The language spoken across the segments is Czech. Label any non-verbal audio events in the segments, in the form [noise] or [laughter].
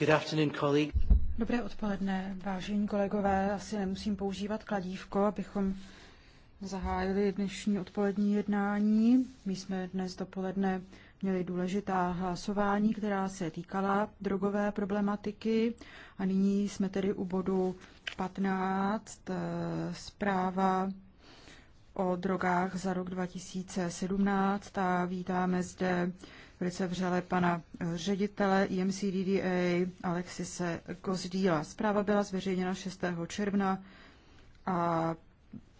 Good afternoon, colleague. Dobré odpoledne, vážení kolegové. Asi nemusím používat kladívko, abychom zahájili dnešní odpolední jednání. My jsme dnes dopoledne měli důležitá hlasování, která se týkala drogové problematiky. A nyní jsme tedy u bodu 15, eh, zpráva o drogách za rok 2017 a vítáme zde velice vřele pana eh, ředitele IMCDDA e Alexise Gozdíla. Zpráva byla zveřejněna 6. června a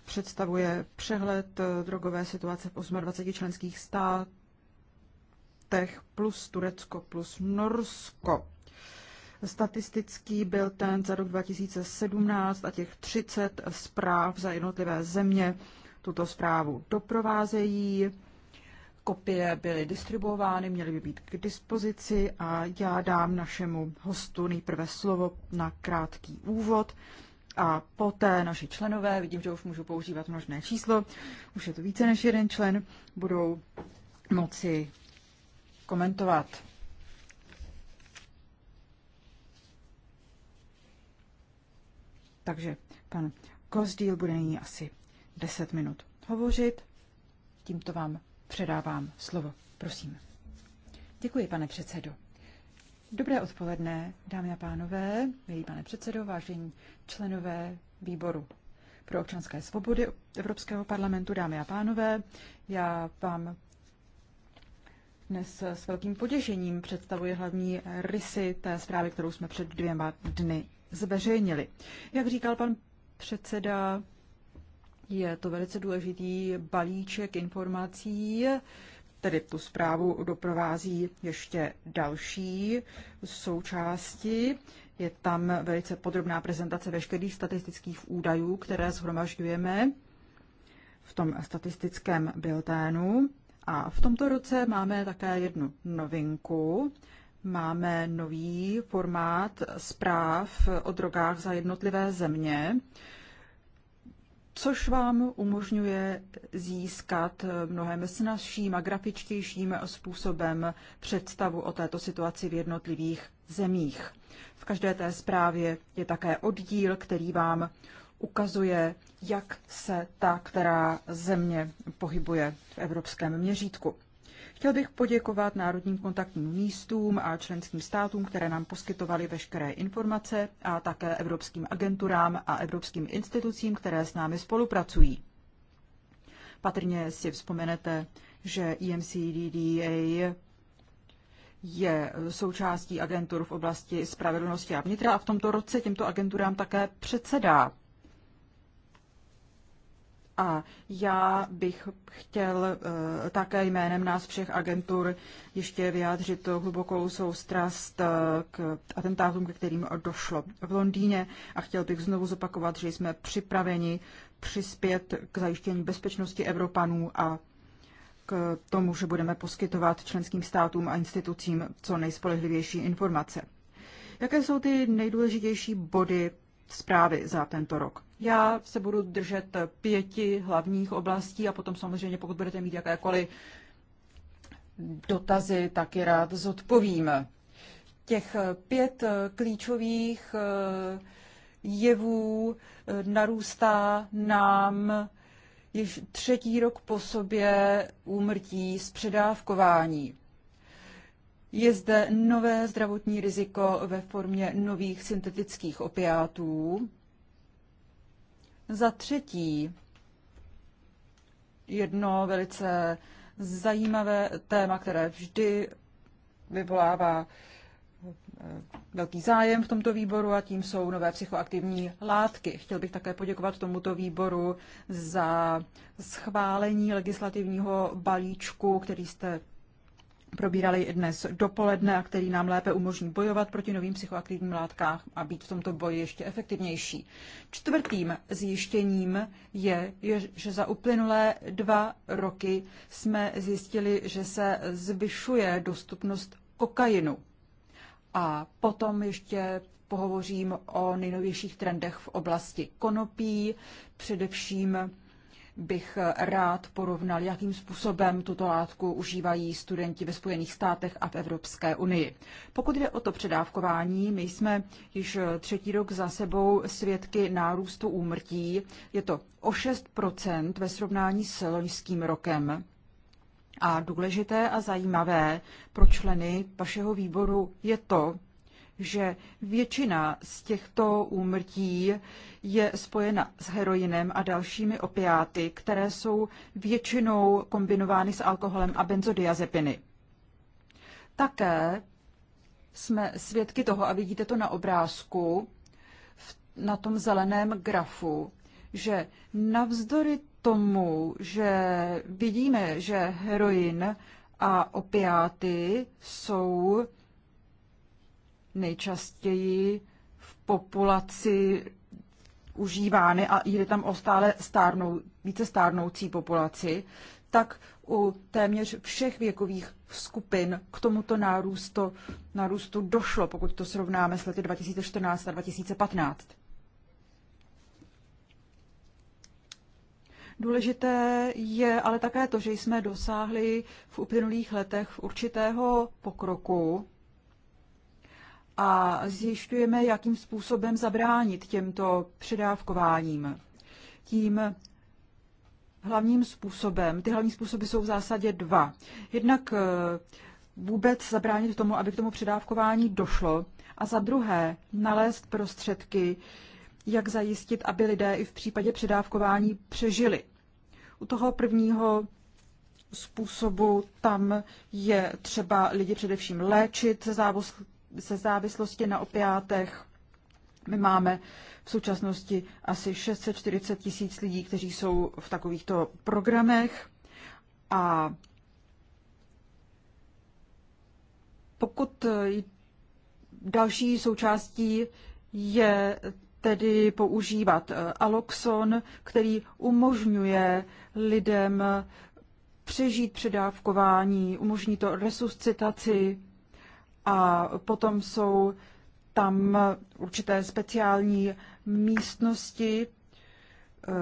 představuje přehled eh, drogové situace v 28 členských státech plus Turecko plus Norsko. Statistický byl ten za rok 2017 a těch 30 zpráv za jednotlivé země tuto zprávu doprovázejí. Kopie byly distribuovány, měly by být k dispozici a já dám našemu hostu nejprve slovo na krátký úvod a poté naši členové, vidím, že už můžu používat množné číslo, už je to více než jeden člen, budou moci komentovat. Takže pan Kozdíl bude nyní asi 10 minut hovořit. Tímto vám předávám slovo. Prosím. Děkuji, pane předsedo. Dobré odpoledne, dámy a pánové, milí pane předsedo, vážení členové výboru pro občanské svobody Evropského parlamentu, dámy a pánové. Já vám dnes s velkým poděšením představuji hlavní rysy té zprávy, kterou jsme před dvěma dny zveřejnili. Jak říkal pan předseda, je to velice důležitý balíček informací, tedy tu zprávu doprovází ještě další součásti. Je tam velice podrobná prezentace veškerých statistických údajů, které shromažďujeme v tom statistickém bilténu. A v tomto roce máme také jednu novinku. Máme nový formát zpráv o drogách za jednotlivé země což vám umožňuje získat mnohem snažším a grafičtějším způsobem představu o této situaci v jednotlivých zemích. V každé té zprávě je také oddíl, který vám ukazuje, jak se ta, která země pohybuje v evropském měřítku. Chtěl bych poděkovat národním kontaktním místům a členským státům, které nám poskytovaly veškeré informace a také evropským agenturám a evropským institucím, které s námi spolupracují. Patrně si vzpomenete, že EMCDDA je součástí agentur v oblasti spravedlnosti a vnitra a v tomto roce těmto agenturám také předsedá a já bych chtěl eh, také jménem nás všech agentur ještě vyjádřit hlubokou soustrast eh, k atentátům, ke kterým došlo v Londýně. A chtěl bych znovu zopakovat, že jsme připraveni přispět k zajištění bezpečnosti Evropanů a k tomu, že budeme poskytovat členským státům a institucím co nejspolehlivější informace. Jaké jsou ty nejdůležitější body zprávy za tento rok? Já se budu držet pěti hlavních oblastí a potom samozřejmě, pokud budete mít jakékoliv dotazy, tak je rád zodpovím. Těch pět klíčových eh, jevů eh, narůstá nám již třetí rok po sobě úmrtí z předávkování. Je zde nové zdravotní riziko ve formě nových syntetických opiátů. Za třetí, jedno velice zajímavé téma, které vždy vyvolává eh, velký zájem v tomto výboru a tím jsou nové psychoaktivní látky. Chtěl bych také poděkovat tomuto výboru za schválení legislativního balíčku, který jste probírali i dnes dopoledne a který nám lépe umožní bojovat proti novým psychoaktivním látkám a být v tomto boji ještě efektivnější. Čtvrtým zjištěním je, že za uplynulé dva roky jsme zjistili, že se zvyšuje dostupnost kokainu. A potom ještě pohovořím o nejnovějších trendech v oblasti konopí, především bych rád porovnal, jakým způsobem tuto látku užívají studenti ve Spojených státech a v Evropské unii. Pokud jde o to předávkování, my jsme již třetí rok za sebou svědky nárůstu úmrtí. Je to o 6 ve srovnání s loňským rokem. A důležité a zajímavé pro členy vašeho výboru je to, že většina z těchto úmrtí je spojena s heroinem a dalšími opiáty, které jsou většinou kombinovány s alkoholem a benzodiazepiny. Také jsme svědky toho, a vidíte to na obrázku, na tom zeleném grafu, že navzdory tomu, že vidíme, že heroin a opiáty jsou nejčastěji v populaci užívány a jde tam o stále stárnou, více stárnoucí populaci, tak u téměř všech věkových skupin k tomuto nárůstu, nárůstu došlo, pokud to srovnáme s lety 2014 a 2015. Důležité je ale také to, že jsme dosáhli v uplynulých letech určitého pokroku a zjišťujeme, jakým způsobem zabránit těmto předávkováním. Tím hlavním způsobem, ty hlavní způsoby jsou v zásadě dva. Jednak eh, vůbec zabránit tomu, aby k tomu předávkování došlo a za druhé nalézt prostředky, jak zajistit, aby lidé i v případě předávkování přežili. U toho prvního způsobu tam je třeba lidi především léčit ze se závislosti na opiátech. My máme v současnosti asi 640 tisíc lidí, kteří jsou v takovýchto programech a pokud další součástí je tedy používat eh, aloxon, který umožňuje lidem přežít předávkování, umožní to resuscitaci a potom jsou tam určité speciální místnosti, eh,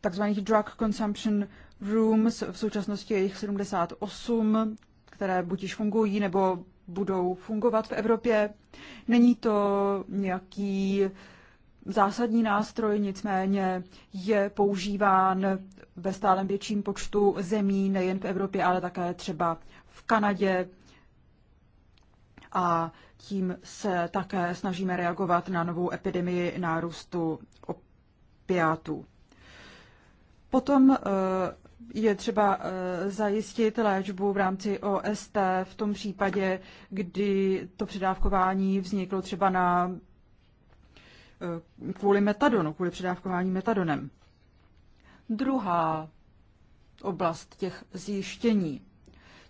takzvaných drug consumption rooms, v současnosti je jich 78, které buď již fungují, nebo budou fungovat v Evropě. Není to nějaký zásadní nástroj, nicméně je používán ve stálem větším počtu zemí, nejen v Evropě, ale také třeba v Kanadě, a tím se také snažíme reagovat na novou epidemii nárůstu opiátů. Potom eh, je třeba eh, zajistit léčbu v rámci OST v tom případě, kdy to předávkování vzniklo třeba na eh, kvůli metadonu, kvůli předávkování metadonem. Druhá oblast těch zjištění.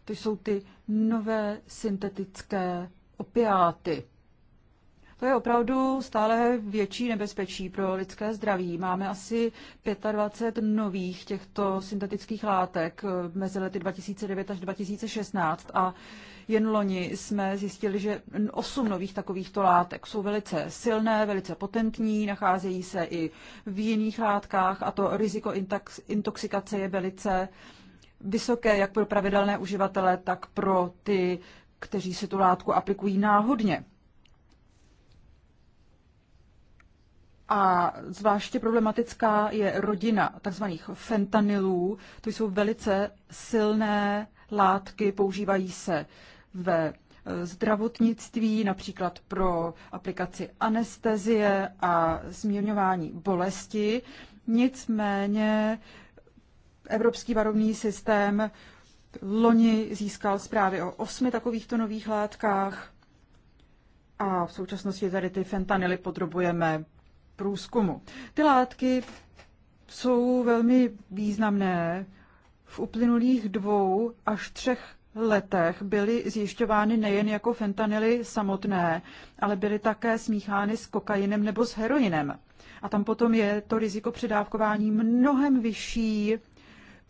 To jsou ty nové syntetické opiáty. To je opravdu stále větší nebezpečí pro lidské zdraví. Máme asi 25 nových těchto syntetických látek mezi lety 2009 až 2016 a jen loni jsme zjistili, že 8 nových takovýchto látek jsou velice silné, velice potentní, nacházejí se i v jiných látkách a to riziko intoxikace je velice uh, vysoké jak pro pravidelné uživatele, tak pro ty, kteří si tu látku aplikují náhodně. A zvláště problematická je rodina tzv. fentanylů. To jsou velice silné látky, používají se ve zdravotnictví, například pro aplikaci anestezie a zmírňování bolesti. Nicméně Evropský varovný systém loni získal zprávy o osmi takovýchto nových látkách a v současnosti tady ty fentanily podrobujeme průzkumu. Ty látky jsou velmi významné. V uplynulých dvou až třech letech byly zjišťovány nejen jako fentanily samotné, ale byly také smíchány s kokainem nebo s heroinem. A tam potom je to riziko předávkování mnohem vyšší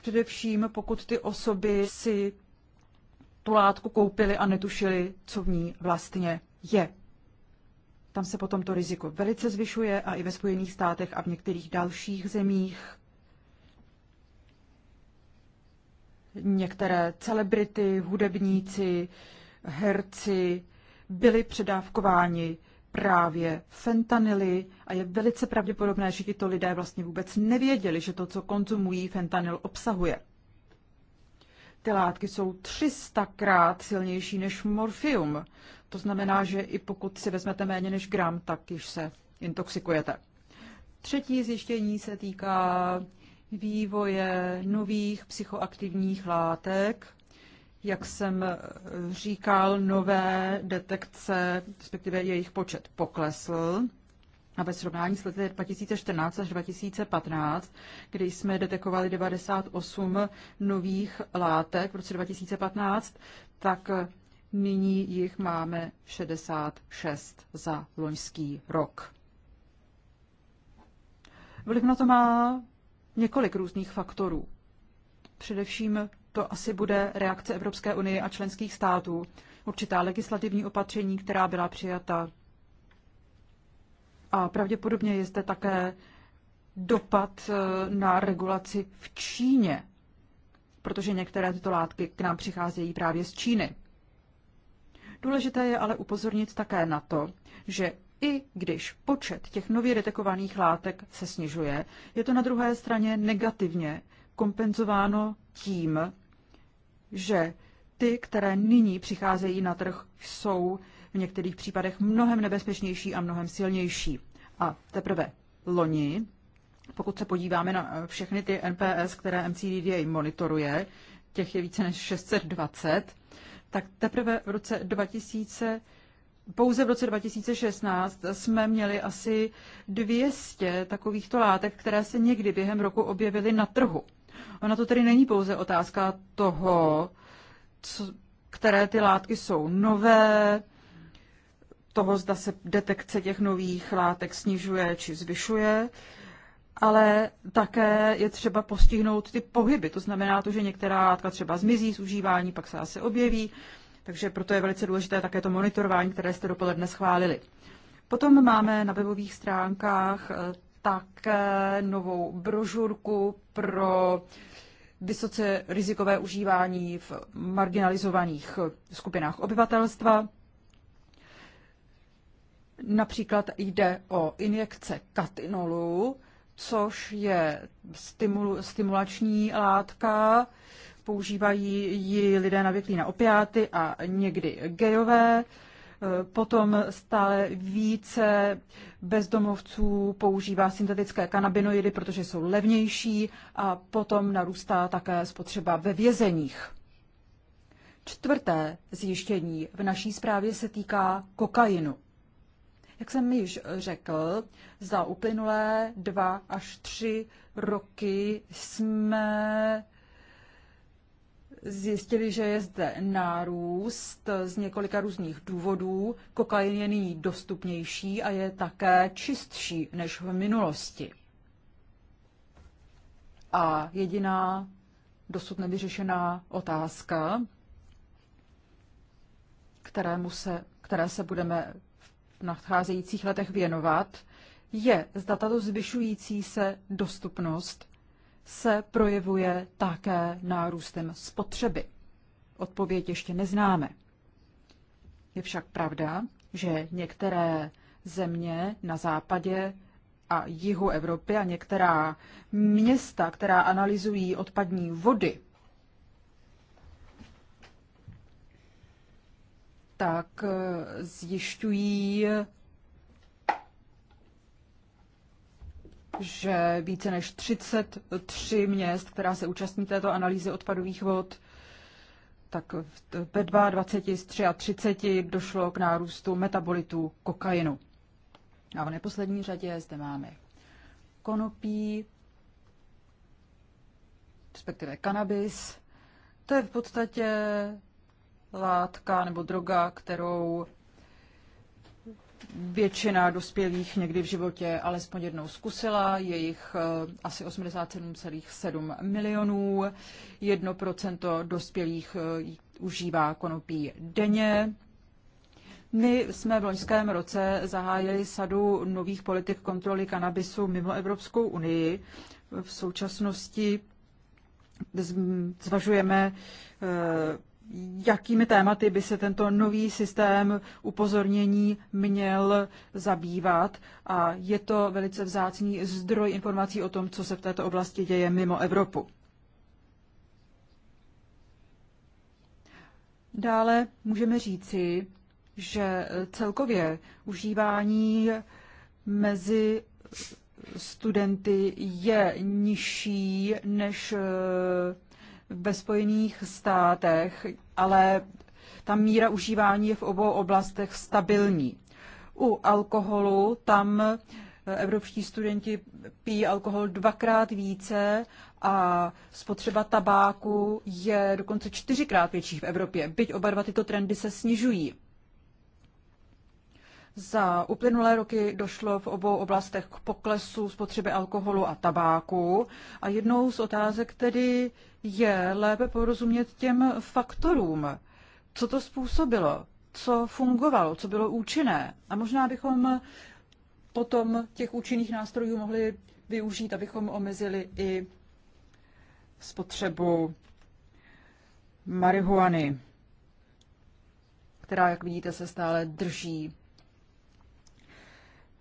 Především pokud ty osoby si tu látku koupili a netušili, co v ní vlastně je. Tam se potom to riziko velice zvyšuje a i ve Spojených státech a v některých dalších zemích. Některé celebrity, hudebníci, herci byli předávkováni právě fentanily a je velice pravděpodobné, že tito lidé vlastně vůbec nevěděli, že to, co konzumují, fentanyl obsahuje. Ty látky jsou 300krát silnější než morfium. To znamená, že i pokud si vezmete méně než gram, tak již se intoxikujete. Třetí zjištění se týká vývoje nových psychoaktivních látek, jak jsem říkal, nové detekce, respektive jejich počet poklesl. A ve srovnání s lety 2014 až 2015, kdy jsme detekovali 98 nových látek v roce 2015, tak nyní jich máme 66 za loňský rok. Vliv na to má několik různých faktorů. Především to asi bude reakce Evropské unie a členských států, určitá legislativní opatření, která byla přijata. A pravděpodobně je zde také dopad eh, na regulaci v Číně, protože některé tyto látky k nám přicházejí právě z Číny. Důležité je ale upozornit také na to, že i když počet těch nově detekovaných látek se snižuje, je to na druhé straně negativně kompenzováno tím, že ty, které nyní přicházejí na trh, jsou v některých případech mnohem nebezpečnější a mnohem silnější. A teprve loni, pokud se podíváme na eh, všechny ty NPS, které MCDDA monitoruje, těch je více než 620, tak teprve v roce 2000 pouze v roce 2016 jsme měli asi 200 takovýchto látek, které se někdy během roku objevily na trhu. Ona to tedy není pouze otázka toho, co, které ty látky jsou nové, toho, zda se detekce těch nových látek snižuje či zvyšuje, ale také je třeba postihnout ty pohyby. To znamená to, že některá látka třeba zmizí z užívání, pak se asi objeví, takže proto je velice důležité také to monitorování, které jste dopoledne schválili. Potom máme na webových stránkách eh, také eh, novou brožurku pro vysoce rizikové užívání v marginalizovaných skupinách obyvatelstva. Například jde o injekce katinolu, což je stimulační látka. Používají ji lidé navyklí na opiáty a někdy gejové. Potom stále více bezdomovců používá syntetické kanabinoidy, protože jsou levnější a potom narůstá také spotřeba ve vězeních. Čtvrté zjištění v naší zprávě se týká kokainu. Jak jsem již řekl, za uplynulé dva až tři roky jsme zjistili, že je zde nárůst z několika různých důvodů. Kokain je nyní dostupnější a je také čistší než v minulosti. A jediná dosud nevyřešená otázka, kterému se, které se budeme v nadcházejících letech věnovat, je, zda tato zvyšující se dostupnost se projevuje také nárůstem spotřeby. Odpověď ještě neznáme. Je však pravda, že některé země na západě a jihu Evropy a některá města, která analyzují odpadní vody, tak eh, zjišťují že více než 33 měst, která se účastní této analýzy odpadových vod, tak ve 22 z 33 došlo k nárůstu metabolitů kokainu. A v neposlední řadě zde máme konopí, respektive kanabis. To je v podstatě látka nebo droga, kterou většina dospělých někdy v životě alespoň jednou zkusila, jejich eh, asi 87,7 milionů, 1% dospělých eh, užívá konopí denně. My jsme v loňském roce zahájili sadu nových politik kontroly kanabisu mimo Evropskou unii. V současnosti zvažujeme eh, jakými tématy by se tento nový systém upozornění měl zabývat. A je to velice vzácný zdroj informací o tom, co se v této oblasti děje mimo Evropu. Dále můžeme říci, že celkově užívání mezi studenty je nižší než eh, ve Spojených státech, ale ta míra užívání je v obou oblastech stabilní. U alkoholu tam eh, evropští studenti pijí alkohol dvakrát více a spotřeba tabáku je dokonce čtyřikrát větší v Evropě, byť oba dva tyto trendy se snižují. Za uplynulé roky došlo v obou oblastech k poklesu spotřeby alkoholu a tabáku a jednou z otázek tedy je lépe porozumět těm faktorům, co to způsobilo, co fungovalo, co bylo účinné. A možná bychom potom těch účinných nástrojů mohli využít, abychom omezili i spotřebu marihuany, která, jak vidíte, se stále drží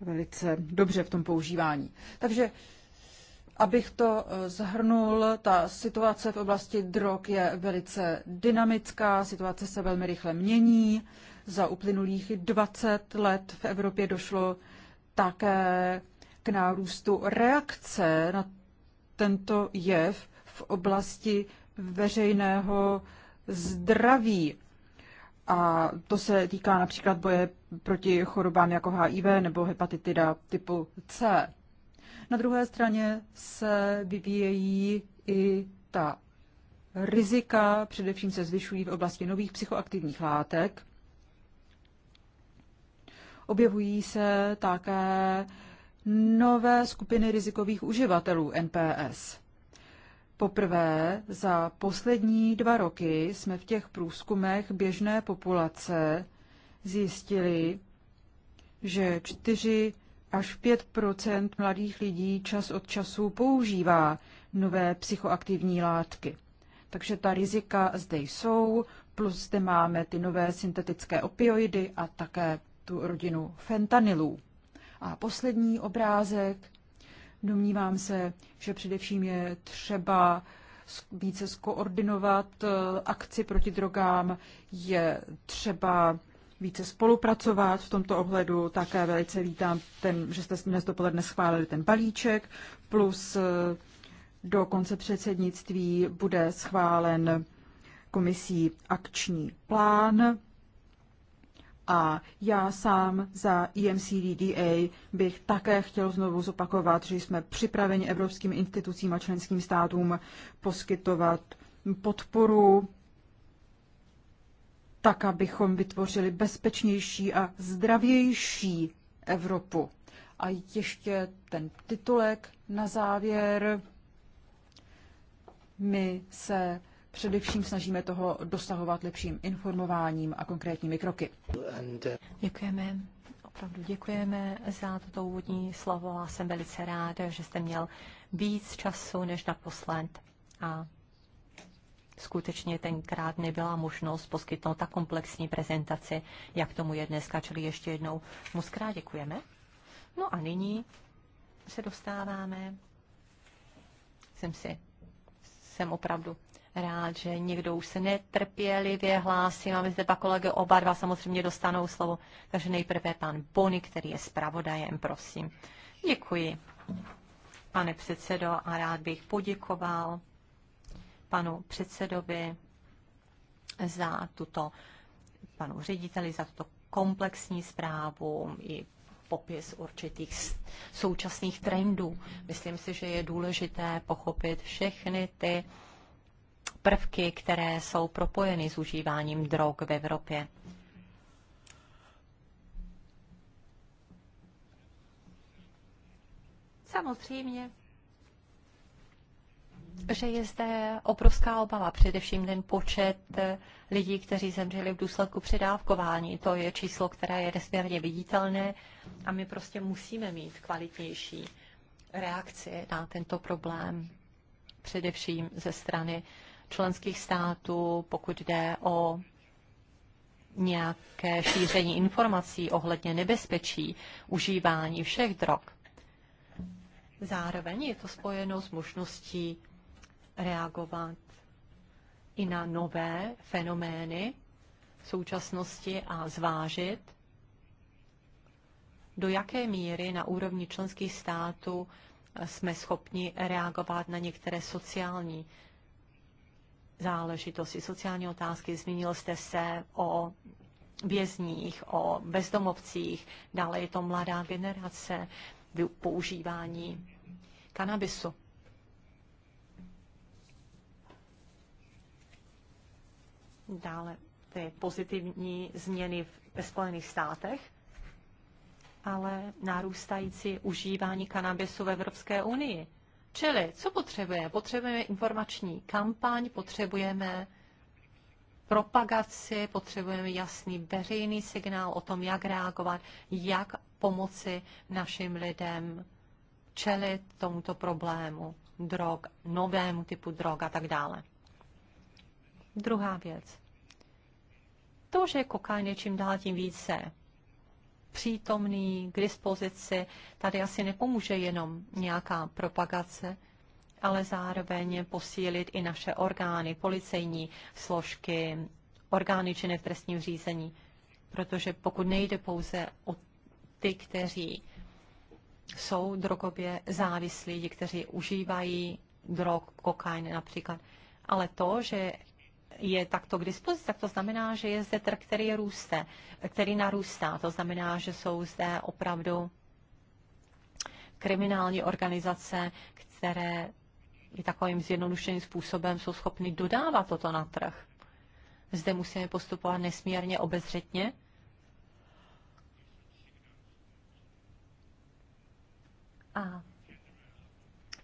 velice dobře v tom používání. Takže Abych to e, zhrnul, ta situace v oblasti drog je velice dynamická, situace se velmi rychle mění. Za uplynulých 20 let v Evropě došlo také k nárůstu reakce na tento jev v oblasti veřejného zdraví. A to se týká například boje proti chorobám jako HIV nebo hepatitida typu C. Na druhé straně se vyvíjejí i ta rizika, především se zvyšují v oblasti nových psychoaktivních látek. Objevují se také nové skupiny rizikových uživatelů NPS. Poprvé za poslední dva roky jsme v těch průzkumech běžné populace zjistili, že čtyři až 5 mladých lidí čas od času používá nové psychoaktivní látky. Takže ta rizika zde jsou, plus zde máme ty nové syntetické opioidy a také tu rodinu fentanylů. A poslední obrázek. Domnívám se, že především je třeba více skoordinovat eh, akci proti drogám, je třeba více spolupracovat v tomto ohledu. Také velice vítám, ten, že jste dnes dopoledne schválili ten balíček, plus eh, do konce předsednictví bude schválen komisí akční plán. A já sám za EMCDDA bych také chtěl znovu zopakovat, že jsme připraveni evropským institucím a členským státům poskytovat podporu tak abychom vytvořili bezpečnější a zdravější Evropu. A ještě ten titulek na závěr. My se především snažíme toho dosahovat lepším informováním a konkrétními kroky. Eh, děkujeme. Opravdu děkujeme za toto úvodní slovo a jsem velice ráda, že jste měl víc času než naposled. A skutečně tenkrát nebyla možnost poskytnout tak komplexní prezentaci, jak tomu je dneska. Čili ještě jednou mu zkrát děkujeme. No a nyní se dostáváme. Jsem si, jsem opravdu rád, že někdo už se netrpělivě hlásí. Máme zde dva kolegy, oba dva samozřejmě dostanou slovo. Takže nejprve pan Bony, který je zpravodajem, prosím. Děkuji, pane předsedo, a rád bych poděkoval panu předsedovi za tuto, panu řediteli za tuto komplexní zprávu i popis určitých současných trendů. Myslím si, že je důležité pochopit všechny ty prvky, které jsou propojeny s užíváním drog v Evropě. Samozřejmě že je zde obrovská obava, především ten počet eh, lidí, kteří zemřeli v důsledku předávkování. To je číslo, které je nesmírně viditelné a my prostě musíme mít kvalitnější reakci na tento problém, především ze strany členských států, pokud jde o nějaké šíření informací ohledně nebezpečí užívání všech drog. Zároveň je to spojeno s možností reagovat i na nové fenomény v současnosti a zvážit, do jaké míry na úrovni členských států jsme schopni reagovat na některé sociální záležitosti, sociální otázky. Zmínil jste se o vězních, o bezdomovcích, dále je to mladá generace používání kanabisu. dále ty pozitivní změny ve Spojených státech, ale narůstající užívání kanabisu v Evropské unii. Čili, co potřebujeme? Potřebujeme informační kampaň, potřebujeme propagaci, potřebujeme jasný veřejný signál o tom, jak reagovat, jak pomoci našim lidem čelit tomuto problému drog, novému typu drog a tak dále. Druhá věc. To, že kokain je čím dál tím více přítomný, k dispozici, tady asi nepomůže jenom nějaká propagace, ale zároveň posílit i naše orgány, policejní složky, orgány činné v trestním řízení. Protože pokud nejde pouze o ty, kteří jsou drogově závislí, kteří užívají drog, kokain například, ale to, že je takto k dispozici, tak to znamená, že je zde trh, který růste, který narůstá. To znamená, že jsou zde opravdu kriminální organizace, které i takovým zjednodušeným způsobem jsou schopny dodávat toto na trh. Zde musíme postupovat nesmírně obezřetně, A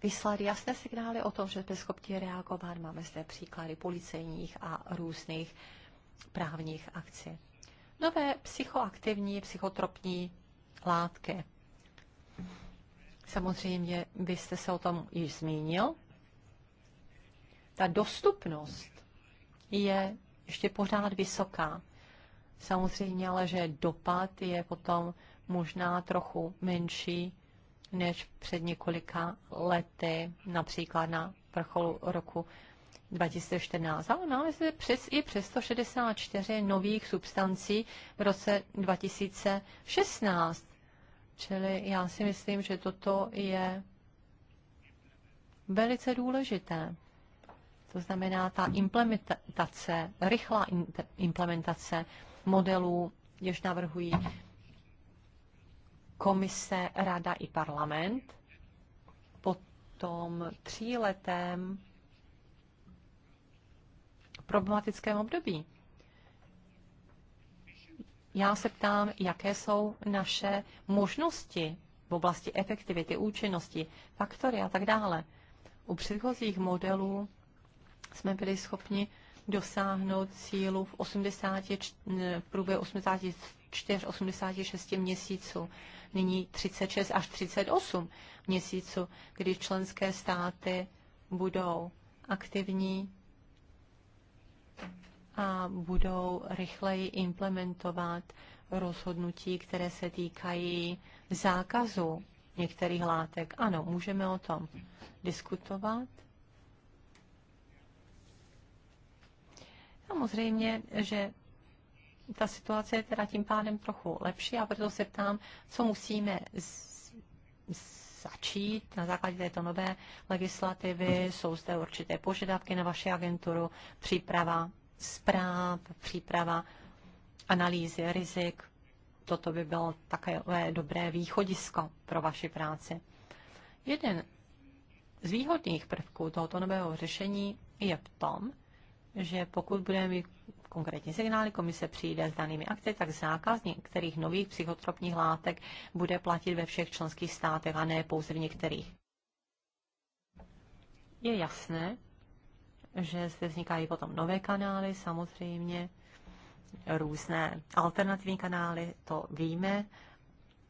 vyslat jasné signály o tom, že jsme schopni reagovat. Máme zde příklady policejních a různých právních akcí. Nové psychoaktivní, psychotropní látky. Samozřejmě, vy jste se o tom již zmínil. Ta dostupnost je ještě pořád vysoká. Samozřejmě ale, že dopad je potom možná trochu menší než před několika lety, například na vrcholu roku 2014. Ale máme přes, i přes 164 nových substancí v roce 2016. Čili já si myslím, že toto je velice důležité. To znamená ta implementace, rychlá implementace modelů, jež navrhují komise, rada i parlament po tom tříletém problematickém období. Já se ptám, jaké jsou naše možnosti v oblasti efektivity, účinnosti, faktory a tak dále. U předchozích modelů jsme byli schopni dosáhnout cílu v, 80, v průběhu 84-86 měsíců nyní 36 až 38 měsíců, když členské státy budou aktivní a budou rychleji implementovat rozhodnutí, které se týkají zákazu některých látek. Ano, můžeme o tom diskutovat. Samozřejmě, že ta situace je teda tím pádem trochu lepší a proto se ptám, co musíme z, z, začít na základě této nové legislativy. Jsou zde určité požadavky na vaši agenturu, příprava zpráv, příprava analýzy rizik. Toto by bylo takové dobré východisko pro vaši práci. Jeden z výhodných prvků tohoto nového řešení je v tom, že pokud budeme mít konkrétní signály, komise přijde s danými akty, tak zákaz některých nových psychotropních látek bude platit ve všech členských státech a ne pouze v některých. Je jasné, že zde vznikají potom nové kanály, samozřejmě různé alternativní kanály, to víme.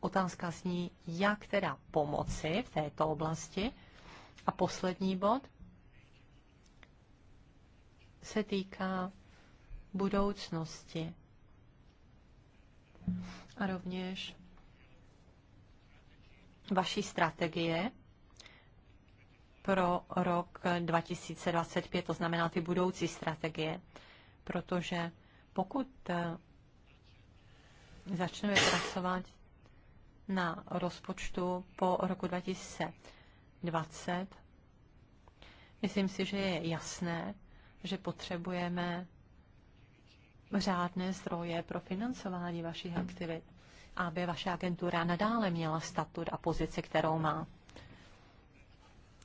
Otázka zní, jak teda pomoci v této oblasti. A poslední bod se týká budoucnosti. A rovněž vaší strategie pro rok 2025, to znamená ty budoucí strategie. Protože pokud eh, začneme pracovat na rozpočtu po roku 2020, myslím si, že je jasné, že potřebujeme řádné zdroje pro financování vašich aktivit, aby vaše agentura nadále měla statut a pozici, kterou má.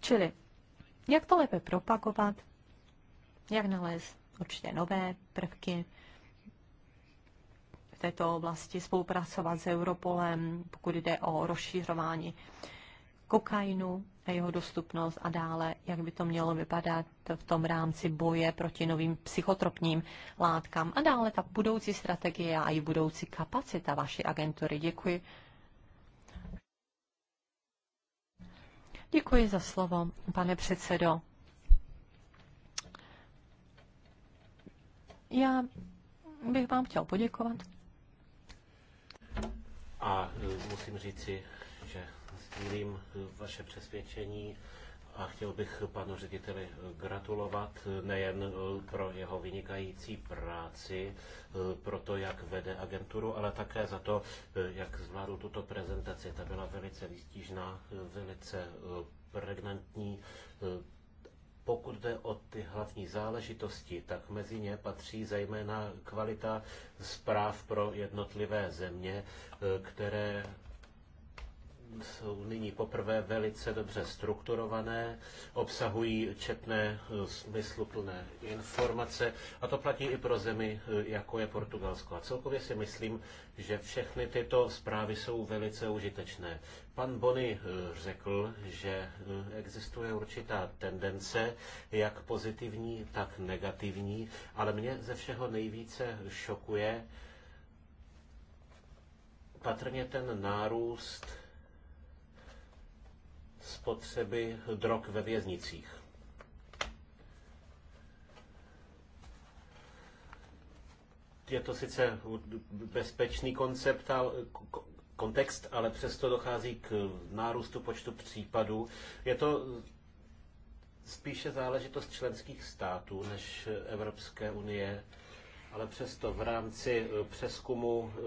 Čili, jak to lépe propagovat, jak nalézt určitě nové prvky v této oblasti, spolupracovat s Europolem, pokud jde o rozšířování kokainu a jeho dostupnost a dále, jak by to mělo vypadat v tom rámci boje proti novým psychotropním látkám a dále ta budoucí strategie a i budoucí kapacita vaší agentury. Děkuji. Děkuji za slovo, pane předsedo. Já bych vám chtěl poděkovat. A e, musím říci, sdílím eh, vaše přesvědčení a chtěl bych panu řediteli eh, gratulovat eh, nejen pro jeho vynikající práci, pro to, jak vede agenturu, ale také za to, jak zvládl tuto prezentaci. Ta byla velice výstížná, velice pregnantní. Pokud jde o ty hlavní záležitosti, tak mezi ně patří zejména kvalita zpráv pro jednotlivé země, které jsou nyní poprvé velice dobře strukturované, obsahují četné eh, smysluplné informace a to platí i pro zemi, eh, jako je Portugalsko. A celkově si myslím, že všechny tyto zprávy jsou velice užitečné. Pan Bony eh, řekl, že existuje určitá tendence, jak pozitivní, tak negativní, ale mě ze všeho nejvíce šokuje patrně ten nárůst spotřeby drog ve věznicích. Je to sice bezpečný koncept, kontext, ale přesto dochází k nárůstu počtu případů. Je to spíše záležitost členských států než Evropské unie ale přesto v rámci eh, přeskumu eh,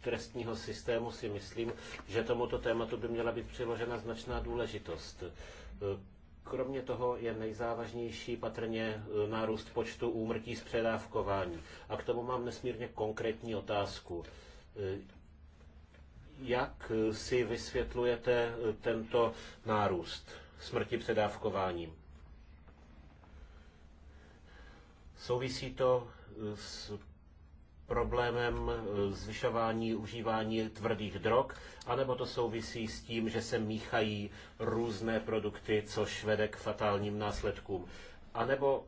trestního systému si myslím, že tomuto tématu by měla být přiložena značná důležitost. Eh, kromě toho je nejzávažnější patrně nárůst počtu úmrtí z předávkování. A k tomu mám nesmírně konkrétní otázku. Jak si vysvětlujete tento nárůst smrti předávkováním? Souvisí to s problémem eh, zvyšování užívání tvrdých drog, anebo to souvisí s tím, že se míchají různé produkty, což vede k fatálním následkům. A nebo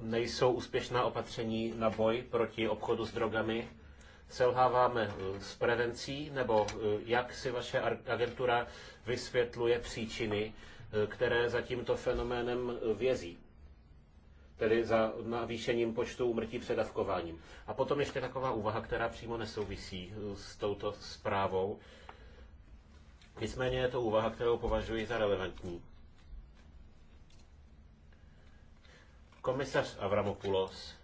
nejsou úspěšná opatření na boj proti obchodu s drogami, selháváme eh, s prevencí, nebo eh, jak si vaše agentura vysvětluje příčiny, které za tímto fenoménem vězí? tedy za navýšením počtu úmrtí předavkováním. A potom ještě taková úvaha, která přímo nesouvisí eh, s touto zprávou. Nicméně je to úvaha, kterou považuji za relevantní. Komisař Avramopoulos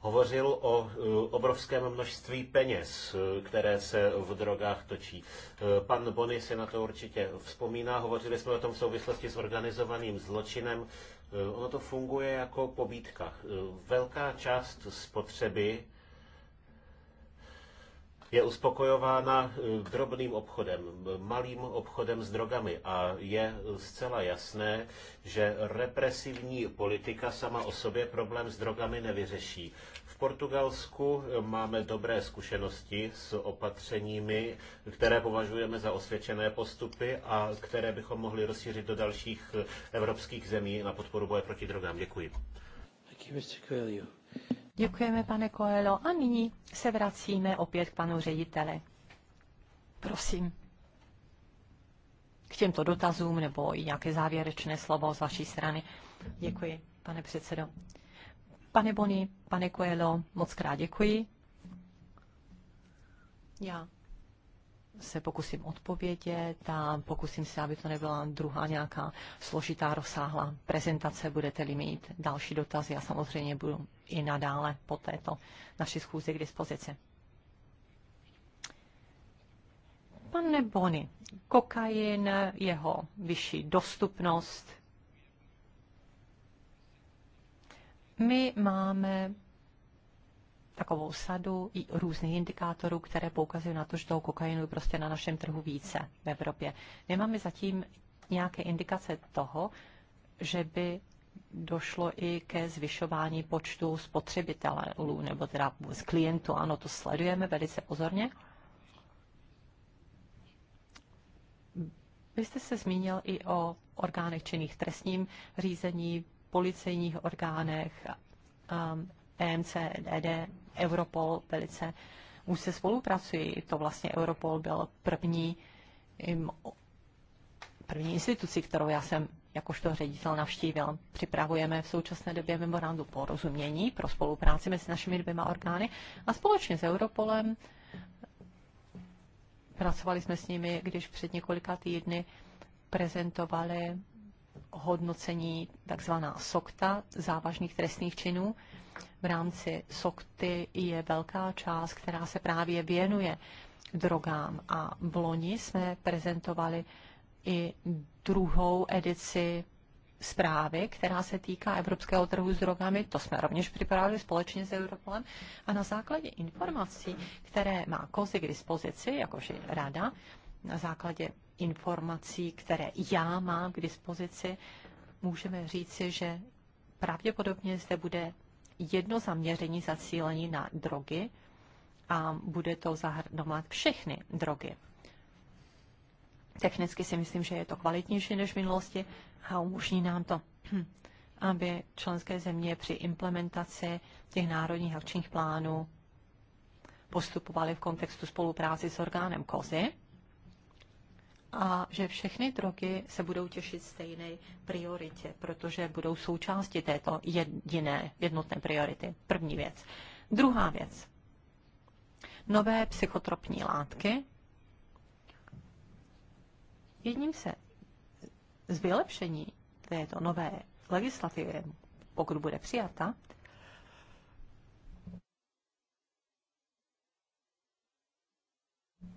hovořil o eh, obrovském množství peněz, eh, které se v drogách točí. Eh, pan Bony si na to určitě vzpomíná, hovořili jsme o tom v souvislosti s organizovaným zločinem. Ono to funguje jako pobítka. Velká část spotřeby je uspokojována eh, drobným obchodem, malým obchodem s drogami a je zcela jasné, že represivní politika sama o sobě problém s drogami nevyřeší. V Portugalsku eh, máme dobré zkušenosti s opatřeními, které považujeme za osvědčené postupy a které bychom mohli rozšířit do dalších eh, evropských zemí na podporu boje proti drogám. Děkuji. Thank you, Mr. Děkujeme, pane Koelo. A nyní se vracíme opět k panu řediteli. Prosím. K těmto dotazům nebo i nějaké závěrečné slovo z vaší strany. Děkuji, pane předsedo. Pane Boni, pane Koelo, moc krát děkuji. Já se pokusím odpovědět a pokusím se, aby to nebyla druhá nějaká složitá, rozsáhlá prezentace. Budete-li mít další dotazy, já samozřejmě budu i nadále po této naší schůzi k dispozici. Pane Bony, kokain, jeho vyšší dostupnost. My máme takovou sadu různých indikátorů, které poukazují na to, že toho kokainu je prostě na našem trhu více v Evropě. Nemáme zatím nějaké indikace toho, že by došlo i ke zvyšování počtu spotřebitelů, nebo teda z klientů. Ano, to sledujeme velice pozorně. Vy jste se zmínil i o orgánech činných trestním řízení, policejních orgánech, EMC, ED, Europol velice už se spolupracují. To vlastně Europol byl první, první instituci, kterou já jsem jakožto ředitel navštívil. Připravujeme v současné době memorandum porozumění pro spolupráci mezi našimi dvěma orgány a společně s Europolem pracovali jsme s nimi, když před několika týdny prezentovali hodnocení takzvaná SOKTA závažných trestných činů v rámci SOKTY je velká část, která se právě věnuje drogám. A v loni jsme prezentovali i druhou edici zprávy, která se týká evropského trhu s drogami. To jsme rovněž připravili společně s Europolem. A na základě informací, které má kozy k dispozici, jakož i rada, na základě informací, které já mám k dispozici, můžeme říci, že pravděpodobně zde bude jedno zaměření zacílení na drogy a bude to zahrnovat všechny drogy. Technicky si myslím, že je to kvalitnější než v minulosti a umožní nám to, hm, aby členské země při implementaci těch národních akčních plánů postupovaly v kontextu spolupráci s orgánem COSI a že všechny drogy se budou těšit stejné prioritě, protože budou součástí této jediné jednotné priority. První věc. Druhá věc. Nové psychotropní látky. Jedním se z vylepšení této nové legislativy, pokud bude přijata,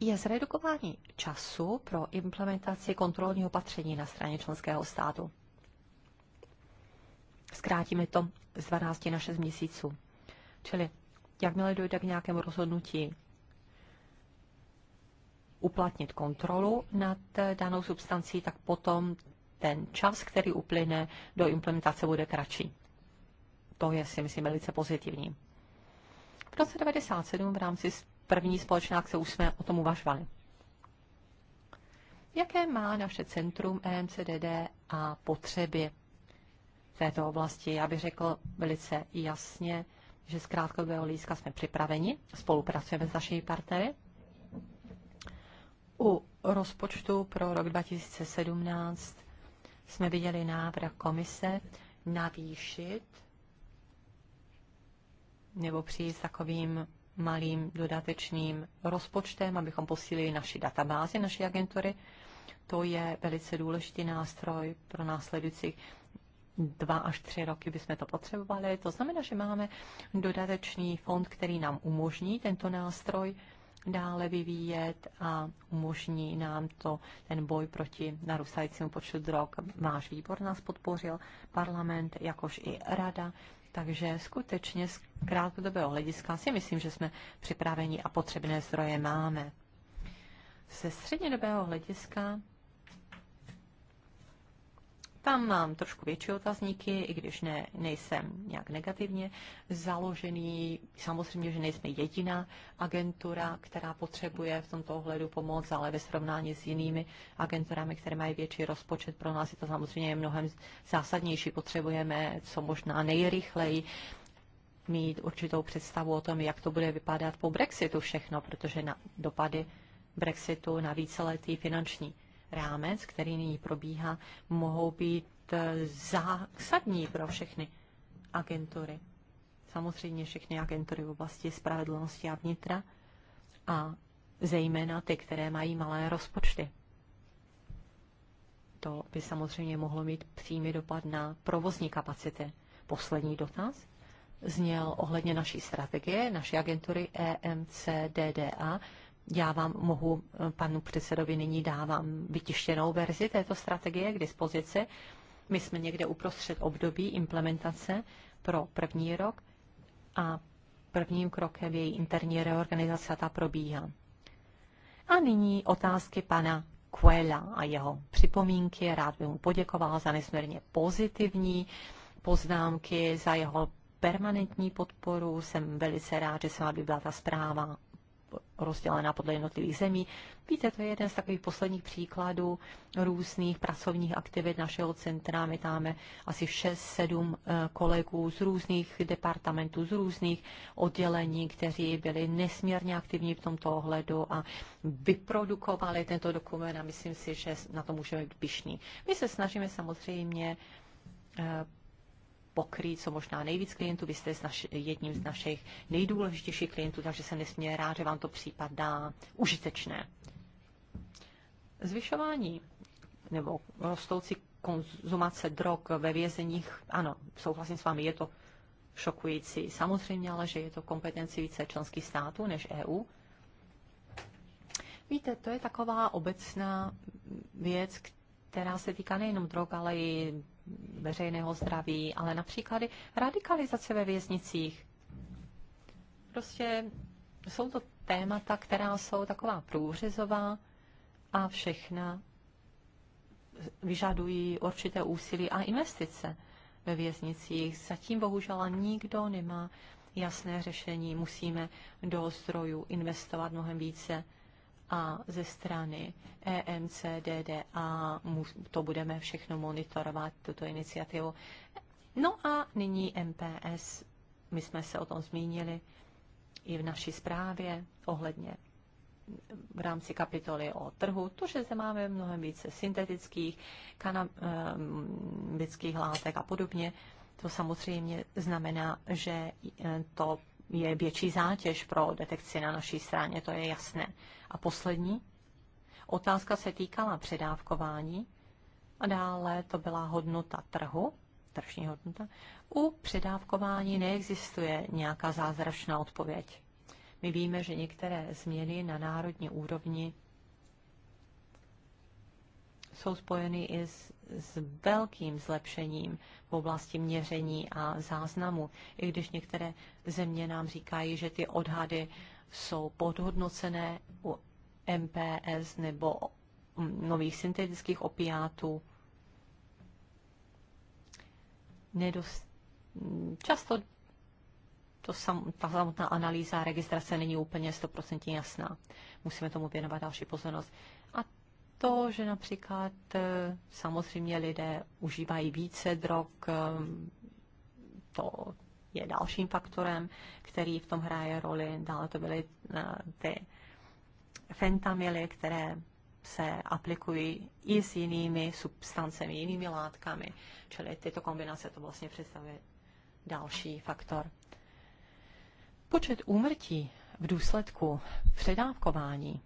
je zredukování času pro implementaci kontrolního opatření na straně členského státu. Zkrátíme to z 12 na 6 měsíců. Čili jakmile dojde k nějakému rozhodnutí uplatnit kontrolu nad danou substancí, tak potom ten čas, který uplyne do implementace, bude kratší. To je si myslím velice pozitivní. V roce 1997 v rámci první společná akce, už jsme o tom uvažovali. Jaké má naše centrum EMCDD a potřeby v této oblasti? Já bych řekl velice jasně, že z krátkodobého lízka jsme připraveni, spolupracujeme s našimi partnery. U rozpočtu pro rok 2017 jsme viděli návrh komise navýšit nebo přijít s takovým malým dodatečným rozpočtem, abychom posílili naši databázi, naší agentury. To je velice důležitý nástroj pro následující dva až tři roky bychom to potřebovali. To znamená, že máme dodatečný fond, který nám umožní tento nástroj dále vyvíjet a umožní nám to ten boj proti narůstajícímu počtu drog. Váš výbor nás podpořil, parlament, jakož i rada. Takže skutečně z krátkodobého hlediska si myslím, že jsme připraveni a potřebné zdroje máme. Ze střednědobého hlediska tam mám trošku větší otazníky, i když ne, nejsem nějak negativně založený. Samozřejmě, že nejsme jediná agentura, která potřebuje v tomto ohledu pomoc, ale ve srovnání s jinými agenturami, které mají větší rozpočet, pro nás je to samozřejmě mnohem zásadnější. Potřebujeme co možná nejrychleji mít určitou představu o tom, jak to bude vypadat po Brexitu všechno, protože na dopady Brexitu na víceletý finanční rámec, který nyní probíhá, mohou být eh, zásadní pro všechny agentury. Samozřejmě všechny agentury v oblasti spravedlnosti a vnitra a zejména ty, které mají malé rozpočty. To by samozřejmě mohlo mít přímý dopad na provozní kapacity. Poslední dotaz zněl ohledně naší strategie, naší agentury EMCDDA. Já vám mohu, eh, panu předsedovi, nyní dávám vytištěnou verzi této strategie k dispozici. My jsme někde uprostřed období implementace pro první rok a prvním krokem její interní reorganizace ta probíhá. A nyní otázky pana Kuela a jeho připomínky. Rád bych mu poděkoval za nesmírně pozitivní poznámky, za jeho permanentní podporu. Jsem velice rád, že se vám byla ta zpráva rozdělená podle jednotlivých zemí. Víte, to je jeden z takových posledních příkladů různých pracovních aktivit našeho centra. My máme asi 6-7 eh, kolegů z různých departamentů, z různých oddělení, kteří byli nesmírně aktivní v tomto ohledu a vyprodukovali tento dokument a myslím si, že na to můžeme být pišní. My se snažíme samozřejmě eh, pokrýt co možná nejvíc klientů. Vy jste z naš, jedním z našich nejdůležitějších klientů, takže jsem nesmírně rád, že vám to případá užitečné. Zvyšování nebo rostoucí konzumace drog ve vězeních, ano, souhlasím s vámi, je to šokující. Samozřejmě ale, že je to kompetenci více členských států než EU. Víte, to je taková obecná věc, která se týká nejenom drog, ale i veřejného zdraví, ale například i radikalizace ve věznicích. Prostě jsou to témata, která jsou taková průřezová a všechna vyžadují určité úsilí a investice ve věznicích. Zatím bohužel nikdo nemá jasné řešení. Musíme do zdrojů investovat mnohem více a ze strany EMC, DDA, to budeme všechno monitorovat, tuto iniciativu. No a nyní MPS, my jsme se o tom zmínili i v naší zprávě ohledně v rámci kapitoly o trhu, to, že zde máme mnohem více syntetických, kanabických ehm, látek a podobně, to samozřejmě znamená, že to je větší zátěž pro detekci na naší straně, to je jasné. A poslední otázka se týkala předávkování a dále to byla hodnota trhu, tržní hodnota. U předávkování neexistuje nějaká zázračná odpověď. My víme, že některé změny na národní úrovni jsou spojeny i s, s velkým zlepšením v oblasti měření a záznamu. I když některé země nám říkají, že ty odhady jsou podhodnocené u MPS nebo nových syntetických opiátů. Nedost... Často to sam, ta samotná analýza a registrace není úplně 100% jasná. Musíme tomu věnovat další pozornost to, že například eh, samozřejmě lidé užívají více drog, eh, to je dalším faktorem, který v tom hraje roli. Dále to byly eh, ty fentamily, které se aplikují i s jinými substancemi, jinými látkami. Čili tyto kombinace to vlastně představuje další faktor. Počet úmrtí v důsledku předávkování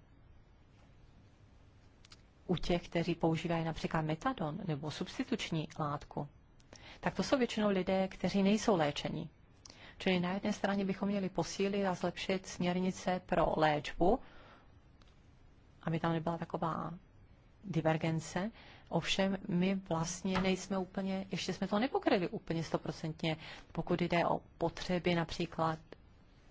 u těch, kteří používají například metadon nebo substituční látku, tak to jsou většinou lidé, kteří nejsou léčeni. Čili na jedné straně bychom měli posílit a zlepšit směrnice pro léčbu, aby tam nebyla taková divergence. Ovšem my vlastně nejsme úplně, ještě jsme to nepokryli úplně stoprocentně, pokud jde o potřeby například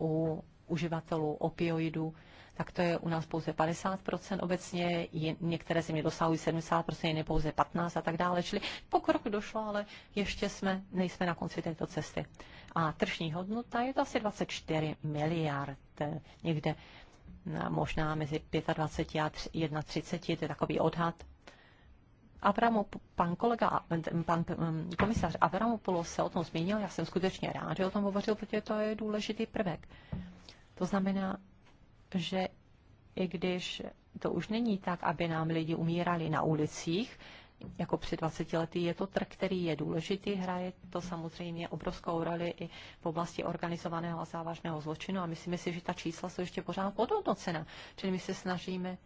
u uživatelů opioidů tak to je u nás pouze 50% obecně, některé země dosahují 70%, jiné pouze 15% a tak dále. Čili pokrok došlo, ale ještě jsme, nejsme na konci této cesty. A tržní hodnota je to asi 24 miliard eh, někde možná mezi 25 a 31, to je takový odhad. Abramu, pan kolega, eh, pan eh, komisař Avramopoulos se o tom zmínil, já jsem skutečně rád, že o tom hovořil, protože to je důležitý prvek. To znamená, že i když to už není tak, aby nám lidi umírali na ulicích, jako před 20 lety je to trh, který je důležitý, hraje to samozřejmě obrovskou roli i v oblasti organizovaného a závažného zločinu a myslíme si, že ta čísla jsou ještě pořád podhodnocena. Čili my se snažíme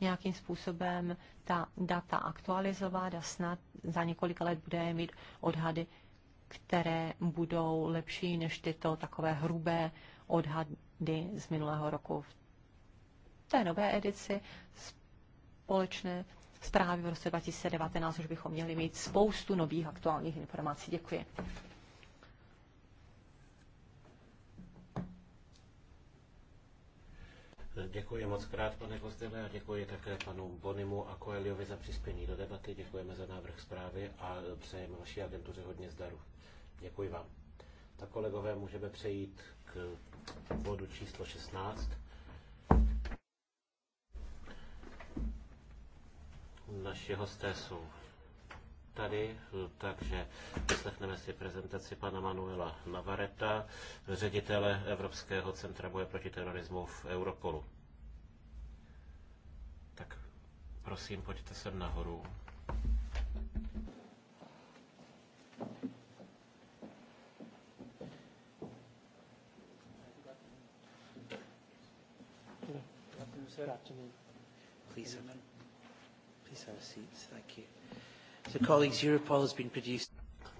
nějakým způsobem ta data aktualizovat a snad za několik let budeme mít odhady, které budou lepší než tyto takové hrubé odhady z minulého roku v té nové edici společné zprávy v roce 2019 už bychom měli mít spoustu nových aktuálních informací. Děkuji. Děkuji moc krát, pane Kostele, a děkuji také panu Bonimu a Koeliovi za přispění do debaty. Děkujeme za návrh zprávy a přejeme vaší agentuře hodně zdaru. Děkuji vám. Tak kolegové, můžeme přejít k bodu číslo 16, Naši hosté jsou tady, takže poslechneme si prezentaci pana Manuela Navareta, ředitele Evropského centra boje proti terorismu v Europolu. Tak prosím, pojďte sem nahoru. Good afternoon. Please. Please have Thank you. So colleagues, Europol has been produced.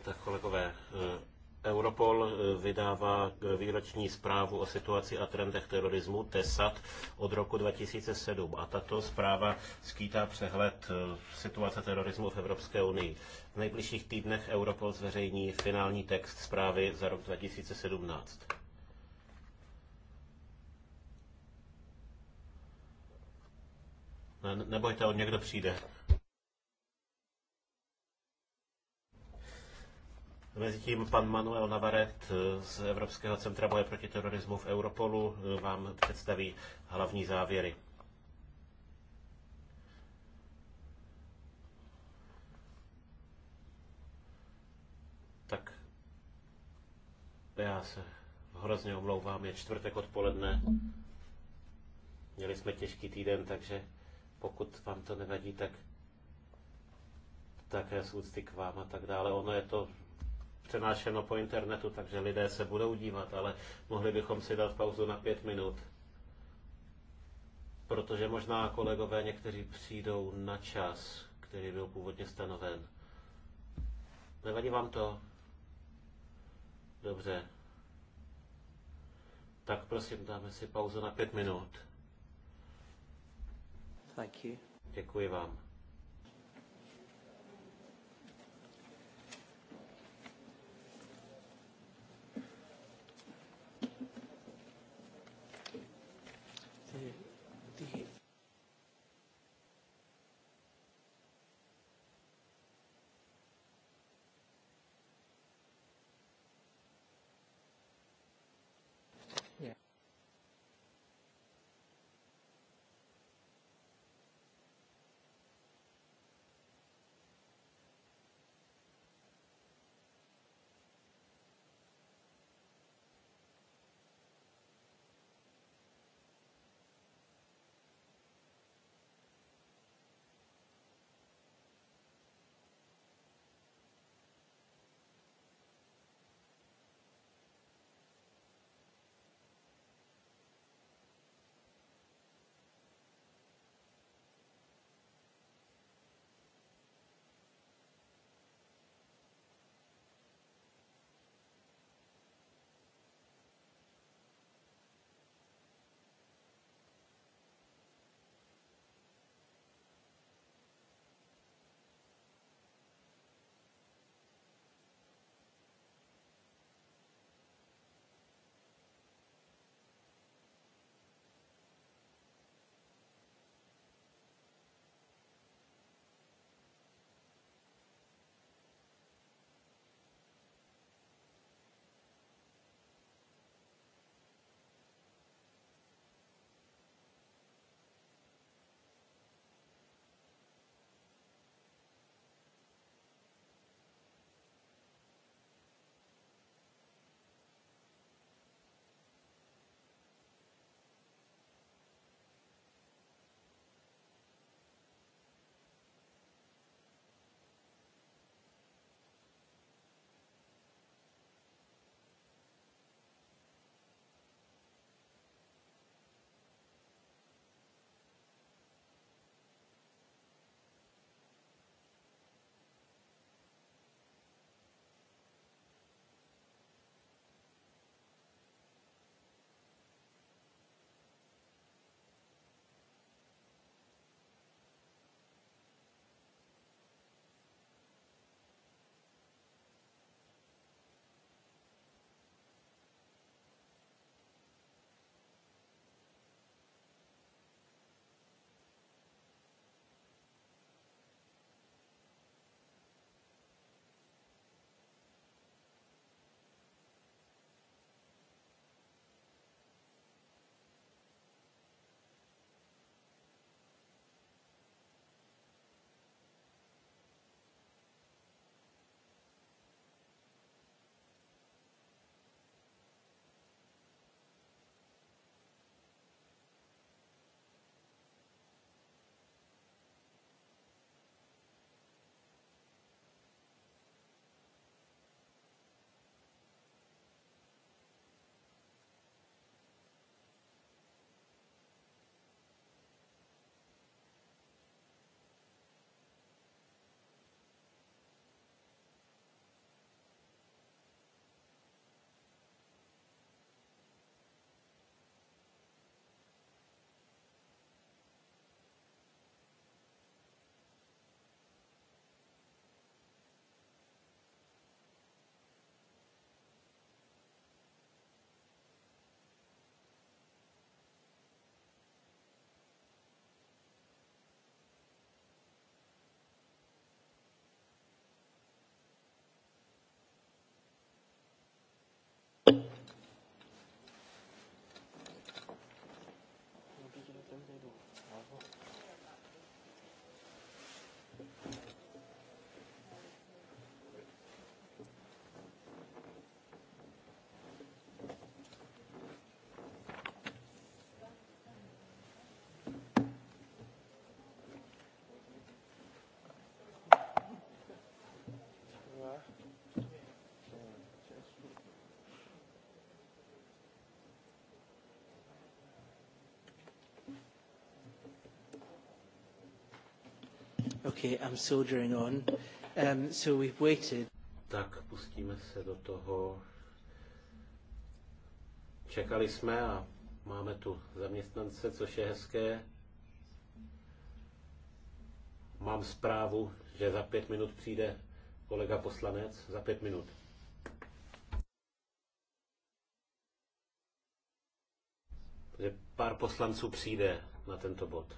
Tak kolegové, eh, Europol eh, vydává eh, výroční zprávu o situaci a trendech terorismu TESAT od roku 2007 a tato zpráva skýtá přehled situace terorismu v Evropské unii. V nejbližších týdnech Europol zveřejní finální text zprávy za rok 2017. Nebojte, on někdo přijde. Mezitím pan Manuel Navaret eh, z Evropského centra boje proti terorismu v Europolu eh, vám představí hlavní závěry. Tak já se hrozně omlouvám, je čtvrtek odpoledne. Měli jsme těžký týden, takže pokud vám to nevadí, tak také z úcty k vám a tak dále. Ono je to přenášeno po internetu, takže lidé se budou dívat, ale mohli bychom si dát pauzu na pět minut, protože možná kolegové někteří přijdou na čas, který byl původně stanoven. Nevadí vám to? Dobře. Tak prosím, dáme si pauzu na pět minut. Thank you. Děkuji vám. okay, I'm on. Um, so we've waited. Tak pustíme se do toho. Čekali jsme a máme tu zaměstnance, což je hezké. Mám zprávu, že za pět minut přijde kolega poslanec. Za pět minut. že pár poslanců přijde na tento bod.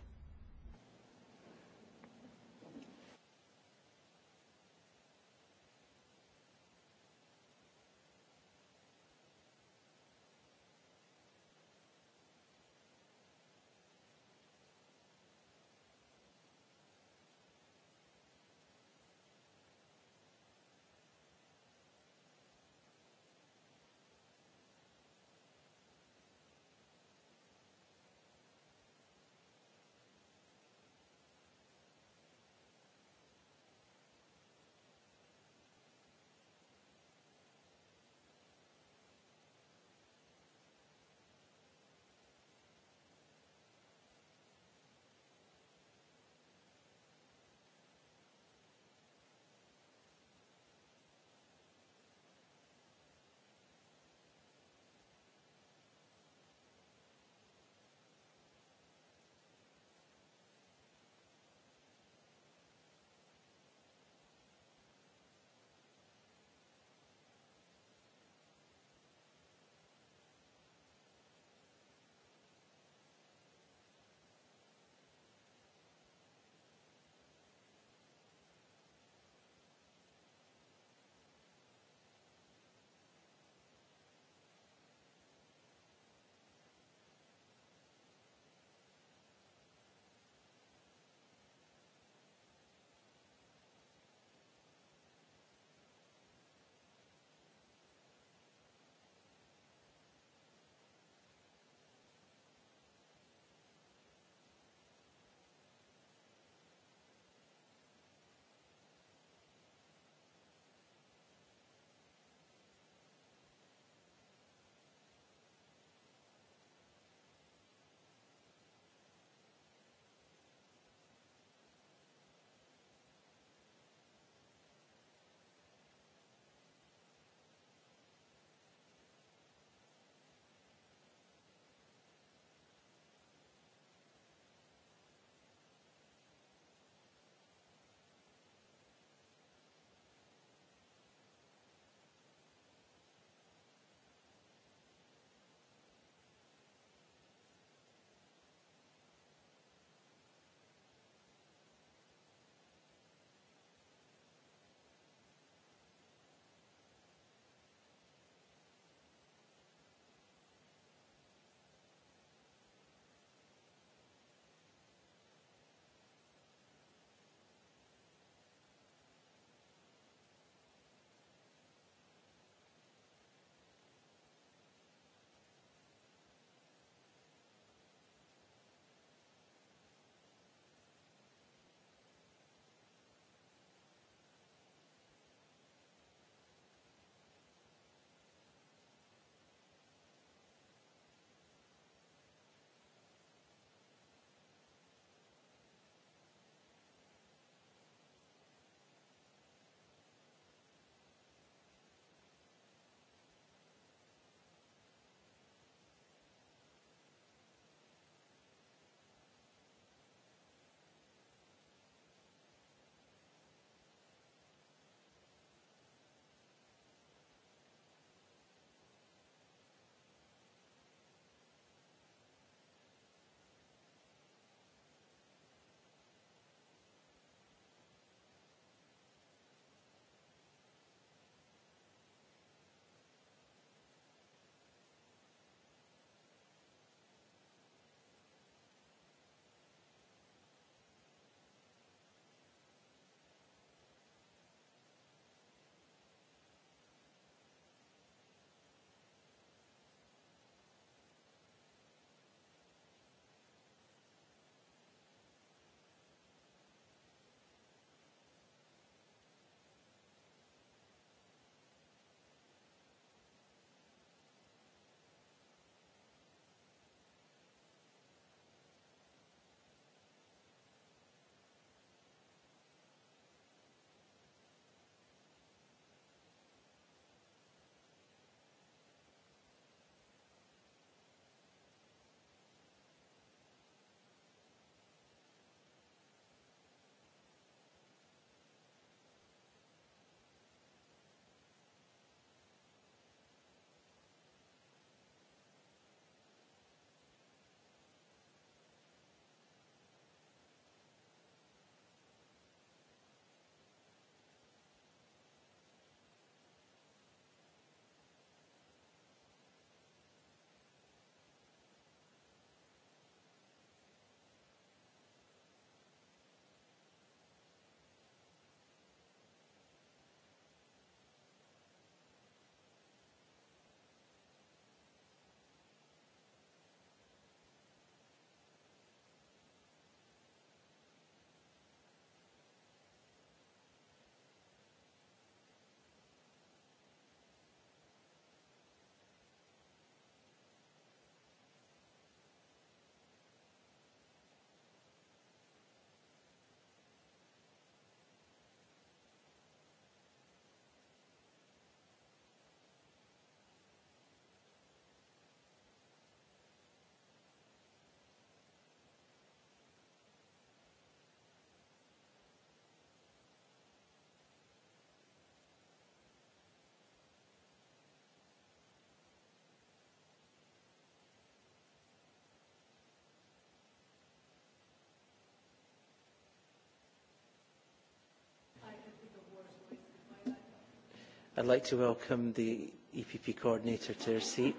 I'd like to welcome the EPP coordinator to her seat.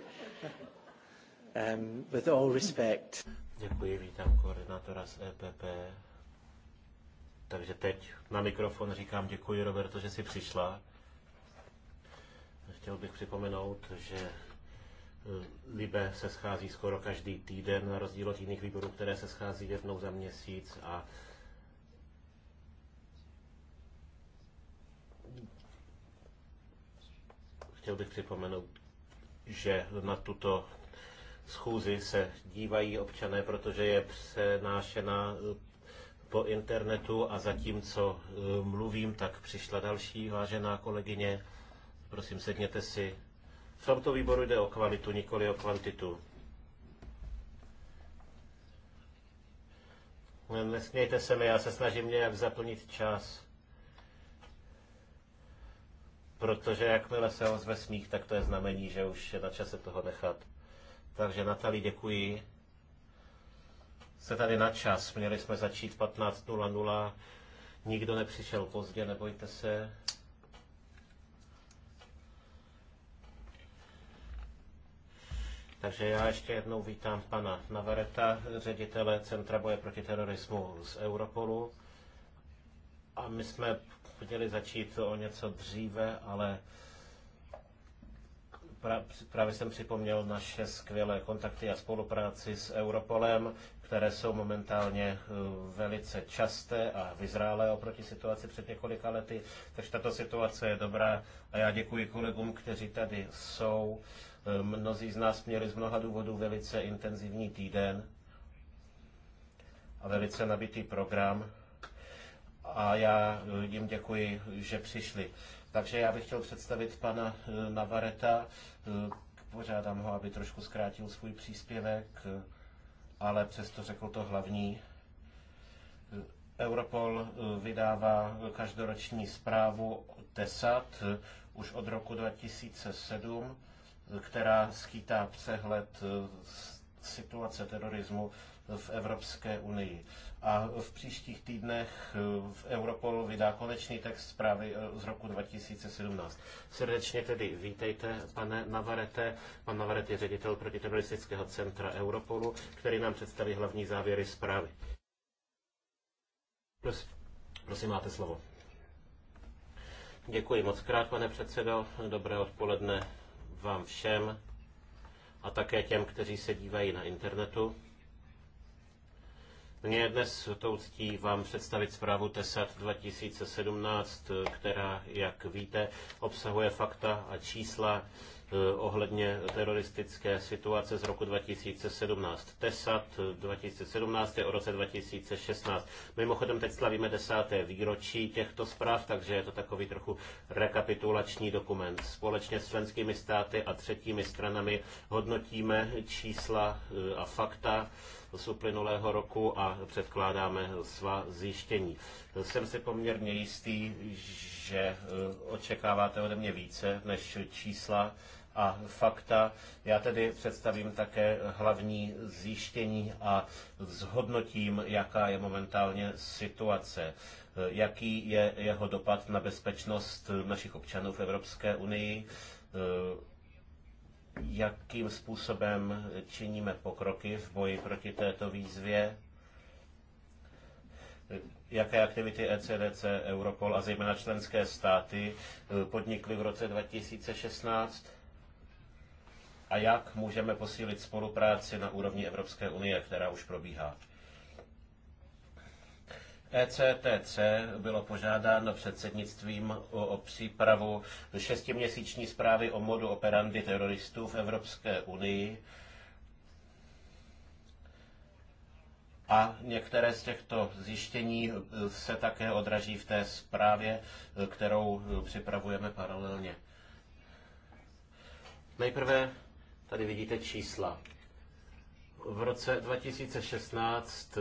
Um, with all respect. Děkuji, vítám koordinátora z EPP. Takže teď na mikrofon říkám děkuji, Roberto, že jsi přišla. Chtěl bych připomenout, že eh, Libe se schází skoro každý týden, na rozdíl od jiných výborů, které se schází jednou za měsíc a chtěl bych připomenout, že na tuto schůzi se dívají občané, protože je přenášena eh, po internetu a zatímco eh, mluvím, tak přišla další vážená kolegyně. Prosím, sedněte si. V tomto výboru jde o kvalitu, nikoli o kvantitu. Nesmějte se mi, já se snažím nějak zaplnit čas protože jakmile se ozve smích, tak to je znamení, že už je na čase toho nechat. Takže Natali, děkuji. Se tady na čas. Měli jsme začít 15.00. Nikdo nepřišel pozdě, nebojte se. Takže já ještě jednou vítám pana Navareta, ředitele Centra boje proti terorismu z Europolu. A my jsme měli začít o něco dříve, ale právě jsem připomněl naše skvělé kontakty a spolupráci s Europolem, které jsou momentálně eh, velice časté a vyzrálé oproti situaci před několika lety. Takže tato situace je dobrá a já děkuji kolegům, kteří tady jsou. Eh, mnozí z nás měli z mnoha důvodů velice intenzivní týden a velice nabitý program a já eh, jim děkuji, že přišli. Takže já bych chtěl představit pana eh, Navareta. Eh, požádám ho, aby trošku zkrátil svůj příspěvek, ale přesto řekl to hlavní. Europol vydává každoroční zprávu TESAT už od roku 2007, která skýtá přehled situace terorismu v Evropské unii. A v příštích týdnech eh, v Europol vydá konečný text zprávy eh, z roku 2017. Srdečně tedy vítejte, pane Navarete. Pan Navarete je ředitel protiteroristického centra Europolu, který nám představí hlavní závěry zprávy. Prosím, prosím máte slovo. Děkuji moc krát, pane předsedo. Dobré odpoledne vám všem a také těm, kteří se dívají na internetu. Mně je dnes to ctí vám představit zprávu TESAT 2017, která, jak víte, obsahuje fakta a čísla eh, ohledně teroristické situace z roku 2017. TESAT 2017 je o roce 2016. Mimochodem teď slavíme desáté výročí těchto zpráv, takže je to takový trochu rekapitulační dokument. Společně s členskými státy a třetími stranami hodnotíme čísla eh, a fakta z uplynulého roku a předkládáme svá zjištění. Jsem si poměrně jistý, že eh, očekáváte ode mě více než čísla a fakta. Já tedy představím také hlavní zjištění a zhodnotím, jaká je momentálně situace eh, jaký je jeho dopad na bezpečnost našich občanů v Evropské unii, eh, jakým způsobem činíme pokroky v boji proti této výzvě, jaké aktivity ECDC, Europol a zejména členské státy eh, podnikly v roce 2016 a jak můžeme posílit spolupráci na úrovni Evropské unie, která už probíhá. ECTC bylo požádáno předsednictvím o, o přípravu šestiměsíční zprávy o modu operandy teroristů v Evropské unii. A některé z těchto zjištění e, se také odraží v té zprávě, e, kterou e, připravujeme paralelně. Nejprve tady vidíte čísla. V roce 2016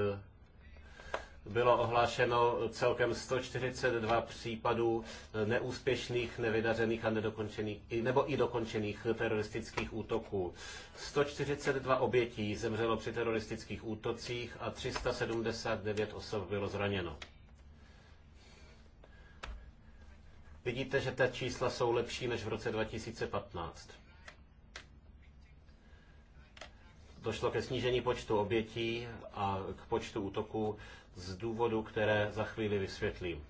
bylo ohlášeno celkem 142 případů eh, neúspěšných, nevydařených a nedokončených, nebo i dokončených teroristických útoků. 142 obětí zemřelo při teroristických útocích a 379 osob bylo zraněno. Vidíte, že ta čísla jsou lepší než v roce 2015. Došlo ke snížení počtu obětí a k počtu útoků z důvodu, které za chvíli vysvětlím.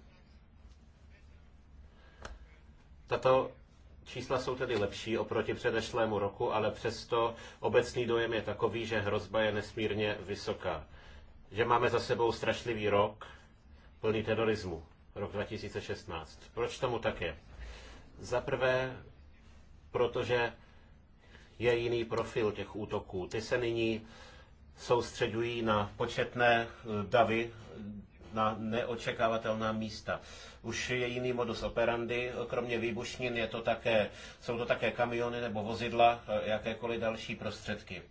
Tato čísla jsou tedy lepší oproti předešlému roku, ale přesto obecný dojem je takový, že hrozba je nesmírně vysoká. Že máme za sebou strašlivý rok plný terorismu, rok 2016. Proč tomu tak je? Za prvé, protože je jiný profil těch útoků. Ty se nyní soustředují na početné eh, davy eh, na neočekávatelná místa. Už je jiný modus operandi, eh, kromě výbušnin je to také, jsou to také kamiony nebo vozidla, jakékoliv další prostředky.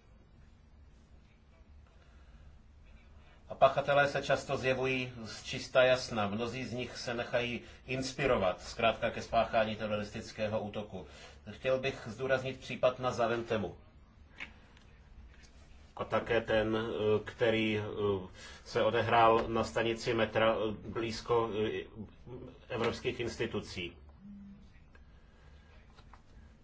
A pachatelé se často zjevují z čista jasna. Mnozí z nich se nechají inspirovat, zkrátka ke spáchání teroristického útoku. Chtěl bych zdůraznit případ na Zaventemu a také ten, eh, který eh, se odehrál na stanici metra eh, blízko evropských institucí.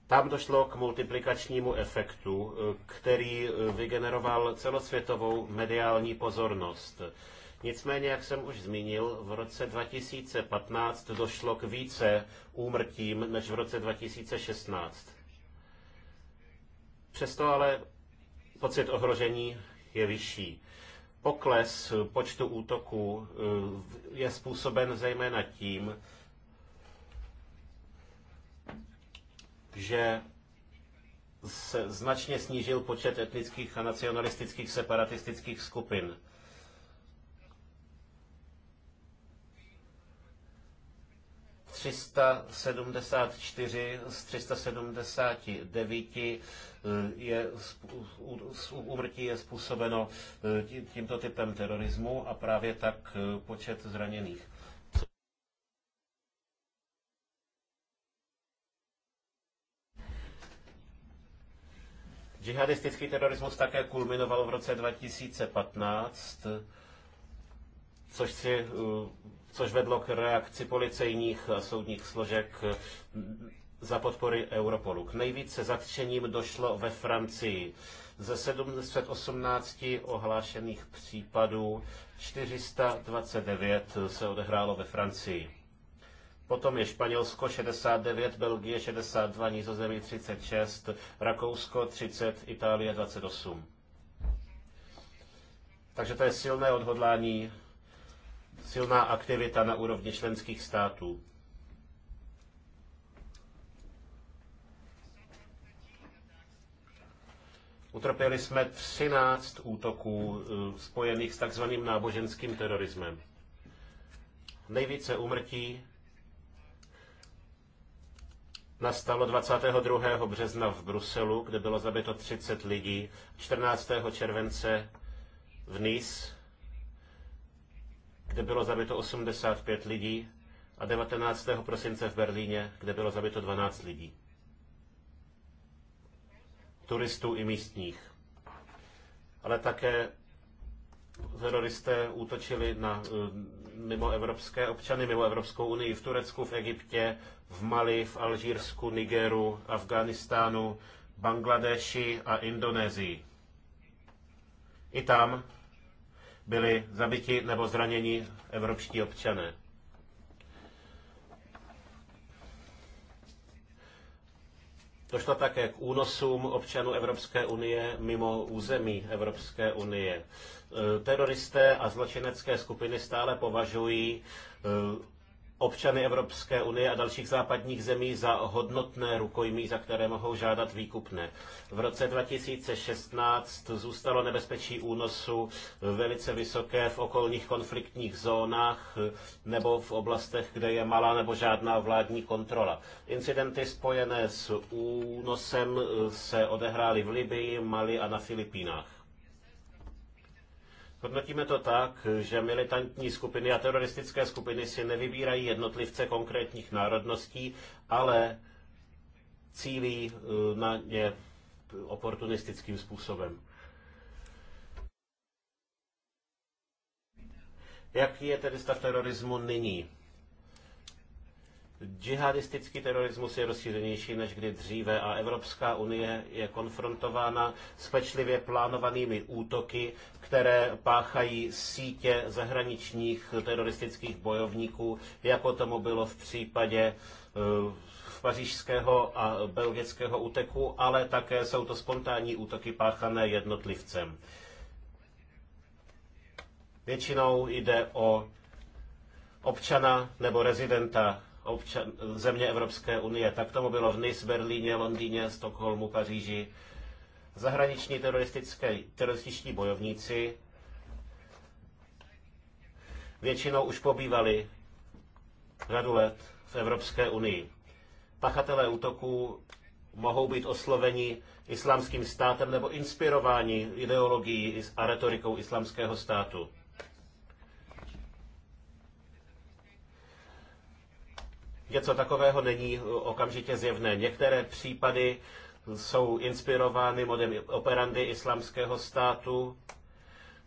Tam došlo k multiplikačnímu efektu, který vygeneroval celosvětovou mediální pozornost. Nicméně, jak jsem už zmínil, v roce 2015 došlo k více úmrtím než v roce 2016. Přesto ale pocit ohrožení je vyšší. Pokles počtu útoků eh, je způsoben zejména tím, že se značně snížil počet etnických a nacionalistických separatistických skupin. 374 z 379 eh, je, úmrtí je způsobeno eh, tímto typem terorismu a právě tak eh, počet zraněných. Džihadistický terorismus také kulminoval v roce 2015, což si což vedlo k reakci policejních eh, soudních složek eh, za podpory Europolu. K nejvíce zatčením došlo ve Francii. Ze 718 ohlášených případů 429 eh, se odehrálo ve Francii. Potom je Španělsko 69, Belgie 62, Nizozemí 36, Rakousko 30, Itálie 28. Takže to je silné odhodlání silná aktivita na úrovni členských států. Utrpěli jsme 13 útoků eh, spojených s takzvaným náboženským terorismem. Nejvíce umrtí nastalo 22. března v Bruselu, kde bylo zabito 30 lidí, 14. července v Nice kde bylo zabito 85 lidí, a 19. prosince v Berlíně, kde bylo zabito 12 lidí. Turistů i místních. Ale také teroristé útočili na eh, evropské občany, mimo Evropskou unii v Turecku, v Egyptě, v Mali, v Alžírsku, Nigeru, Afganistánu, Bangladeši a Indonésii. I tam byli zabiti nebo zraněni evropští občané. Došlo také k únosům občanů Evropské unie mimo území Evropské unie. E, teroristé a zločinecké skupiny stále považují e, občany Evropské unie a dalších západních zemí za hodnotné rukojmí, za které mohou žádat výkupné. V roce 2016 zůstalo nebezpečí únosu velice vysoké v okolních konfliktních zónách nebo v oblastech, kde je malá nebo žádná vládní kontrola. Incidenty spojené s únosem se odehrály v Libii, Mali a na Filipínách. Hodnotíme to tak, že militantní skupiny a teroristické skupiny si nevybírají jednotlivce konkrétních národností, ale cílí eh, na ně oportunistickým způsobem. Jaký je tedy stav terorismu nyní? Džihadistický terorismus je rozšířenější než kdy dříve a Evropská unie je konfrontována s pečlivě plánovanými útoky, které páchají sítě zahraničních teroristických bojovníků, jako tomu bylo v případě eh, pařížského a belgického úteku, ale také jsou to spontánní útoky páchané jednotlivcem. Většinou jde o občana nebo rezidenta občan, země Evropské unie. Tak tomu bylo v Nice, Berlíně, Londýně, Stockholmu, Paříži. Zahraniční teroristické, terorističtí bojovníci většinou už pobývali řadu let v Evropské unii. Pachatelé útoků mohou být osloveni islámským státem nebo inspirováni ideologií a retorikou islámského státu. něco takového není uh, okamžitě zjevné. Některé případy jsou inspirovány modem operandy islámského státu,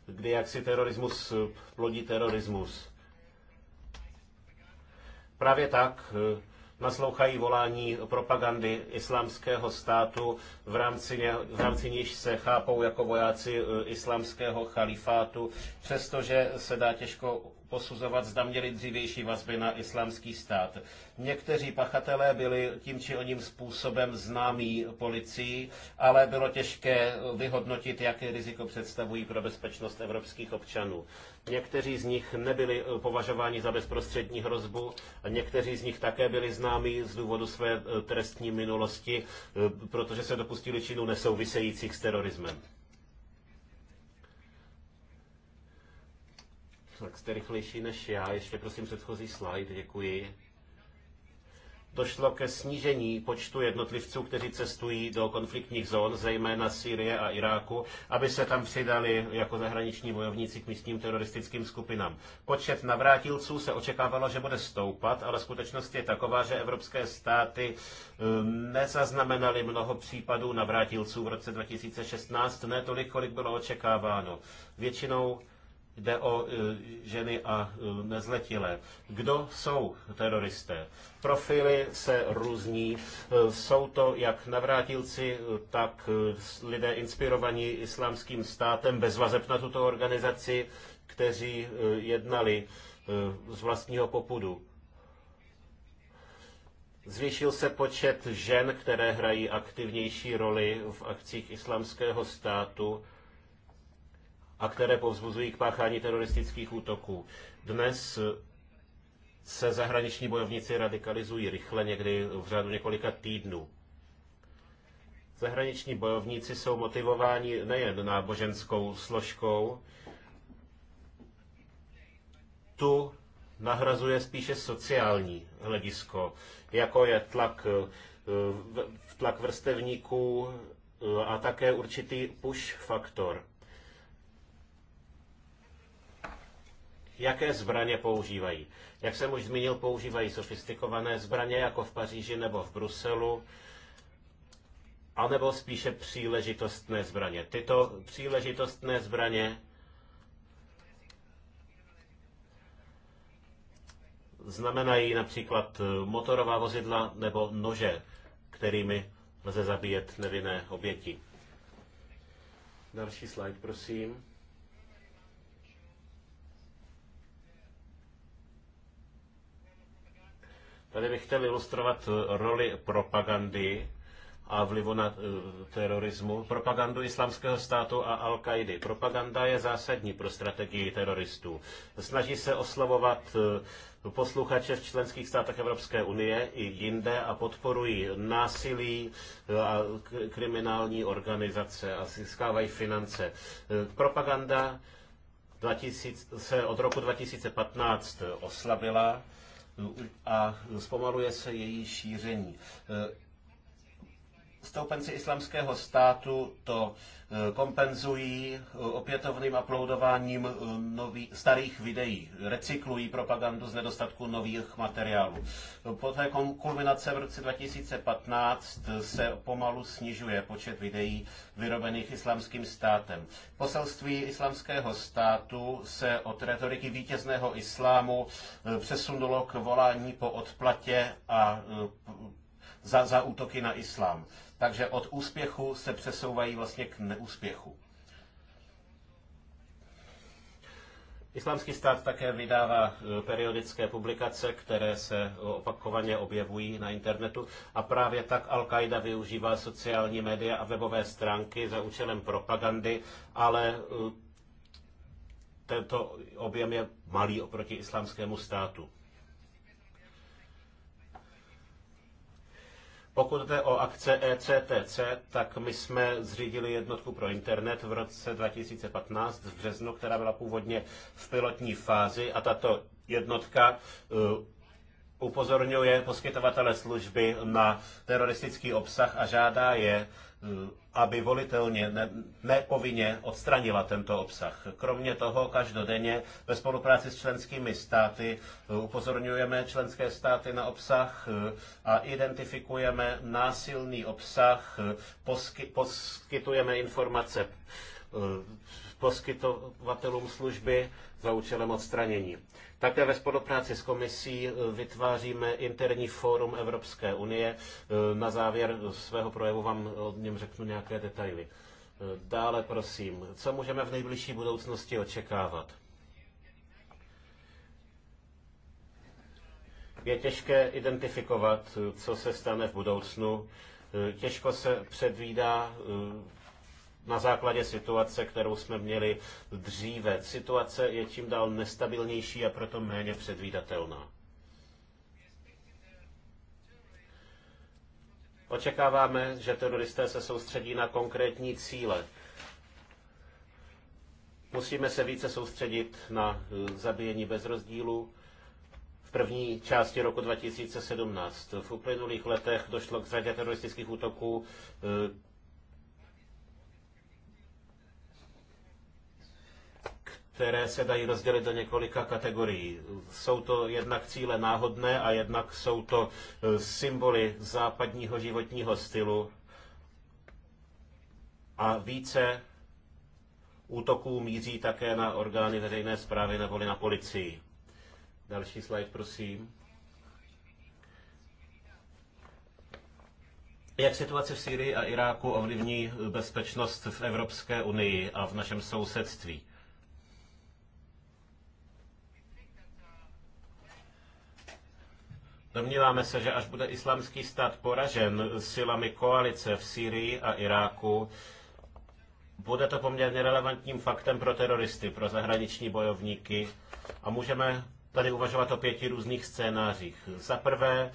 kdy jaksi terorismus plodí uh, terorismus. Právě tak uh, naslouchají volání propagandy islámského státu, v rámci, v rámci níž se chápou jako vojáci islámského chalifátu, přestože se dá těžko posuzovat, zda měli dřívější vazby na islámský stát. Někteří pachatelé byli tím či oním způsobem známí policii, ale bylo těžké vyhodnotit, jaké riziko představují pro bezpečnost evropských občanů. Někteří z nich nebyli považováni za bezprostřední hrozbu, a někteří z nich také byli známí z důvodu své trestní minulosti, protože se dopustili činů nesouvisejících s terorismem. Tak jste rychlejší než já. Ještě prosím předchozí slide. Děkuji. Došlo ke snížení počtu jednotlivců, kteří cestují do konfliktních zón, zejména Sýrie a Iráku, aby se tam přidali jako zahraniční bojovníci k místním teroristickým skupinám. Počet navrátilců se očekávalo, že bude stoupat, ale skutečnost je taková, že evropské státy um, nezaznamenaly mnoho případů navrátilců v roce 2016, ne tolik, kolik bylo očekáváno. Většinou jde o e, ženy a e, nezletilé. Kdo jsou teroristé? Profily se různí. E, jsou to jak navrátilci, tak lidé inspirovaní islámským státem bez vazeb na tuto organizaci, kteří jednali z vlastního popudu. Zvýšil se počet žen, které hrají aktivnější roli v akcích islámského státu a které povzbuzují k páchání teroristických útoků. Dnes se zahraniční bojovníci radikalizují rychle, někdy v řádu několika týdnů. Zahraniční bojovníci jsou motivováni nejen náboženskou složkou, tu nahrazuje spíše sociální hledisko, jako je tlak, eh, tlak vrstevníků eh, a také určitý push faktor. jaké zbraně používají. Jak jsem už zmínil, používají sofistikované zbraně jako v Paříži nebo v Bruselu, anebo spíše příležitostné zbraně. Tyto příležitostné zbraně znamenají například motorová vozidla nebo nože, kterými lze zabíjet nevinné oběti. Další slide, prosím. Tady bych chtěl ilustrovat eh, roli propagandy a vlivu na eh, terorismu, propagandu islamského státu a al qaidi Propaganda je zásadní pro strategii teroristů. Snaží se oslavovat eh, posluchače v členských státech Evropské unie i jinde a podporují násilí a kriminální organizace a získávají finance. Propaganda 2000, se od roku 2015 oslabila a zpomaluje se její šíření. Stoupenci islamského státu to eh, kompenzují eh, opětovným uploadováním eh, nový, starých videí, recyklují propagandu z nedostatku nových materiálů. Po té kulminace v roce 2015 se pomalu snižuje počet videí vyrobených islamským státem. Poselství islamského státu se od retoriky vítězného islámu přesunulo k volání po odplatě a za, za útoky na islám. Takže od úspěchu se přesouvají vlastně k neúspěchu. Islámský stát také vydává e, periodické publikace, které se opakovaně objevují na internetu a právě tak Al-Qaida využívá sociální média a webové stránky za účelem propagandy, ale e, tento objem je malý oproti islámskému státu. Pokud jde o akce ECTC, tak my jsme zřídili jednotku pro internet v roce 2015 v březnu, která byla původně v pilotní fázi a tato jednotka eh, upozorňuje poskytovatele služby na teroristický obsah a žádá je, Eh, aby volitelně ne, nepovinně odstranila tento obsah. Kromě toho každodenně ve spolupráci s členskými státy eh, upozorňujeme členské státy na obsah eh, a identifikujeme násilný obsah, posky, poskytujeme informace poskytovatelům služby za účelem odstranění. Také ve spolupráci s komisí e, vytváříme interní fórum Evropské unie. E, na závěr svého projevu vám o něm řeknu nějaké detaily. E, dále prosím, co můžeme v nejbližší budoucnosti očekávat? Je těžké identifikovat, co se stane v budoucnu. Těžko se předvídá na základě situace, kterou jsme měli dříve. Situace je čím dál nestabilnější a proto méně předvídatelná. Očekáváme, že teroristé se soustředí na konkrétní cíle. Musíme se více soustředit na eh, zabíjení bez rozdílu, V první části roku 2017. V uplynulých letech došlo k řadě teroristických útoků, eh, které se dají rozdělit do několika kategorií. Jsou to jednak cíle náhodné a jednak jsou to e, symboly západního životního stylu a více útoků míří také na orgány veřejné zprávy neboli na policii. Další slide, prosím. Jak situace v Sýrii a Iráku ovlivní bezpečnost v Evropské unii a v našem sousedství? Domníváme se, že až bude islamský stát poražen silami koalice v Sýrii a Iráku, bude to poměrně relevantním faktem pro teroristy, pro zahraniční bojovníky a můžeme tady uvažovat o pěti různých scénářích. Za prvé,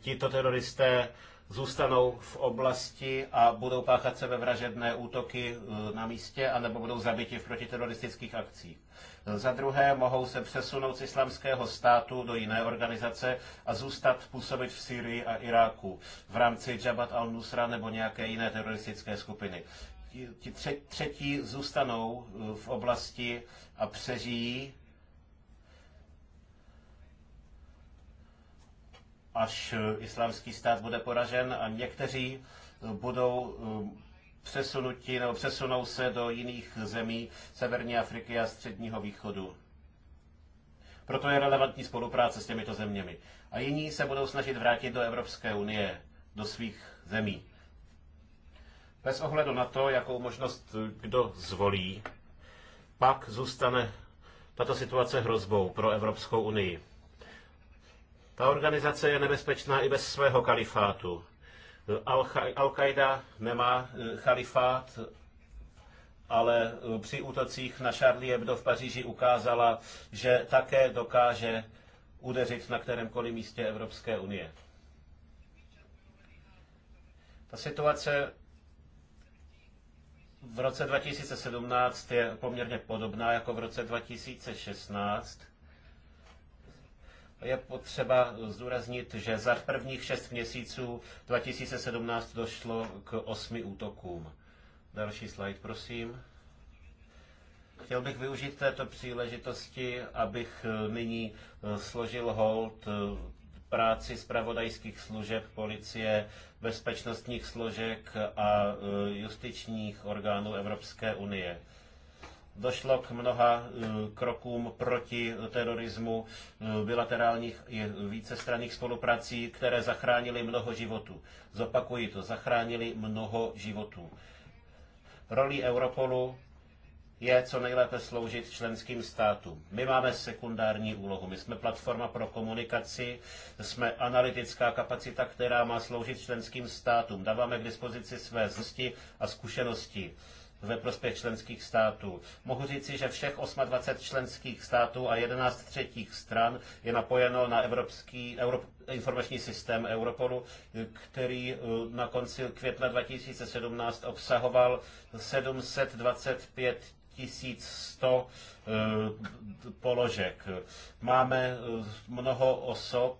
tito teroristé zůstanou v oblasti a budou páchat sebevražedné útoky eh, na místě anebo budou zabiti v protiteroristických akcích. Eh, za druhé mohou se přesunout z islamského státu do jiné organizace a zůstat působit v Syrii a Iráku v rámci Jabhat al-Nusra nebo nějaké jiné teroristické skupiny. Ti třetí zůstanou eh, v oblasti a přežijí až eh, islámský stát bude poražen a někteří eh, budou eh, přesunuti nebo přesunou se do jiných zemí Severní Afriky a Středního východu. Proto je relevantní spolupráce s těmito zeměmi. A jiní se budou snažit vrátit do Evropské unie, do svých zemí. Bez ohledu na to, jakou možnost kdo zvolí, pak zůstane tato situace hrozbou pro Evropskou unii. Ta organizace je nebezpečná i bez svého kalifátu. Al-Qaida nemá eh, kalifát, ale eh, při útocích na Charlie Hebdo v Paříži ukázala, že také dokáže udeřit na kterémkoliv místě Evropské unie. Ta situace v roce 2017 je poměrně podobná jako v roce 2016 je potřeba zdůraznit, že za prvních šest měsíců 2017 došlo k osmi útokům. Další slide, prosím. Chtěl bych využít této příležitosti, abych eh, nyní eh, složil hold eh, práci zpravodajských služeb, policie, bezpečnostních složek a justičních orgánů Evropské unie. Došlo k mnoha eh, krokům proti eh, terorismu, eh, bilaterálních i vícestranných spoluprací, které zachránily mnoho životů. Zopakuji to, zachránili mnoho životů. Rolí Europolu je co nejlépe sloužit členským státům. My máme sekundární úlohu. My jsme platforma pro komunikaci, jsme analytická kapacita, která má sloužit členským státům. Dáváme k dispozici své znalosti a zkušenosti ve prospěch členských států. Mohu říci, že všech 28 členských států a 11 třetích stran je napojeno na evropský informační systém Europolu, který eh, na konci května 2017 obsahoval 725 1100 eh, položek. Máme eh, mnoho osob,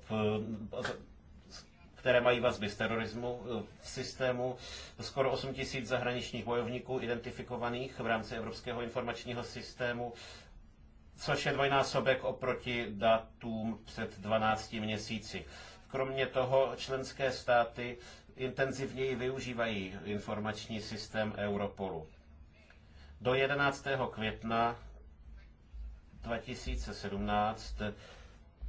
které mají vazby z terorismu eh, v systému. Skoro 8 tisíc zahraničních bojovníků identifikovaných v rámci Evropského informačního systému což je dvojnásobek oproti datům před 12 měsíci. Kromě toho členské státy intenzivněji využívají informační systém Europolu. Do 11. května 2017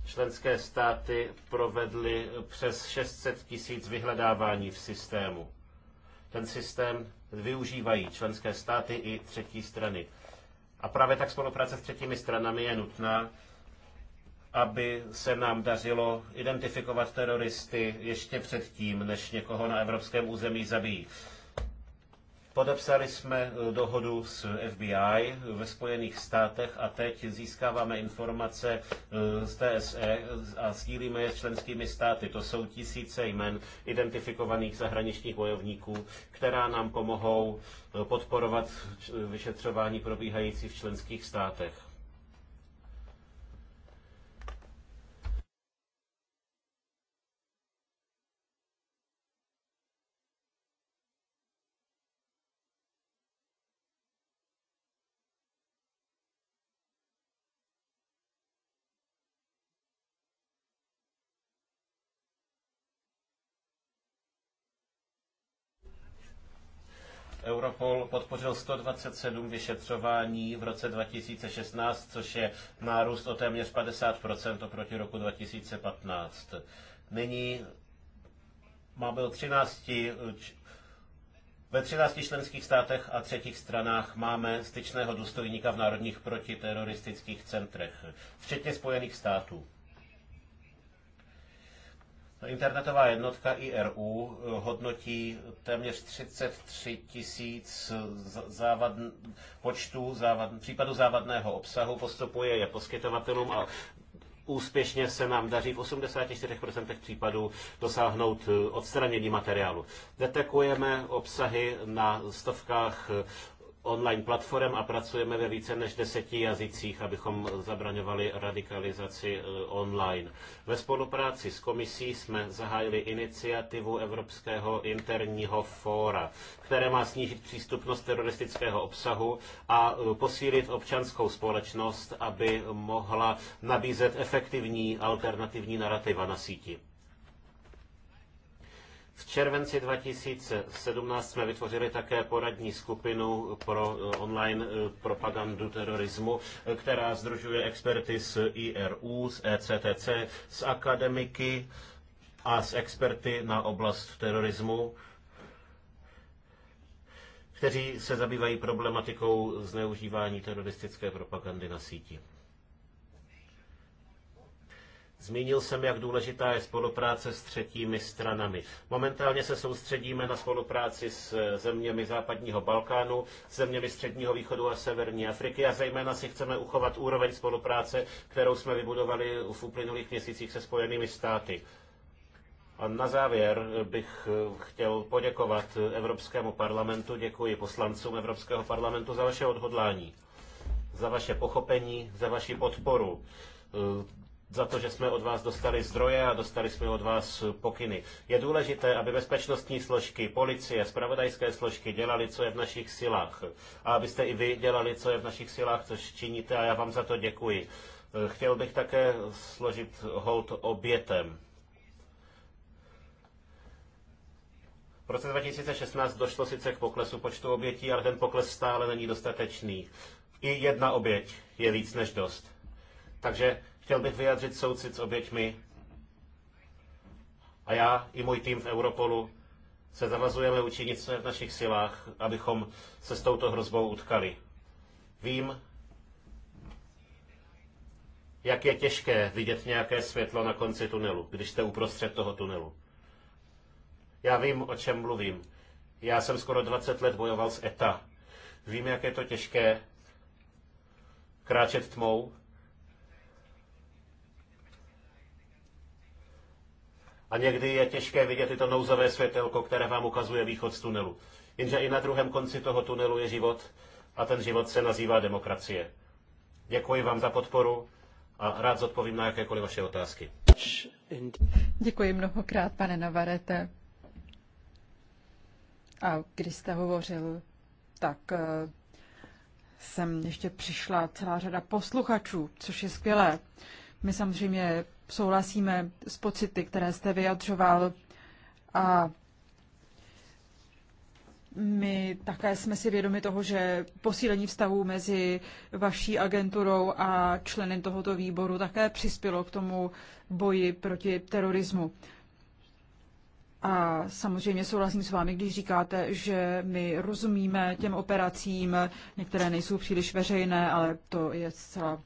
Členské státy provedly přes 600 tisíc vyhledávání v systému. Ten systém využívají členské státy i třetí strany. A právě tak spolupráce s třetími stranami je nutná, aby se nám dařilo identifikovat teroristy ještě předtím, než někoho na evropském území zabijí. Podepsali jsme e, dohodu s FBI ve Spojených státech a teď získáváme informace e, z TSE a sdílíme je s členskými státy. To jsou tisíce jmen identifikovaných zahraničních bojovníků, která nám pomohou e, podporovat vyšetřování probíhající v členských státech. Europol podpořil 127 vyšetřování v roce 2016, což je nárůst o téměř 50% oproti roku 2015. Nyní máme byl 13 ve 13 členských státech a třetích stranách máme styčného důstojníka v národních protiteroristických centrech, včetně Spojených států. No, internetová jednotka IRU eh, hodnotí téměř 33 tisíc závad, počtů závad, případů závadného obsahu, postupuje je poskytovatelům a úspěšně se nám daří v 84% případů dosáhnout eh, odstranění materiálu. Detekujeme obsahy na stovkách eh, online platform a pracujeme ve více než deseti jazycích, abychom zabraňovali radikalizaci e, online. Ve spolupráci s komisí jsme zahájili iniciativu Evropského interního fóra, které má snížit přístupnost teroristického obsahu a e, posílit občanskou společnost, aby mohla nabízet efektivní alternativní narrativa na síti. V červenci 2017 jsme vytvořili také poradní skupinu pro eh, online eh, propagandu terorismu, eh, která združuje experty z IRU, z ECTC, z akademiky a z experty na oblast terorismu kteří se zabývají problematikou zneužívání teroristické propagandy na síti. Zmínil jsem, jak důležitá je spolupráce s třetími stranami. Momentálně se soustředíme na spolupráci s eh, zeměmi západního Balkánu, zeměmi středního východu a severní Afriky a zejména si chceme uchovat úroveň spolupráce, kterou jsme vybudovali v uplynulých měsících se spojenými státy. A na závěr bych eh, chtěl poděkovat eh, Evropskému parlamentu, děkuji poslancům Evropského parlamentu za vaše odhodlání, za vaše pochopení, za vaši podporu za to, že jsme od vás dostali zdroje a dostali jsme od vás pokyny. Je důležité, aby bezpečnostní složky, policie, spravodajské složky dělali, co je v našich silách. A abyste i vy dělali, co je v našich silách, což činíte a já vám za to děkuji. Chtěl bych také složit hold obětem. V roce 2016 došlo sice k poklesu počtu obětí, ale ten pokles stále není dostatečný. I jedna oběť je víc než dost. Takže Chtěl bych vyjádřit soucit s oběťmi a já i můj tým v Europolu se zavazujeme učinit co v našich silách, abychom se s touto hrozbou utkali. Vím, jak je těžké vidět nějaké světlo na konci tunelu, když jste uprostřed toho tunelu. Já vím, o čem mluvím. Já jsem skoro 20 let bojoval s ETA. Vím, jak je to těžké kráčet tmou A někdy je těžké vidět i to nouzové světelko, které vám ukazuje východ z tunelu. Jenže i na druhém konci toho tunelu je život a ten život se nazývá demokracie. Děkuji vám za podporu a rád zodpovím na jakékoliv vaše otázky. Děkuji mnohokrát, pane Navarete. A když jste hovořil, tak jsem eh, ještě přišla celá řada posluchačů, což je skvělé. My samozřejmě souhlasíme s pocity, které jste vyjadřoval a my také jsme si vědomi toho, že posílení vztahů mezi vaší agenturou a členy tohoto výboru také přispělo k tomu boji proti terorismu. A samozřejmě souhlasím s vámi, když říkáte, že my rozumíme těm operacím, některé nejsou příliš veřejné, ale to je zcela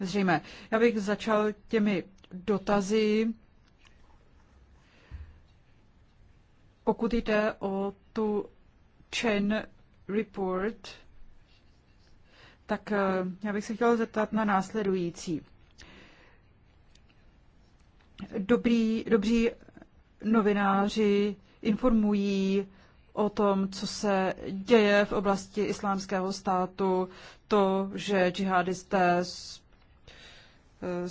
zřejmé. Já bych začal těmi dotazy. Pokud jde o tu Chen report, tak eh, já bych se chtěla zeptat na následující. Dobrý, dobří novináři informují o tom, co se děje v oblasti islámského státu, to, že džihadisté eh,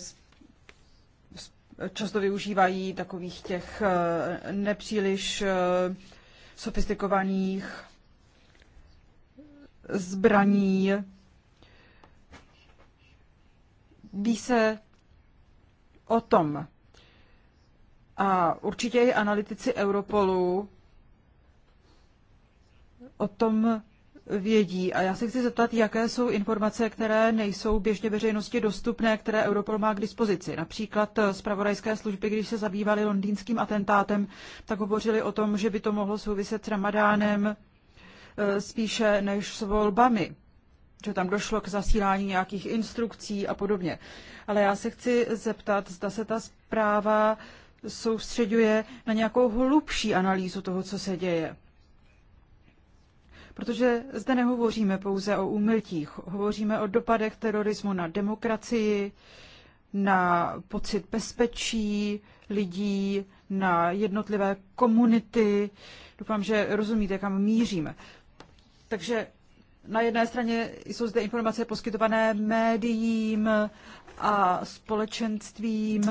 často využívají takových těch eh, nepříliš eh, sofistikovaných zbraní. Ví se o tom. A určitě i analytici Europolu o tom vědí. A já se chci zeptat, jaké jsou informace, které nejsou běžně veřejnosti dostupné, které Europol má k dispozici. Například eh, zpravodajské služby, když se zabývaly londýnským atentátem, tak hovořili o tom, že by to mohlo souviset s ramadánem eh, spíše než s volbami že tam došlo k zasílání nějakých instrukcí a podobně. Ale já se chci zeptat, zda se ta zpráva soustředuje na nějakou hlubší analýzu toho, co se děje protože zde nehovoříme pouze o úmrtích, hovoříme o dopadech terorismu na demokracii, na pocit bezpečí lidí, na jednotlivé komunity. Doufám, že rozumíte, kam míříme. Takže na jedné straně jsou zde informace poskytované médiím a společenstvím.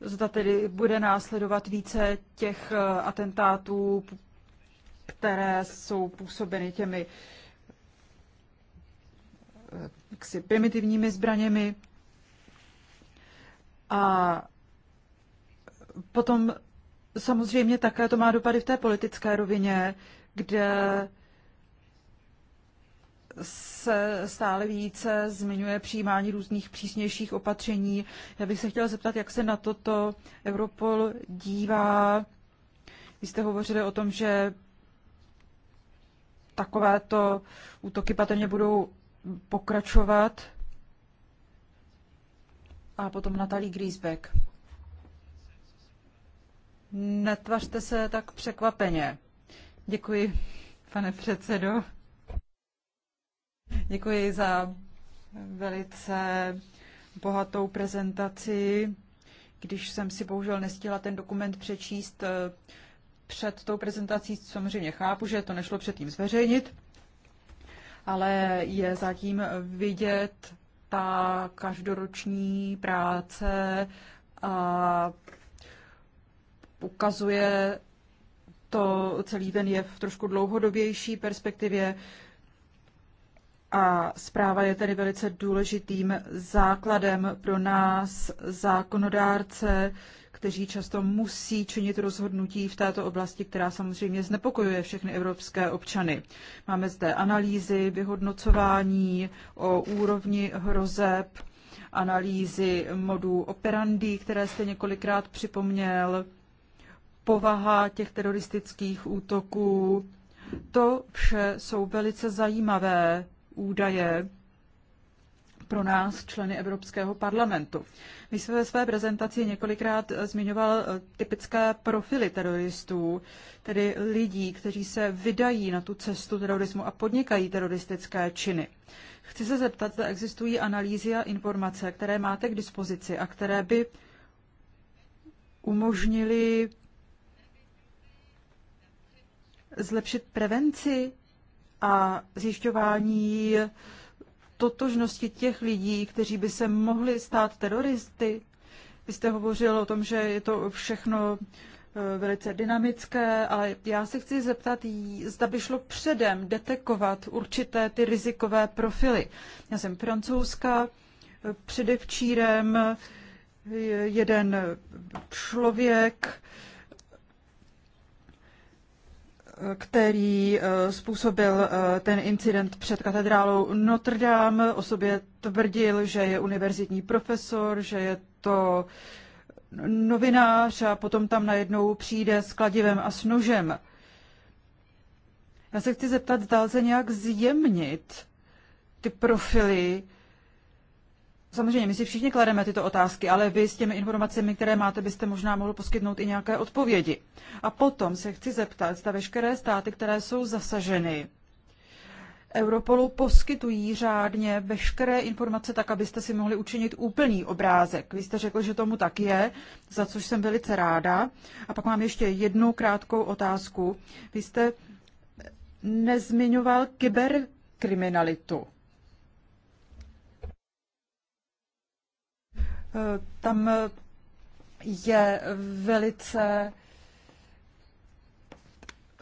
Zda tedy bude následovat více těch atentátů které jsou působeny těmi eh, jaksi, primitivními zbraněmi. A potom samozřejmě také to má dopady v té politické rovině, kde se stále více zmiňuje přijímání různých přísnějších opatření. Já bych se chtěla zeptat, jak se na toto Europol dívá. Vy jste hovořili o tom, že takovéto útoky patrně budou pokračovat. A potom Natalie Griesbeck. Netvařte se tak překvapeně. Děkuji, pane předsedo. Děkuji za velice bohatou prezentaci. Když jsem si bohužel nestihla ten dokument přečíst, před tou prezentací samozřejmě chápu, že to nešlo předtím zveřejnit, ale je zatím vidět ta každoroční práce a ukazuje to celý ten je v trošku dlouhodobější perspektivě. A zpráva je tedy velice důležitým základem pro nás, zákonodárce, kteří často musí činit rozhodnutí v této oblasti, která samozřejmě znepokojuje všechny evropské občany. Máme zde analýzy, vyhodnocování o úrovni hrozeb, analýzy modů operandi, které jste několikrát připomněl, povaha těch teroristických útoků. To vše jsou velice zajímavé údaje, pro nás, členy Evropského parlamentu. Vy jste ve své prezentaci několikrát eh, zmiňoval eh, typické profily teroristů, tedy lidí, kteří se vydají na tu cestu terorismu a podnikají teroristické činy. Chci se zeptat, zda existují analýzy a informace, které máte k dispozici a které by umožnili zlepšit prevenci a zjišťování totožnosti těch lidí, kteří by se mohli stát teroristy? Vy jste hovořil o tom, že je to všechno eh, velice dynamické, ale já se chci zeptat, zda by šlo předem detekovat určité ty rizikové profily. Já jsem francouzská, eh, předevčírem jeden člověk který eh, způsobil eh, ten incident před katedrálou Notre Dame. O sobě tvrdil, že je univerzitní profesor, že je to novinář a potom tam najednou přijde s kladivem a s nožem. Já se chci zeptat, zdá se nějak zjemnit ty profily Samozřejmě, my si všichni klademe tyto otázky, ale vy s těmi informacemi, které máte, byste možná mohl poskytnout i nějaké odpovědi. A potom se chci zeptat, zda veškeré státy, které jsou zasaženy, Europolu poskytují řádně veškeré informace tak, abyste si mohli učinit úplný obrázek. Vy jste řekl, že tomu tak je, za což jsem velice ráda. A pak mám ještě jednu krátkou otázku. Vy jste nezmiňoval kyberkriminalitu. tam je velice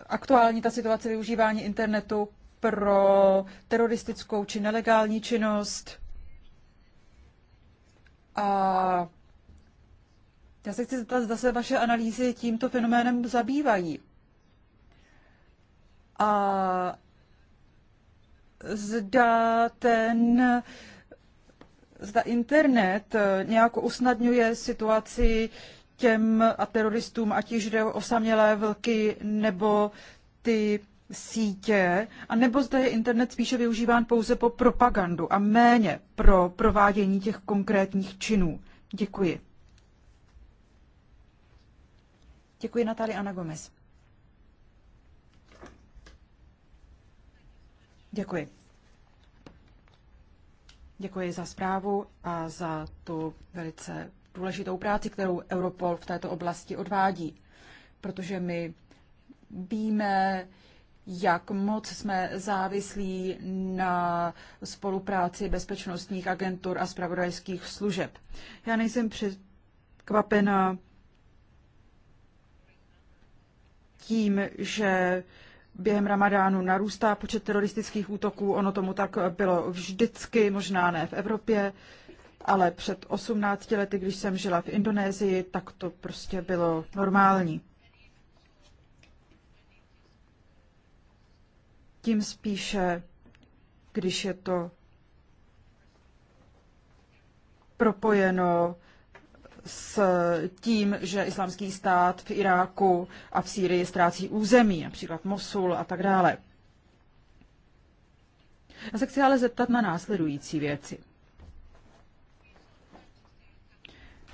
aktuální ta situace využívání internetu pro teroristickou či nelegální činnost. A já se chci zeptat, zda se vaše analýzy tímto fenoménem zabývají. A zda ten zda internet eh, nějak usnadňuje situaci těm a teroristům, ať již jde o osamělé vlky nebo ty sítě, a nebo zda je internet spíše využíván pouze po propagandu a méně pro provádění těch konkrétních činů. Děkuji. Děkuji Natália Ana Gomez. Děkuji. Děkuji za zprávu a za tu velice důležitou práci, kterou Europol v této oblasti odvádí. Protože my víme, jak moc jsme závislí na spolupráci bezpečnostních agentur a spravodajských služeb. Já nejsem překvapena tím, že během ramadánu narůstá počet teroristických útoků. Ono tomu tak bylo vždycky, možná ne v Evropě, ale před 18 lety, když jsem žila v Indonésii, tak to prostě bylo normální. Tím spíše, když je to propojeno s tím, že islámský stát v Iráku a v Sýrii ztrácí území, například Mosul a tak dále. Já se chci ale zeptat na následující věci.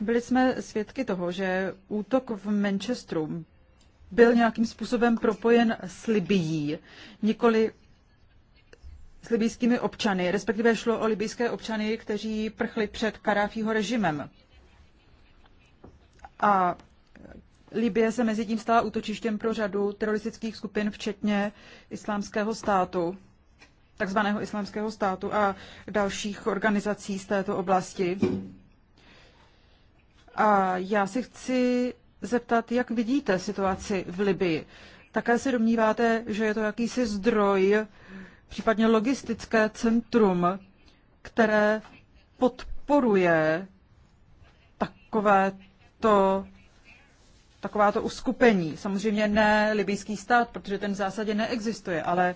Byli jsme svědky toho, že útok v Manchesteru byl nějakým způsobem propojen s Libií, nikoli s libijskými občany, respektive šlo o libijské občany, kteří prchli před Karáfího režimem a Libie se mezi tím stala útočištěm pro řadu teroristických skupin, včetně islámského státu, takzvaného islámského státu a dalších organizací z této oblasti. A já si chci zeptat, jak vidíte situaci v Libii. Také se domníváte, že je to jakýsi zdroj, případně logistické centrum, které podporuje takové to takováto uskupení. Samozřejmě ne libýský stát, protože ten v zásadě neexistuje, ale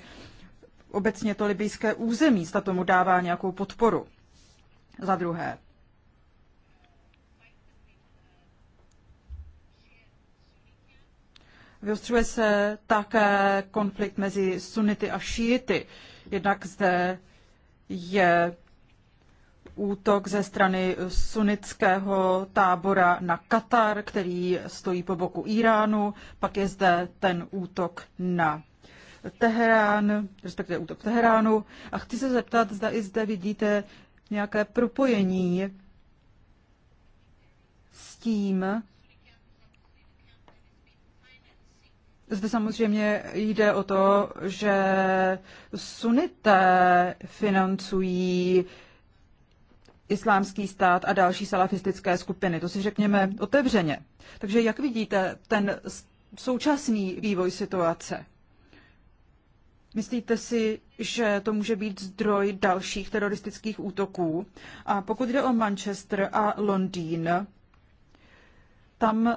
obecně to libýské území, sta tomu dává nějakou podporu. Za druhé, Vyostřuje se také konflikt mezi sunity a šíity. Jednak zde je útok ze strany sunnického tábora na Katar, který stojí po boku Iránu. Pak je zde ten útok na Teherán, respektive útok Teheránu. A chci se zeptat, zda i zde vidíte nějaké propojení s tím, Zde samozřejmě jde o to, že sunité financují islámský stát a další salafistické skupiny. To si řekněme otevřeně. Takže jak vidíte ten současný vývoj situace? Myslíte si, že to může být zdroj dalších teroristických útoků? A pokud jde o Manchester a Londýn, tam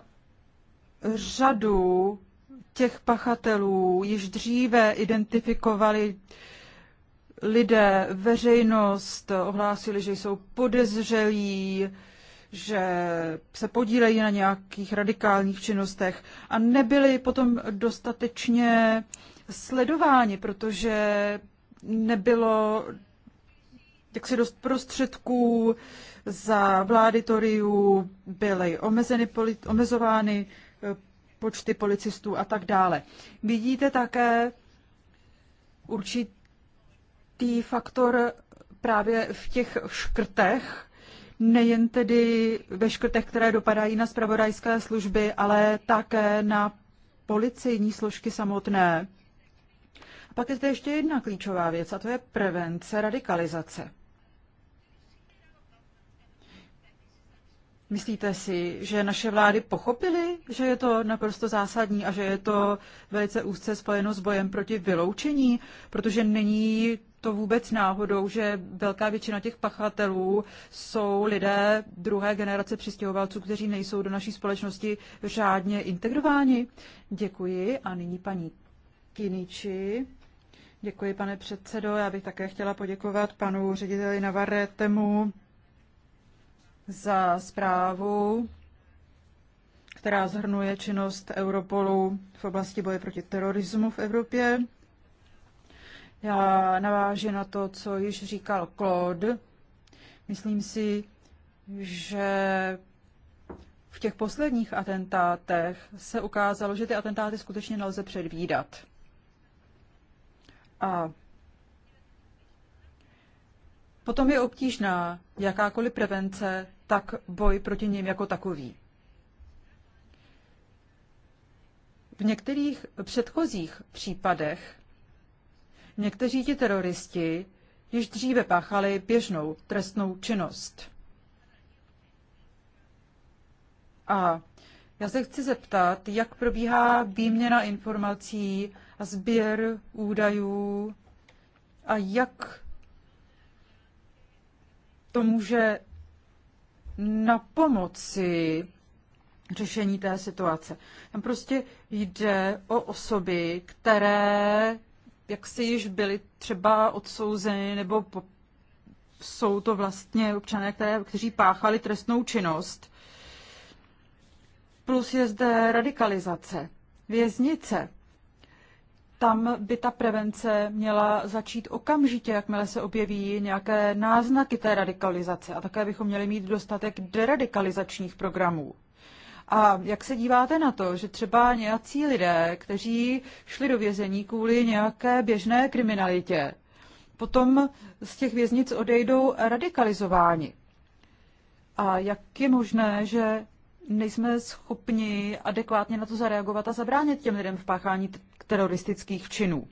řadu těch pachatelů již dříve identifikovali lidé, veřejnost ohlásili, že jsou podezřelí, že se podílejí na nějakých radikálních činnostech a nebyli potom dostatečně sledováni, protože nebylo jaksi dost prostředků za vlády Toriu byly omezeny, omezovány eh, počty policistů a tak dále. Vidíte také určitě tý faktor právě v těch škrtech, nejen tedy ve škrtech, které dopadají na spravodajské služby, ale také na policejní složky samotné. A pak je zde ještě jedna klíčová věc, a to je prevence radikalizace. Myslíte si, že naše vlády pochopily, že je to naprosto zásadní a že je to velice úzce spojeno s bojem proti vyloučení, protože není to vůbec náhodou, že velká většina těch pachatelů jsou lidé druhé generace přistěhovalců, kteří nejsou do naší společnosti řádně integrováni. Děkuji a nyní paní Kiniči. Děkuji, pane předsedo. Já bych také chtěla poděkovat panu řediteli Navarretemu za zprávu, která zhrnuje činnost Europolu v oblasti boje proti terorismu v Evropě. Já navážu na to, co již říkal Claude. Myslím si, že v těch posledních atentátech se ukázalo, že ty atentáty skutečně nelze předvídat. A potom je obtížná jakákoliv prevence, tak boj proti ním jako takový. V některých předchozích případech Někteří ti teroristi již dříve páchali běžnou trestnou činnost. A já se chci zeptat, jak probíhá výměna informací a sběr údajů a jak to může na pomoci řešení té situace. Tam prostě jde o osoby, které jak si již byli třeba odsouzeni nebo po, jsou to vlastně občané, které, kteří páchali trestnou činnost. Plus je zde radikalizace, věznice. Tam by ta prevence měla začít okamžitě, jakmile se objeví nějaké náznaky té radikalizace. A také bychom měli mít dostatek deradikalizačních programů. A jak se díváte na to, že třeba nějací lidé, kteří šli do vězení kvůli nějaké běžné kriminalitě, potom z těch věznic odejdou radikalizováni? A jak je možné, že nejsme schopni adekvátně na to zareagovat a zabránit těm lidem v páchání teroristických činů?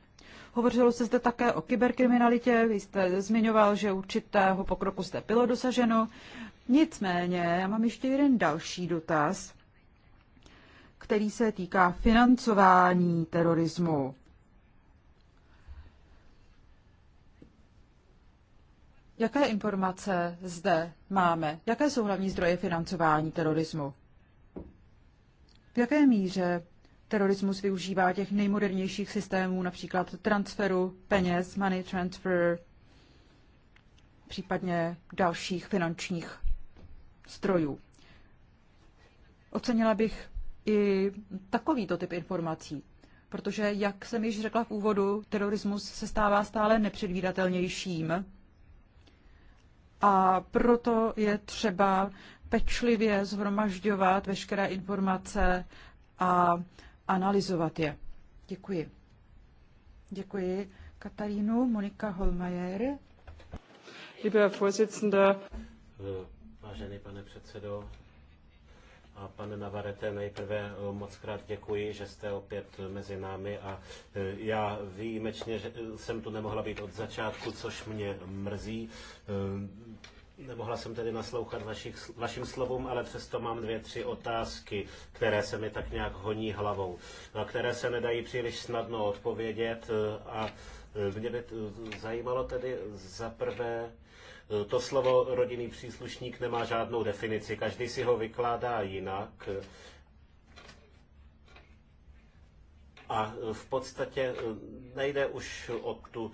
Hovořilo se zde také o kyberkriminalitě, vy jste zmiňoval, že určitého pokroku zde bylo dosaženo. Nicméně, já mám ještě jeden další dotaz který se týká financování terorismu. Jaké informace zde máme? Jaké jsou hlavní zdroje financování terorismu? V jaké míře terorismus využívá těch nejmodernějších systémů, například transferu peněz, money transfer, případně dalších finančních strojů? Ocenila bych i takovýto typ informací. Protože, jak jsem již řekla v úvodu, terorismus se stává stále nepředvídatelnějším. A proto je třeba pečlivě zhromažďovat veškeré informace a analyzovat je. Děkuji. Děkuji. Katarínu, Monika Holmajer. Lieber Vorsitzender. Vážený pane předsedo, a pane Navarete, nejprve eh, moc krát děkuji, že jste opět mezi námi a eh, já výjimečně že eh, jsem tu nemohla být od začátku, což mě mrzí. Nemohla jsem tedy naslouchat vašich, vašim slovům, ale přesto mám dvě, tři otázky, které se mi tak nějak honí hlavou, a které se nedají příliš snadno odpovědět a mě by zajímalo tedy za prvé, to slovo rodinný příslušník nemá žádnou definici, každý si ho vykládá jinak. A v podstatě eh, nejde už o tu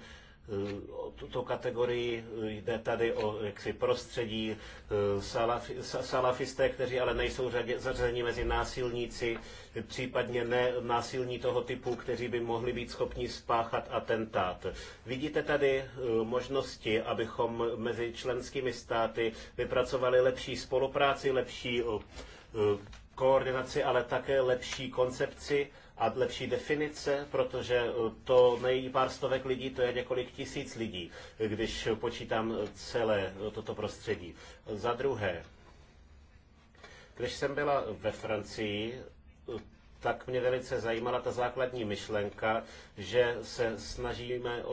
E, tuto kategorii, e, jde tady o jaksi prostředí e, salafi, salafisté, kteří ale nejsou zařazeni mezi násilníci, případně ne násilní toho typu, kteří by mohli být schopni spáchat atentát. Vidíte tady možnosti, abychom mezi členskými státy vypracovali lepší spolupráci, lepší koordinaci, ale také lepší koncepci a lepší definice, protože eh, to nejí pár stovek lidí, to je několik tisíc lidí, když počítám eh, celé eh, toto prostředí. Za druhé, když jsem byla ve Francii, tak mě velice zajímala ta základní myšlenka, že se snažíme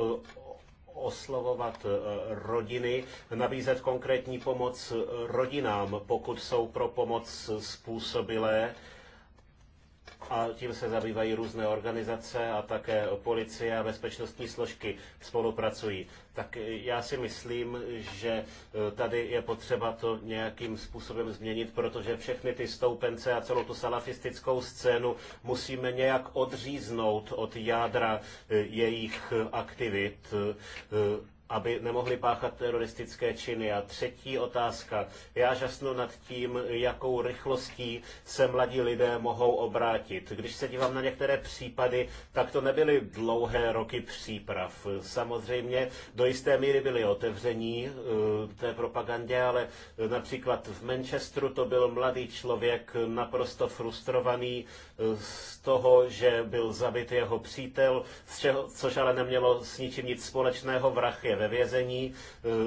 oslovovat rodiny, nabízet konkrétní pomoc rodinám, pokud jsou pro pomoc způsobilé a tím se zabývají různé organizace a také policie a bezpečnostní složky spolupracují. Tak já si myslím, že e, tady je potřeba to nějakým způsobem změnit, protože všechny ty stoupence a celou tu salafistickou scénu musíme nějak odříznout od jádra e, jejich aktivit e, aby nemohli páchat teroristické činy. A třetí otázka. Já žasnu nad tím, jakou rychlostí se mladí lidé mohou obrátit. Když se dívám na některé případy, tak to nebyly dlouhé roky příprav. Samozřejmě do jisté míry byly otevření eh, té propagandě, ale například v Manchesteru to byl mladý člověk eh, naprosto frustrovaný eh, z toho, že byl zabit jeho přítel, z čeho, což ale nemělo s ničím nic společného vrachy ve vězení. Eh,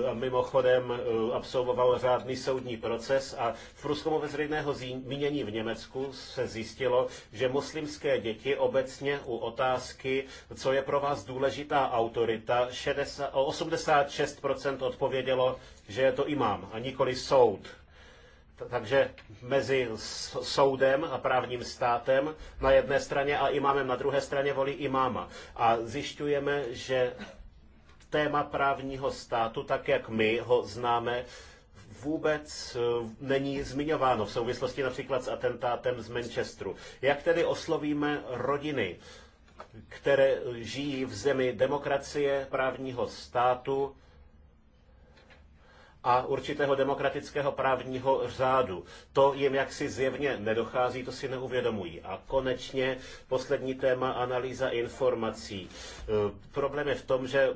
a mimochodem eh, absolvoval řádný soudní proces a v průzkumu veřejného mínění v Německu se zjistilo, že muslimské děti obecně u otázky, co je pro vás důležitá autorita, 86% odpovědělo, že je to imám a nikoli soud. Takže mezi soudem a právním státem na jedné straně a imámem na druhé straně volí imáma. A zjišťujeme, že téma právního státu, tak jak my ho známe, vůbec eh, není zmiňováno v souvislosti například s atentátem z Manchesteru. Jak tedy oslovíme rodiny, které žijí v zemi demokracie, právního státu a určitého demokratického právního řádu. To jim jaksi zjevně nedochází, to si neuvědomují. A konečně poslední téma analýza informací. Eh, problém je v tom, že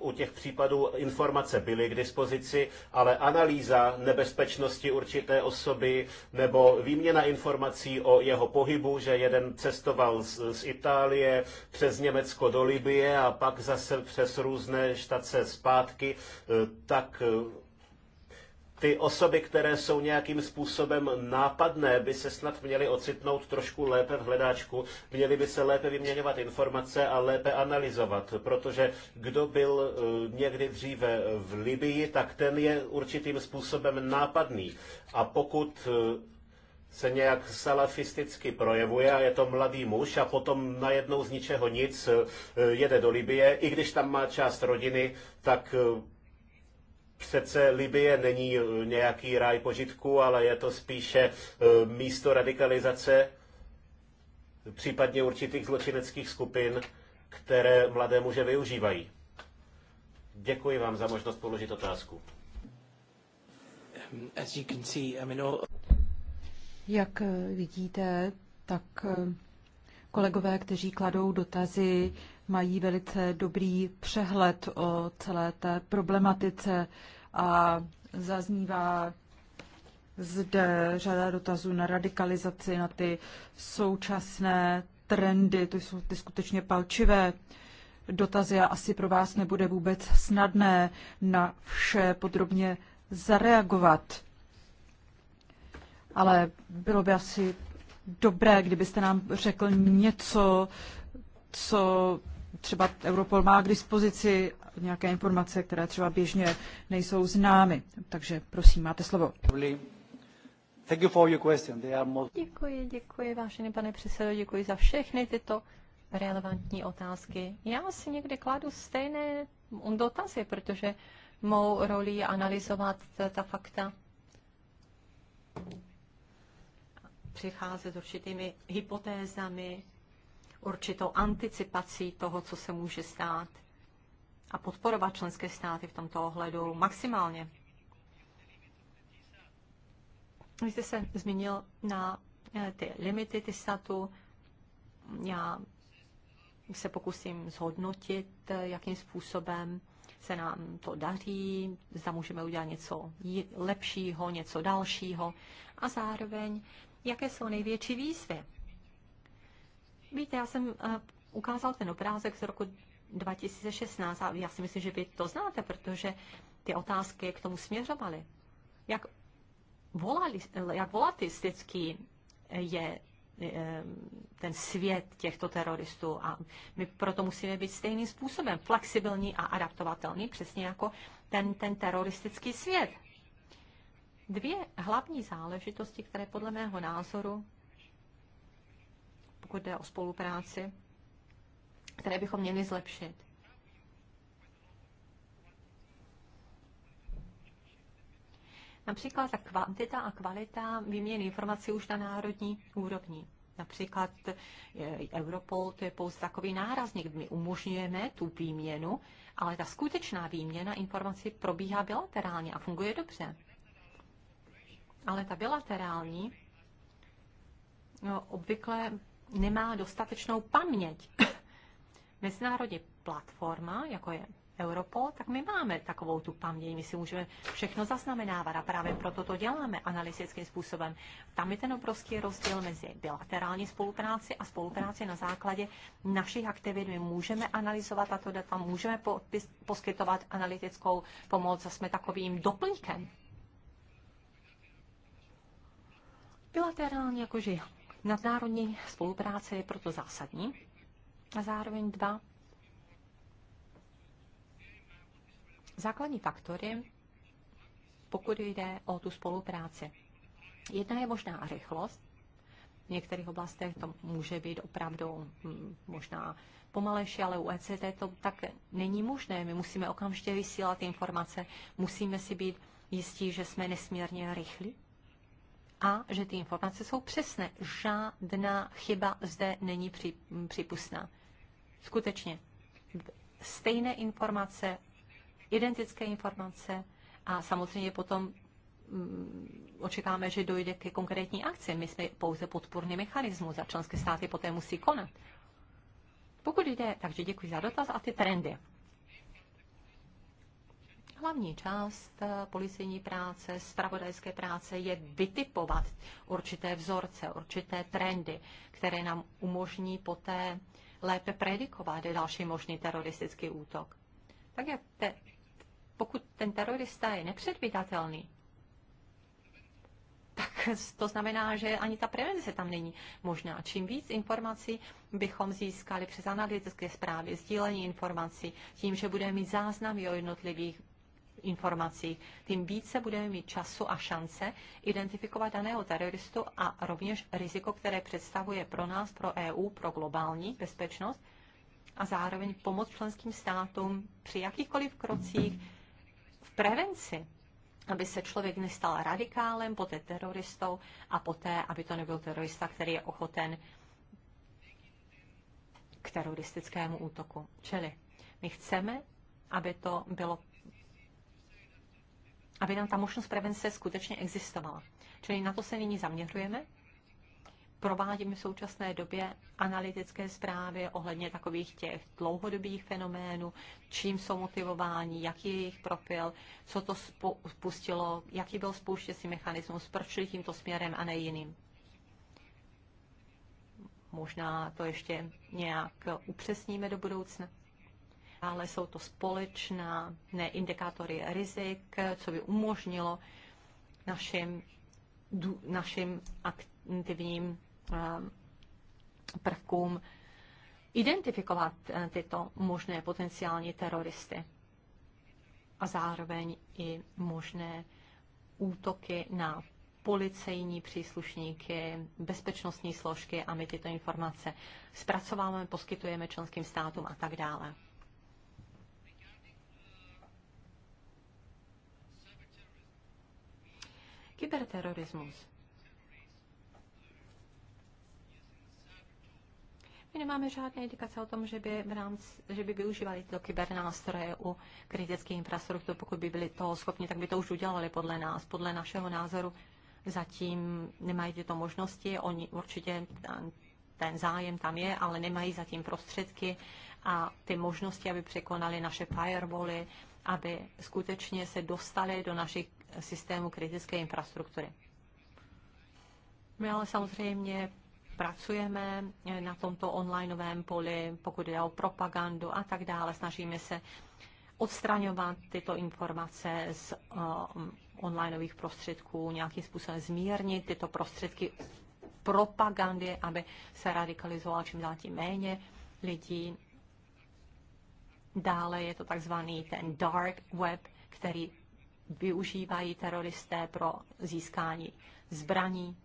u těch případů informace byly k dispozici, ale analýza nebezpečnosti určité osoby nebo výměna informací o jeho pohybu, že jeden cestoval z, z Itálie přes Německo do Libie a pak zase přes různé štace zpátky, eh, tak eh, ty osoby, které jsou nějakým způsobem nápadné, by se snad měly ocitnout trošku lépe v hledáčku, měly by se lépe vyměňovat informace a lépe analyzovat, protože kdo byl eh, někdy dříve v Libii, tak ten je určitým způsobem nápadný. A pokud eh, se nějak salafisticky projevuje a je to mladý muž a potom najednou z ničeho nic eh, jede do Libie, i když tam má část rodiny, tak přece Libie není eh, nějaký ráj požitku, ale je to spíše eh, místo radikalizace, případně určitých zločineckých skupin, které mladé muže využívají. Děkuji vám za možnost položit otázku. Jak eh, vidíte, tak kolegové, kteří kladou dotazy, mají velice dobrý přehled o celé té problematice a zaznívá zde řada dotazů na radikalizaci, na ty současné trendy, to jsou ty skutečně palčivé dotazy a asi pro vás nebude vůbec snadné na vše podrobně zareagovat. Ale bylo by asi dobré, kdybyste nám řekl něco, co třeba Europol má k dispozici nějaké informace, které třeba běžně nejsou známy. Takže prosím, máte slovo. Děkuji, děkuji, vážený pane předsedo, děkuji za všechny tyto relevantní otázky. Já si někdy kladu stejné dotazy, protože mou roli je analyzovat ta fakta, přicházet s určitými hypotézami, určitou anticipací toho, co se může stát a podporovat členské státy v tomto ohledu maximálně. Vy jste se zmínil na eh, ty limity ty statu. Já se pokusím zhodnotit, eh, jakým způsobem se nám to daří, zda můžeme udělat něco lepšího, něco dalšího a zároveň, jaké jsou největší výzvy Víte, já jsem eh, ukázal ten obrázek z roku 2016 a já si myslím, že vy to znáte, protože ty otázky k tomu směřovaly. Jak, volali, jak volatistický je eh, ten svět těchto teroristů a my proto musíme být stejným způsobem flexibilní a adaptovatelní, přesně jako ten, ten teroristický svět. Dvě hlavní záležitosti, které podle mého názoru pokud jde o spolupráci, které bychom měli zlepšit. Například ta kvantita a kvalita výměny informací už na národní úrovni. Například eh, Europol to je pouze takový nárazník. My umožňujeme tu výměnu, ale ta skutečná výměna informací probíhá bilaterálně a funguje dobře. Ale ta bilaterální no, obvykle nemá dostatečnou paměť. [laughs] Mezinárodní platforma, jako je Europol, tak my máme takovou tu paměť, my si můžeme všechno zaznamenávat a právě proto to děláme analytickým způsobem. Tam je ten obrovský rozdíl mezi bilaterální spolupráci a spolupráci na základě našich aktivit. My můžeme analyzovat tato data, můžeme podpis, poskytovat analytickou pomoc a jsme takovým doplňkem. Bilaterálně, jakože Nadnárodní spolupráce je proto zásadní. A zároveň dva základní faktory, pokud jde o tu spolupráci. Jedna je možná rychlost. V některých oblastech to může být opravdu mm, možná pomalejší, ale u ECT to tak není možné. My musíme okamžitě vysílat informace, musíme si být jistí, že jsme nesmírně rychlí a že ty informace jsou přesné. Žádná chyba zde není připustná. Skutečně. Stejné informace, identické informace a samozřejmě potom mm, očekáme, že dojde ke konkrétní akci. My jsme pouze podporný mechanismus a členské státy poté musí konat. Pokud jde, takže děkuji za dotaz a ty trendy. Hlavní část eh, policejní práce, spravodajské práce je vytipovat určité vzorce, určité trendy, které nám umožní poté lépe predikovat další možný teroristický útok. Tak jak te, pokud ten terorista je nepředvídatelný, tak to znamená, že ani ta prevence tam není možná. Čím víc informací bychom získali přes analytické zprávy, sdílení informací, tím, že budeme mít záznamy o jednotlivých informací, tím více budeme mít času a šance identifikovat daného teroristu a rovněž riziko, které představuje pro nás, pro EU, pro globální bezpečnost a zároveň pomoc členským státům při jakýchkoliv krocích v prevenci, aby se člověk nestal radikálem, poté teroristou a poté, aby to nebyl terorista, který je ochoten k teroristickému útoku. Čili my chceme, aby to bylo aby nám ta možnost prevence skutečně existovala. Čili na to se nyní zaměřujeme. Provádíme v současné době analytické zprávy ohledně takových těch dlouhodobých fenoménů, čím jsou motivováni, jaký je jejich profil, co to spustilo, jaký byl spouštěcí mechanismus, proč šli tímto směrem a ne jiným. Možná to ještě nějak upřesníme do budoucna ale jsou to společná ne indikátory rizik, co by umožnilo našim, našim aktivním eh, prvkům identifikovat eh, tyto možné potenciální teroristy a zároveň i možné útoky na policejní příslušníky, bezpečnostní složky a my tyto informace zpracováváme, poskytujeme členským státům a tak dále. Kyberterorismus. My nemáme žádné indikace o tom, že by, v rámci, že by využívali tyto kybernástroje u kritické infrastruktury. Pokud by byli toho schopni, tak by to už udělali podle nás, podle našeho názoru. Zatím nemají tyto možnosti, oni určitě ten zájem tam je, ale nemají zatím prostředky a ty možnosti, aby překonali naše firewally, aby skutečně se dostali do našich systému kritické infrastruktury. My ale samozřejmě pracujeme na tomto onlineovém poli, pokud jde o propagandu a tak dále. Snažíme se odstraňovat tyto informace z eh, onlineových prostředků, nějakým způsobem zmírnit tyto prostředky propagandy, aby se radikalizoval čím dál tím méně lidí. Dále je to takzvaný ten dark web, který využívají teroristé pro získání zbraní,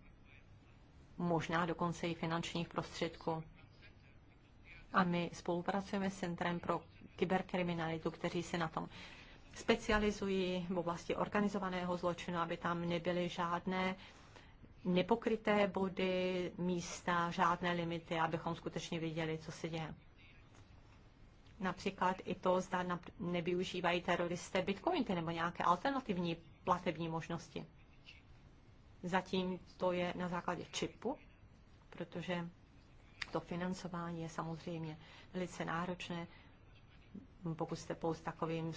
možná dokonce i finančních prostředků. A my spolupracujeme s Centrem pro kyberkriminalitu, kteří se na tom specializují v oblasti organizovaného zločinu, aby tam nebyly žádné nepokryté body, místa, žádné limity, abychom skutečně viděli, co se děje například i to, zda nevyužívají teroristé bitcointy nebo nějaké alternativní platební možnosti. Zatím to je na základě čipu, protože to financování je samozřejmě velice náročné. Pokud jste pouze takovým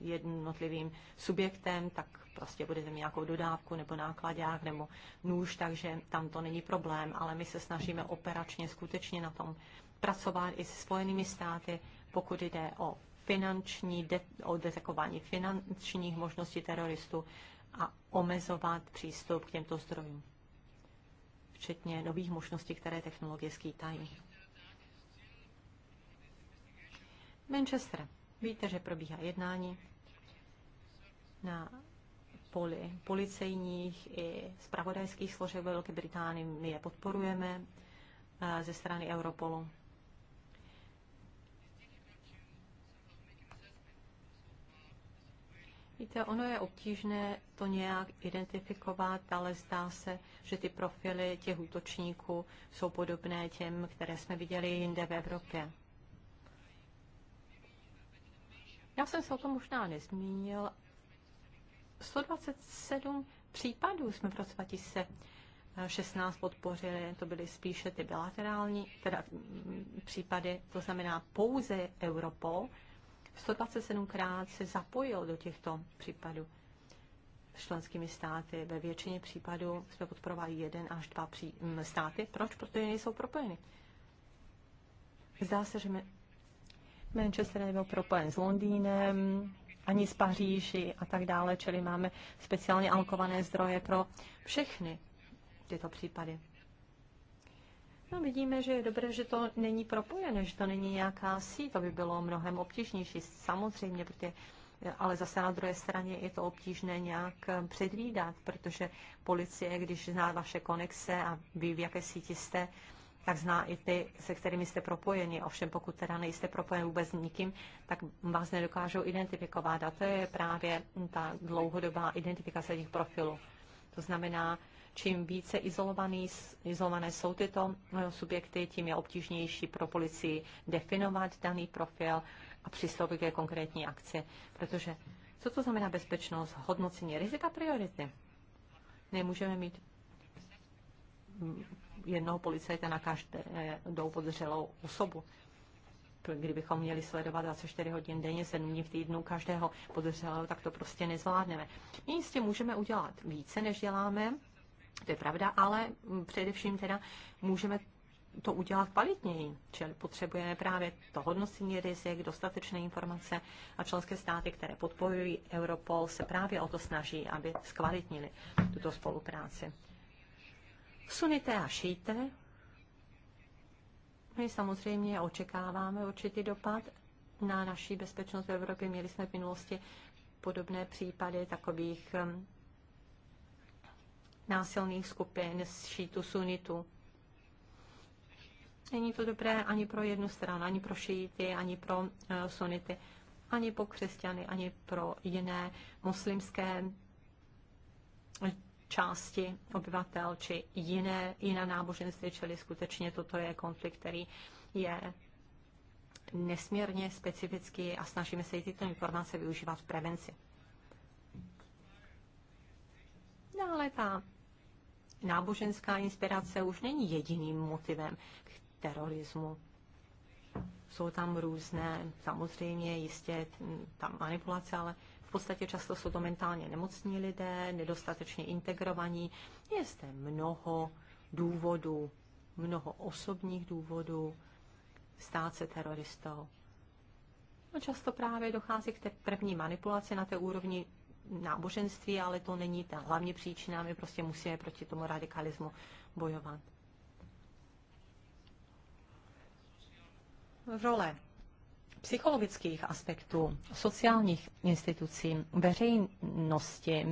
jednotlivým subjektem, tak prostě budete mít nějakou dodávku nebo nákladák nebo nůž, takže tam to není problém, ale my se snažíme operačně skutečně na tom pracovat i se Spojenými státy, pokud jde o finanční, o detekování finančních možností teroristů a omezovat přístup k těmto zdrojům, včetně nových možností, které technologie skýtají. Manchester. Víte, že probíhá jednání na poli policejních i zpravodajských složek Velké Británie. My je podporujeme eh, ze strany Europolu. Víte, ono je obtížné to nějak identifikovat, ale zdá se, že ty profily těch útočníků jsou podobné těm, které jsme viděli jinde v Evropě. Já jsem se o tom možná nezmínil. 127 případů jsme v roce 2016 podpořili, to byly spíše ty bilaterální teda mm, případy, to znamená pouze Europol, 127krát se zapojil do těchto případů členskými státy. Ve většině případů jsme podporovali jeden až dva pří, m, mm, státy. Proč? Protože nejsou propojeny. Zdá se, že Manchester nebyl propojen s Londýnem, ani s Paříži a tak dále, čili máme speciálně alkované zdroje pro všechny tyto případy. No, vidíme, že je dobré, že to není propojené, že to není nějaká síť, to by bylo mnohem obtížnější, samozřejmě, protože ale zase na druhé straně je to obtížné nějak eh, předvídat, protože policie, když zná vaše konexe a ví, v jaké síti jste, tak zná i ty, se kterými jste propojeni. Ovšem, pokud teda nejste propojeni vůbec s nikým, tak vás nedokážou identifikovat. A to je právě ta dlouhodobá identifikace těch profilů. To znamená, Čím více izolovaný, izolované jsou tyto eh, subjekty, tím je obtížnější pro policii definovat daný profil a přistoupit ke konkrétní akci. Protože co to znamená bezpečnost? Hodnocení rizika priority. Nemůžeme mít jednoho policajta na každou eh, podřelou osobu. Kdybychom měli sledovat 24 hodin denně, 7 dní v týdnu každého podřelého, tak to prostě nezvládneme. My jistě můžeme udělat více, než děláme, to je pravda, ale především teda můžeme to udělat kvalitněji. Čili potřebujeme právě to hodnocení rizik, dostatečné informace a členské státy, které podporují Europol, se právě o to snaží, aby zkvalitnili tuto spolupráci. Sunité a šíte. My samozřejmě očekáváme určitý dopad na naší bezpečnost v Evropě. Měli jsme v minulosti podobné případy takových um, násilných skupin z šítu sunitu. Není to dobré ani pro jednu stranu, ani pro šíity, ani pro eh, sunity, ani pro křesťany, ani pro jiné muslimské části obyvatel či jiné, jiné náboženství, čili skutečně toto je konflikt, který je nesmírně specifický a snažíme se i tyto informace využívat v prevenci. Dále no, ta náboženská inspirace už není jediným motivem k terorismu. Jsou tam různé, samozřejmě jistě tam manipulace, ale v podstatě často jsou to mentálně nemocní lidé, nedostatečně integrovaní. Je zde mnoho důvodů, mnoho osobních důvodů stát se teroristou. No často právě dochází k té první manipulaci na té úrovni náboženství, ale to není ta hlavní příčina. My prostě musíme proti tomu radikalismu bojovat. Role psychologických aspektů, sociálních institucí, veřejnosti,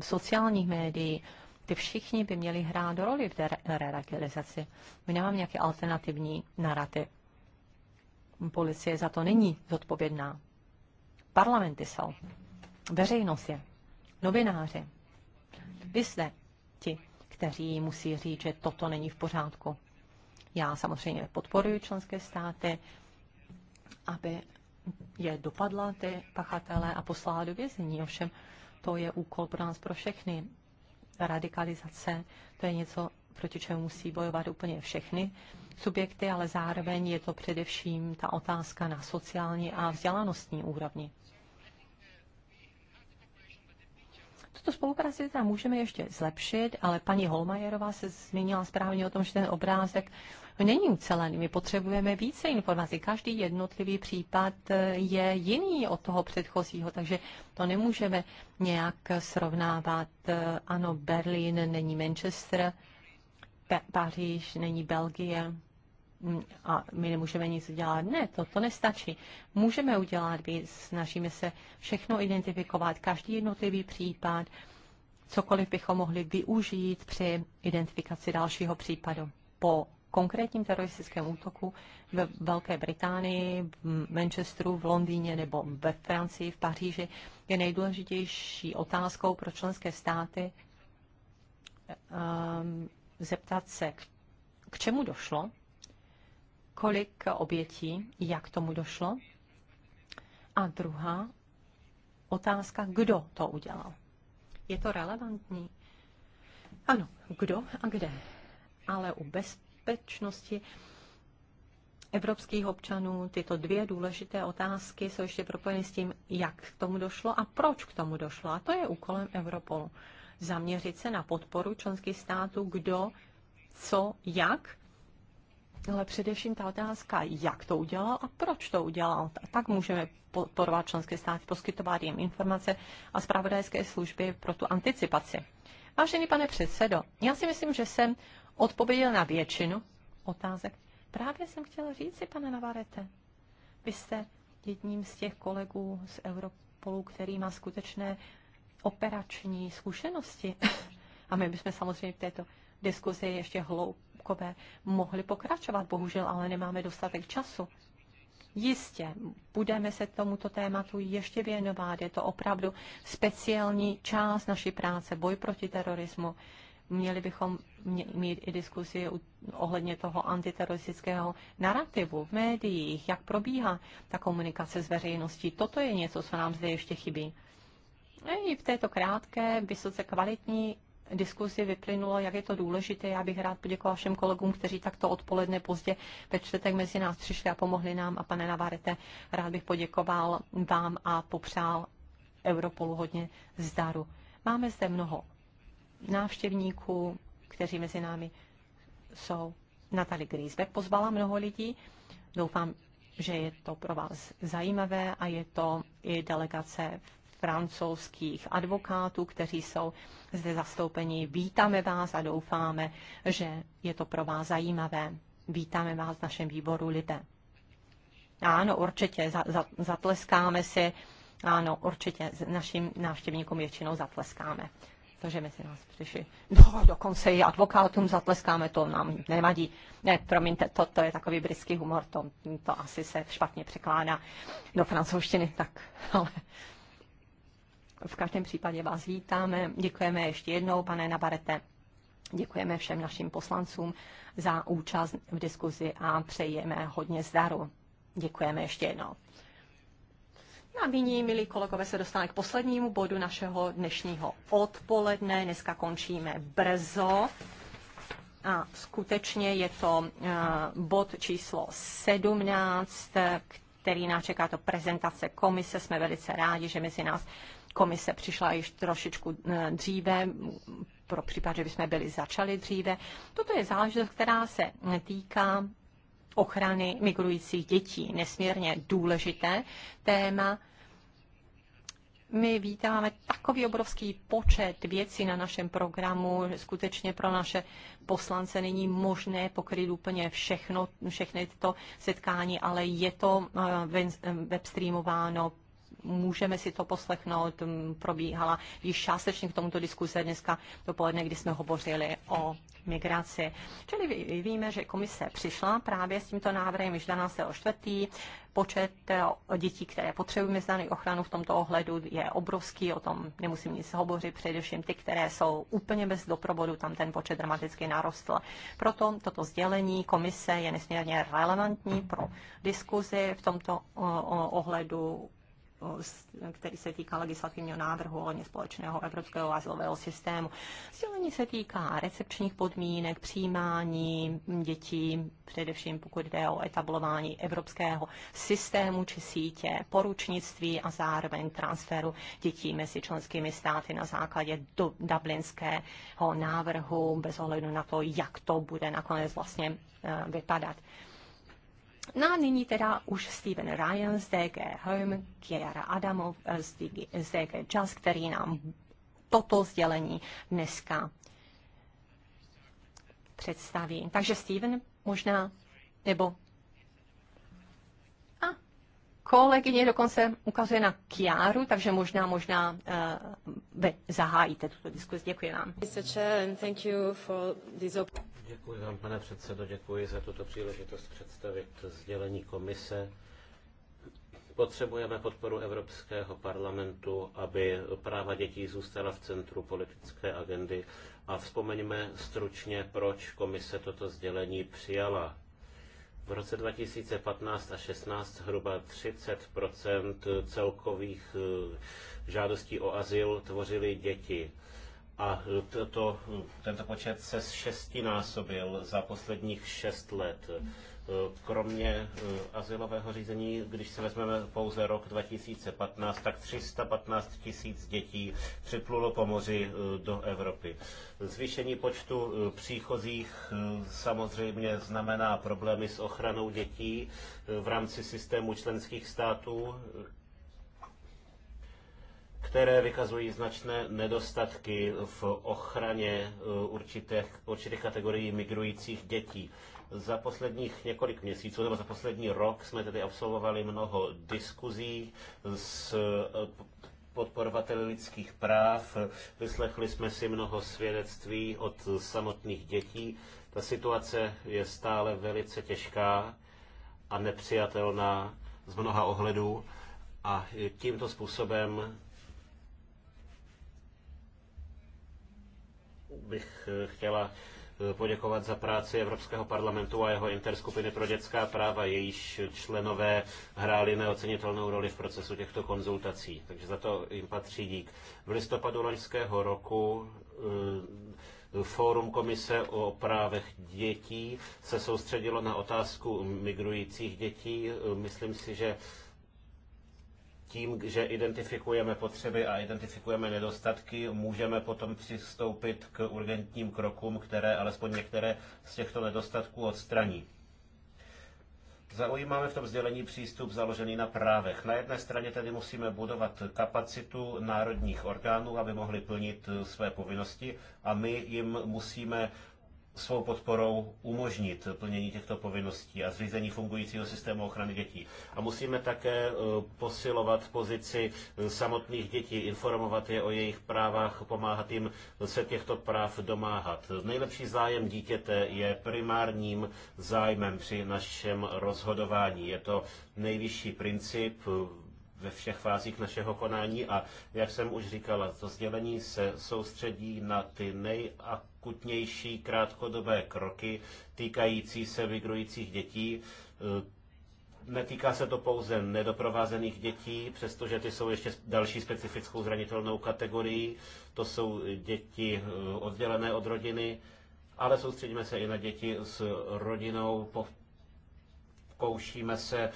sociálních médií, ty všichni by měli hrát roli v té radikalizaci. My nemáme nějaký alternativní narrativ. Policie za to není zodpovědná. Parlamenty jsou veřejnost je, novináři, vy jste ti, kteří musí říct, že toto není v pořádku. Já samozřejmě podporuji členské státy, aby je dopadla ty pachatele a poslala do vězení. Ovšem, to je úkol pro nás, pro všechny. Radikalizace, to je něco, proti čemu musí bojovat úplně všechny subjekty, ale zároveň je to především ta otázka na sociální a vzdělanostní úrovni. Tuto spolupráci tam můžeme ještě zlepšit, ale paní Holmajerová se zmínila správně o tom, že ten obrázek není ucelený. My potřebujeme více informací. Každý jednotlivý případ eh, je jiný od toho předchozího, takže to nemůžeme nějak srovnávat. Eh, ano, Berlín není Manchester, Paříž není Belgie. Mm, a my nemůžeme nic udělat. Ne, to, to nestačí. Můžeme udělat víc, snažíme se všechno identifikovat, každý jednotlivý případ, cokoliv bychom mohli využít při identifikaci dalšího případu. Po konkrétním teroristickém útoku ve Velké Británii, v Manchesteru, v Londýně nebo ve Francii, v Paříži je nejdůležitější otázkou pro členské státy um, zeptat se, k čemu došlo kolik obětí, jak tomu došlo. A druhá otázka, kdo to udělal. Je to relevantní? Ano, kdo a kde. Ale u bezpečnosti evropských občanů tyto dvě důležité otázky jsou ještě propojeny s tím, jak k tomu došlo a proč k tomu došlo. A to je úkolem Europolu. Zaměřit se na podporu členských států, kdo, co, jak ale především ta otázka, jak to udělal a proč to udělal. tak můžeme podporovat členské státy, poskytovat jim informace a zpravodajské služby pro tu anticipaci. Vážený pane předsedo, já si myslím, že jsem odpověděl na většinu otázek. Právě jsem chtěla říct si, pane Navarete, vy jste jedním z těch kolegů z Europolu, který má skutečné operační zkušenosti. [laughs] A my bychom samozřejmě v této diskuzi ještě hloub, Jakubové mohli pokračovat. Bohužel ale nemáme dostatek času. Jistě, budeme se tomuto tématu ještě věnovat. Je to opravdu speciální část naší práce, boj proti terorismu. Měli bychom mít i diskusi ohledně toho antiteroristického narrativu v médiích, jak probíhá ta komunikace s veřejností. Toto je něco, co nám zde ještě chybí. I v této krátké, vysoce kvalitní diskuzi vyplynulo, jak je to důležité. Já bych rád poděkoval všem kolegům, kteří takto odpoledne pozdě ve čtvrtek mezi nás přišli a pomohli nám. A pane Navarete, rád bych poděkoval vám a popřál Europolu hodně zdaru. Máme zde mnoho návštěvníků, kteří mezi námi jsou. Natalie Griesbeck pozvala mnoho lidí. Doufám, že je to pro vás zajímavé a je to i delegace francouzských advokátů, kteří jsou zde zastoupeni. Vítáme vás a doufáme, že je to pro vás zajímavé. Vítáme vás v našem výboru Libe. Ano, určitě, za, za, zatleskáme si. Ano, určitě, našim návštěvníkům většinou zatleskáme. To, že si nás přišli. No, dokonce i advokátům zatleskáme, to nám nevadí. Ne, promiňte, to, to je takový britský humor, to, to asi se špatně překládá do francouzštiny, tak [laughs] ale v každém případě vás vítáme. Děkujeme ještě jednou, pane Nabarete. Děkujeme všem našim poslancům za účast v diskuzi a přejeme hodně zdaru. Děkujeme ještě jednou. No a nyní, milí kolegové, se dostaneme k poslednímu bodu našeho dnešního odpoledne. Dneska končíme brzo. A skutečně je to eh, bod číslo 17, který nás čeká to prezentace komise. Jsme velice rádi, že mezi nás komise přišla již trošičku eh, dříve, pro případ, že bychom byli začali dříve. Toto je záležitost, která se týká ochrany migrujících dětí. Nesmírně důležité téma. My vítáme takový obrovský počet věcí na našem programu, že skutečně pro naše poslance není možné pokryt úplně všechno, všechny tyto setkání, ale je to eh, eh, webstreamováno můžeme si to poslechnout. Mm, Probíhala již částečně k tomuto diskuse dneska dopoledne, kdy jsme hovořili o migraci. Čili víme, že komise přišla právě s tímto návrhem již o čtvrtý. Počet eh, dětí, které potřebují mezinárodní ochranu v tomto ohledu, je obrovský, o tom nemusím nic hovořit, především ty, které jsou úplně bez doprovodu, tam ten počet dramaticky narostl. Proto toto sdělení komise je nesmírně relevantní pro diskuzi v tomto ohledu který se týká legislativního návrhu ohledně společného evropského azylového systému. Sdělení se týká recepčních podmínek, přijímání dětí, především pokud jde o etablování evropského systému či sítě, poručnictví a zároveň transferu dětí mezi členskými státy na základě do dublinského návrhu, bez ohledu na to, jak to bude nakonec vlastně eh, vypadat. No a nyní teda už Steven Ryan z DG Home, Kiara Adamov eh, z DG, z DG Jazz, který nám toto sdělení dneska představí. Takže Steven možná, nebo a kolegyně dokonce ukazuje na Kiaru, takže možná, možná uh, vy zahájíte tuto diskuzi. Děkuji vám. Děkuji vám, pane předsedo, děkuji za tuto příležitost představit sdělení komise. Potřebujeme podporu Evropského parlamentu, aby práva dětí zůstala v centru politické agendy a vzpomeňme stručně, proč komise toto sdělení přijala. V roce 2015 a 16 hruba 30 celkových eh, žádostí o azyl tvořily děti. A to, tento počet se z šesti násobil za posledních šest let. Kromě eh, asilového řízení, když si vezmeme pouze rok 2015, tak 315 tisíc dětí připlulo po moři eh, do Evropy. Zvýšení počtu eh, příchozích samozřejmě znamená problémy s ochranou dětí v rámci systému členských států, které vykazují značné nedostatky v ochraně eh, určitých, určitých kategorií migrujících dětí. Za posledních několik měsíců nebo za poslední rok jsme tedy absolvovali mnoho diskuzí s eh, podporovateli lidských práv. Vyslechli jsme si mnoho svědectví od samotných dětí. Ta situace je stále velice těžká a nepřijatelná z mnoha ohledů. A tímto způsobem bych eh, chtěla eh, poděkovat za práci Evropského parlamentu a jeho interskupiny pro dětská práva, jejíž členové hráli neocenitelnou roli v procesu těchto konzultací. Takže za to jim patří dík. V listopadu loňského roku eh, Fórum komise o právech dětí se soustředilo na otázku migrujících dětí. Myslím si, že tím, že identifikujeme potřeby a identifikujeme nedostatky, můžeme potom přistoupit k urgentním krokům, které alespoň některé z těchto nedostatků odstraní. Zaujímáme v tom sdělení přístup založený na právech. Na jedné straně tedy musíme budovat kapacitu národních orgánů, aby mohli plnit své povinnosti a my jim musíme svou podporou umožnit plnění těchto povinností a zřízení fungujícího systému ochrany dětí. A musíme také eh, posilovat pozici eh, samotných dětí, informovat je o jejich právách, pomáhat jim se těchto práv domáhat. Nejlepší zájem dítěte je primárním zájmem při našem rozhodování. Je to nejvyšší princip eh, ve všech fázích našeho konání a jak jsem už říkala, to sdělení se soustředí na ty nejaktivnější akutnější krátkodobé kroky týkající se migrujících dětí. E, netýká se to pouze nedoprovázených dětí, přestože ty jsou ještě další specifickou zranitelnou kategorií. To jsou děti e, oddělené od rodiny, ale soustředíme se i na děti s rodinou pokoušíme se eh,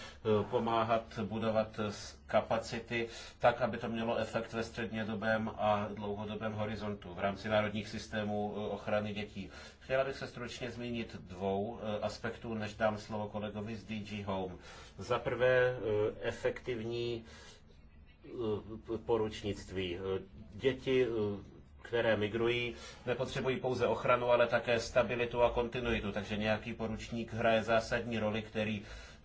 pomáhat budovat eh, kapacity tak, aby to mělo efekt ve střednědobém a dlouhodobém horizontu v rámci národních systémů eh, ochrany dětí. Chtěla bych se stručně zmínit dvou aspektů, než dám slovo kolegovi z DG Home. Za prvé efektivní poručnictví. Děti které migrují, nepotřebují pouze ochranu, ale také stabilitu a kontinuitu. Takže nějaký poručník hraje zásadní roli, který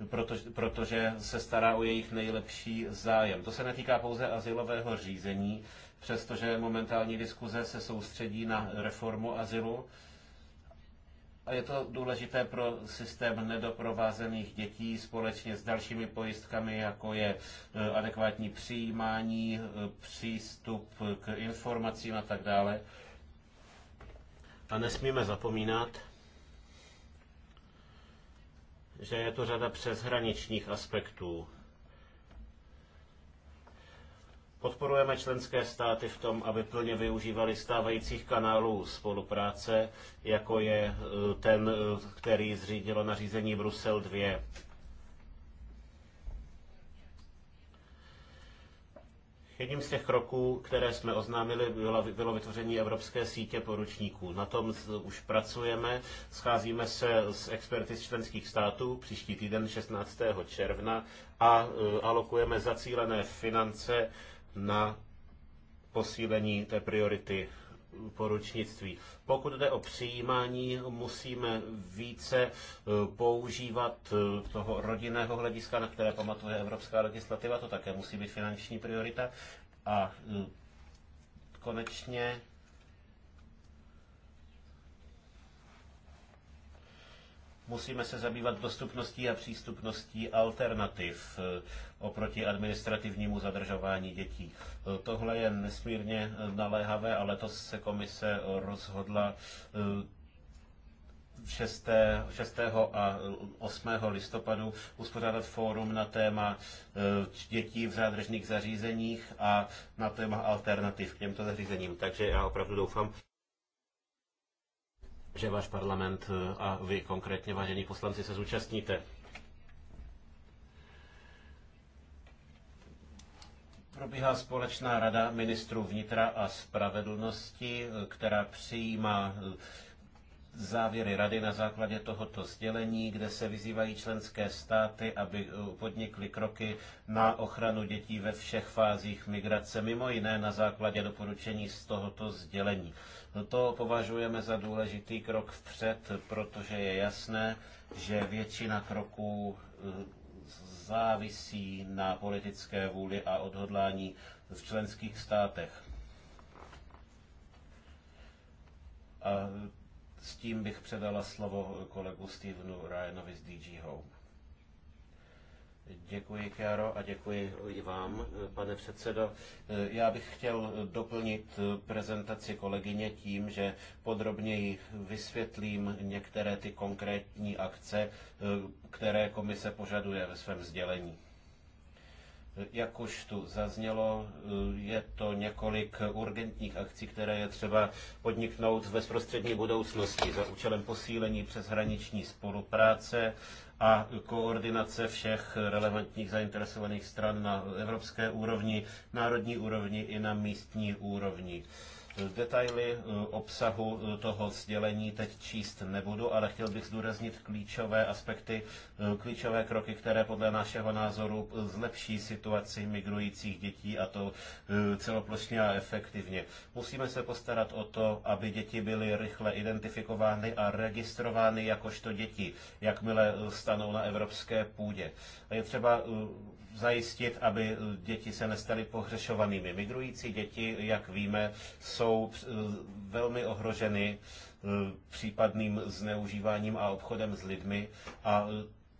Proto, protože se stará o jejich nejlepší zájem. To se netýká pouze asilového řízení, přestože momentální diskuze se soustředí na reformu asilu a je to důležité pro systém nedoprovázených dětí společně s dalšími pojistkami, jako je e, adekvátní přijímání, e, přístup k informacím a tak dále. A nesmíme zapomínat, že je to řada přeshraničních aspektů Podporujeme členské státy v tom, aby plně využívali stávajících kanálů spolupráce, jako je e, ten, e, který zřídilo nařízení Brusel 2. Jedním z těch kroků, které jsme oznámili, bylo, bylo vytvoření Evropské sítě poručníků. Na tom už pracujeme. Scházíme se s experty z členských států příští týden 16. června a e, alokujeme zacílené finance na posílení té priority poručnictví. Pokud jde o přijímání, musíme více eh, používat eh, toho rodinného hlediska, na které pamatuje evropská legislativa, to také musí být finanční priorita. A eh, konečně musíme se zabývat dostupností a přístupností alternativ eh, oproti administrativnímu zadržování dětí. Eh, tohle je nesmírně eh, naléhavé a letos se komise rozhodla 6. 6. a 8. listopadu uspořádat fórum na téma dětí v zádržných zařízeních a na téma alternativ k těmto zařízením. Takže já opravdu doufám, že váš parlament eh, a vy konkrétně, vážení poslanci, se zúčastníte. Probíhá společná rada ministrů vnitra a spravedlnosti, eh, která přijímá eh, závěry rady na základě tohoto sdělení, kde se vyzývají členské státy, aby podnikly kroky na ochranu dětí ve všech fázích migrace, mimo jiné na základě doporučení z tohoto sdělení. No to považujeme za důležitý krok vpřed, protože je jasné, že většina kroků eh, závisí na politické vůli a odhodlání v členských státech. A s tím bych předala slovo kolegu Stevenu Ryanovi z DG Home. Děkuji, Kjaro, a děkuji i vám, pane předsedo. Já bych chtěl doplnit prezentaci kolegyně tím, že podrobněji vysvětlím některé ty konkrétní akce, které komise požaduje ve svém sdělení. Jak už tu zaznělo, je to několik urgentních akcí, které je třeba podniknout v bezprostřední budoucnosti za účelem posílení přeshraniční spolupráce, a koordinace všech relevantních zainteresovaných stran na evropské úrovni, národní úrovni i na místní úrovni. Detaily eh, obsahu eh, toho sdělení teď číst nebudu, ale chtěl bych zdůraznit klíčové aspekty, eh, klíčové kroky, které podle našeho názoru zlepší situaci migrujících dětí a to celoplošně a efektivně. Musíme se postarat o to, aby děti byly rychle identifikovány a registrovány jakožto děti, jakmile stanou na evropské půdě. A je třeba zajistit, aby děti se nestaly pohřešovanými. Migrující děti, jak víme, jsou eh, velmi ohroženy eh, případným zneužíváním a obchodem s lidmi a eh,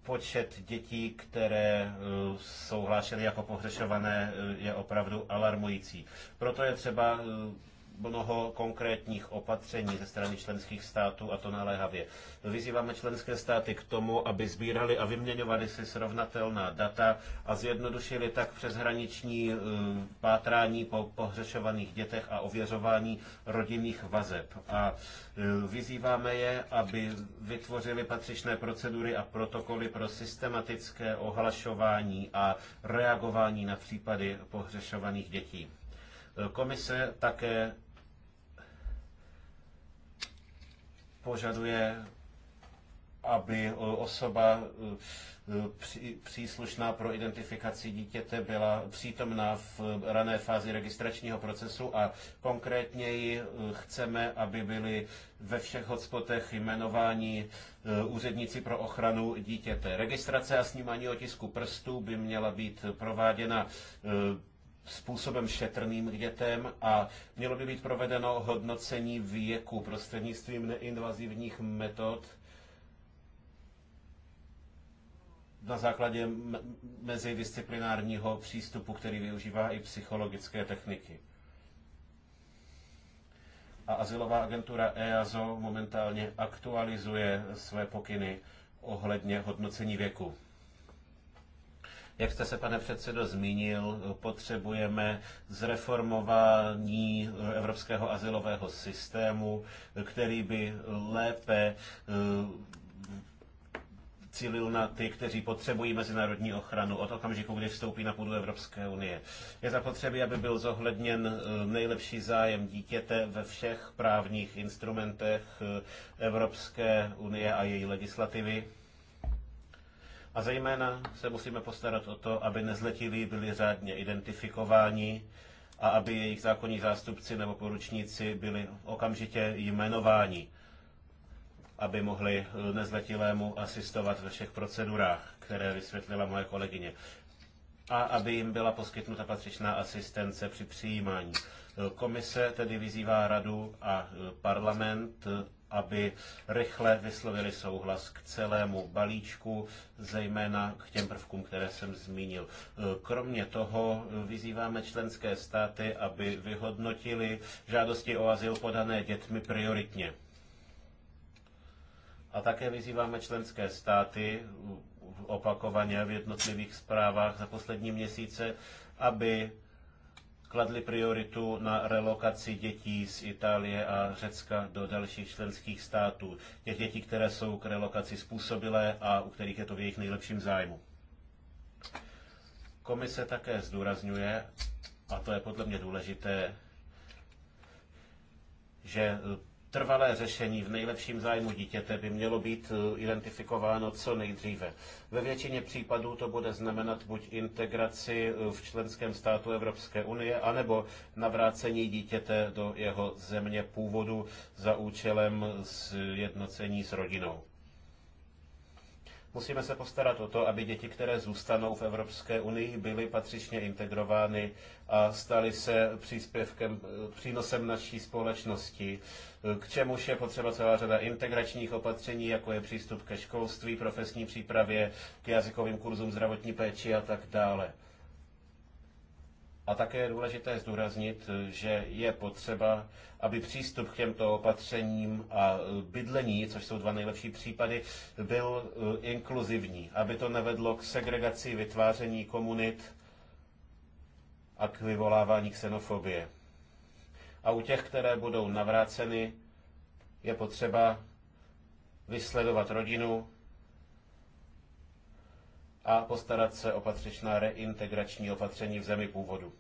počet dětí, které jsou hlášeny jako pohřešované, je opravdu alarmující. Proto je třeba mnoho konkrétních opatření ze strany členských států a to naléhavě. Vyzýváme členské státy k tomu, aby sbírali a vyměňovali si srovnatelná data a zjednodušili tak přeshraniční eh, pátrání po pohřešovaných dětech a ověřování rodinných vazeb. A eh, vyzýváme je, aby vytvořili patřičné procedury a protokoly pro systematické ohlašování a reagování na případy pohřešovaných dětí. Komise také požaduje, aby osoba e, příslušná pro identifikaci dítěte byla přítomná v rané fázi registračního procesu a konkrétněji e, chceme, aby byly ve všech hotspotech jmenováni e, úředníci pro ochranu dítěte. Registrace a snímání otisku prstů by měla být prováděna způsobem šetrným k dětem a mělo by být provedeno hodnocení věku prostřednictvím neinvazivních metod na základě mezidisciplinárního přístupu, který využívá i psychologické techniky. A asilová agentura EASO momentálně aktualizuje své pokyny ohledně hodnocení věku. Jak jste se, pane předsedo, zmínil, potřebujeme zreformování evropského asilového systému, který by lépe eh, cílil na ty, kteří potřebují mezinárodní ochranu od okamžiku, kdy vstoupí na půdu Evropské unie. Je zapotřebí, aby byl zohledněn eh, nejlepší zájem dítěte ve všech právních instrumentech eh, Evropské unie a její legislativy. A zejména se musíme postarat o to, aby nezletilí byli řádně identifikováni a aby jejich zákonní zástupci nebo poručníci byli okamžitě jmenováni, aby mohli eh, nezletilému asistovat ve všech procedurách, které vysvětlila moje kolegyně a aby jim byla poskytnuta patřičná asistence při přijímání. Eh, komise tedy vyzývá radu a eh, parlament, aby rychle vyslovili souhlas k celému balíčku, zejména k těm prvkům, které jsem zmínil. Kromě toho vyzýváme členské státy, aby vyhodnotili žádosti o azyl podané dětmi prioritně. A také vyzýváme členské státy opakovaně v jednotlivých zprávách za poslední měsíce, aby kladli prioritu na relokaci dětí z Itálie a Řecka do dalších členských států. Těch dětí, které jsou k relokaci způsobilé a u kterých je to v jejich nejlepším zájmu. Komise také zdůrazňuje, a to je podle mě důležité, že trvalé řešení v nejlepším zájmu dítěte by mělo být eh, identifikováno co nejdříve. Ve většině případů to bude znamenat buď integraci eh, v členském státu Evropské unie, anebo navrácení dítěte do jeho země původu za účelem eh, sjednocení s rodinou. Musíme se postarat o to, aby děti, které zůstanou v Evropské unii, byly patřičně integrovány a staly se příspěvkem, přínosem naší společnosti k čemuž je potřeba celá řada integračních opatření, jako je přístup ke školství, profesní přípravě, k jazykovým kurzům zdravotní péči a tak dále. A také je důležité zdůraznit, že je potřeba, aby přístup k těmto opatřením a bydlení, což jsou dva nejlepší případy, byl eh, inkluzivní, aby to nevedlo k segregaci, vytváření komunit a k vyvolávání xenofobie a u těch, které budou navráceny, je potřeba vysledovat rodinu a postarat se o patřičná reintegrační opatření v zemi původu.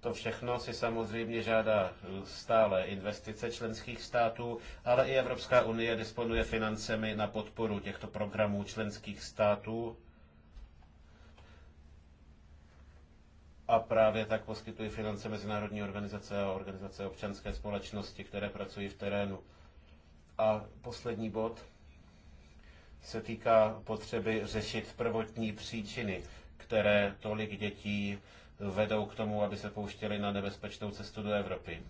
To všechno si samozřejmě žádá stále investice členských států, ale i Evropská unie disponuje financemi na podporu těchto programů členských států a právě tak poskytují finance mezinárodní organizace a organizace občanské společnosti, které pracují v terénu. A poslední bod se týká potřeby řešit prvotní příčiny, které tolik dětí vedou k tomu, aby se pouštěli na nebezpečnou cestu do Evropy.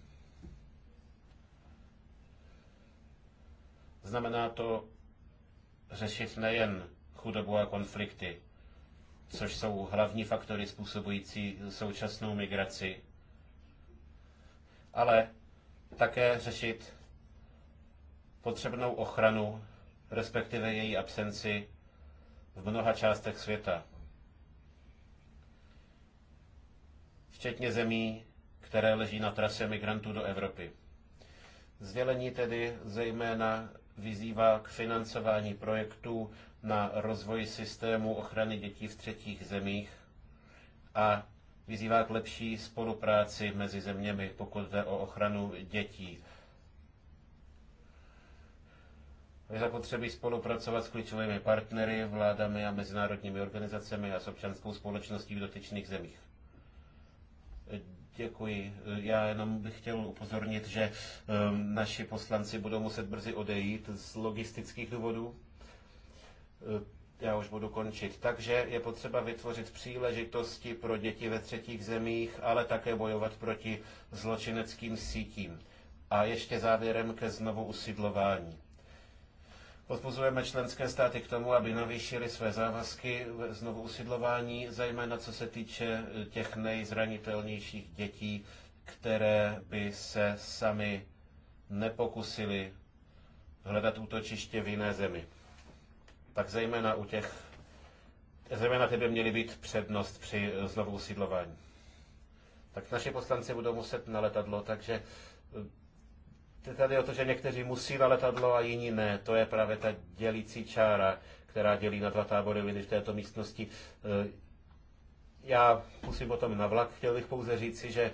Znamená to řešit nejen chudobu a konflikty, což jsou hlavní faktory způsobující současnou migraci, ale také řešit potřebnou ochranu, respektive její absenci v mnoha částech světa. Včetně zemí, které leží na trase migrantů do Evropy. Sdělení tedy zejména vyzývá k financování projektů na rozvoj systému ochrany dětí v třetích zemích a vyzývá k lepší spolupráci mezi zeměmi, pokud jde o ochranu dětí. Je zapotřebí spolupracovat s klíčovými partnery, vládami a mezinárodními organizacemi a s občanskou společností v dotyčných zemích. Děkuji. Já jenom bych chtěl upozornit, že ehm, naši poslanci budou muset brzy odejít z logistických důvodů. E, já už budu končit. Takže je potřeba vytvořit příležitosti pro děti ve třetích zemích, ale také bojovat proti zločineckým sítím. A ještě závěrem ke znovu usidlování. Podpozujeme členské státy k tomu, aby navýšily své závazky znovu usidlování, zejména co se týče eh, těch nejzranitelnějších dětí, které by se sami nepokusili hledat útočiště v jiné zemi. Tak zejména u těch, zejména ty by měly být přednost při eh, znovu usídlování. Tak naši poslanci budou muset na letadlo, takže eh, tady o to, že někteří musí na letadlo a jiní ne. To je právě ta dělící čára, která dělí na dva tábory lidi v této místnosti. Eh, já musím o tom na vlak. Chtěl bych pouze říci, že eh,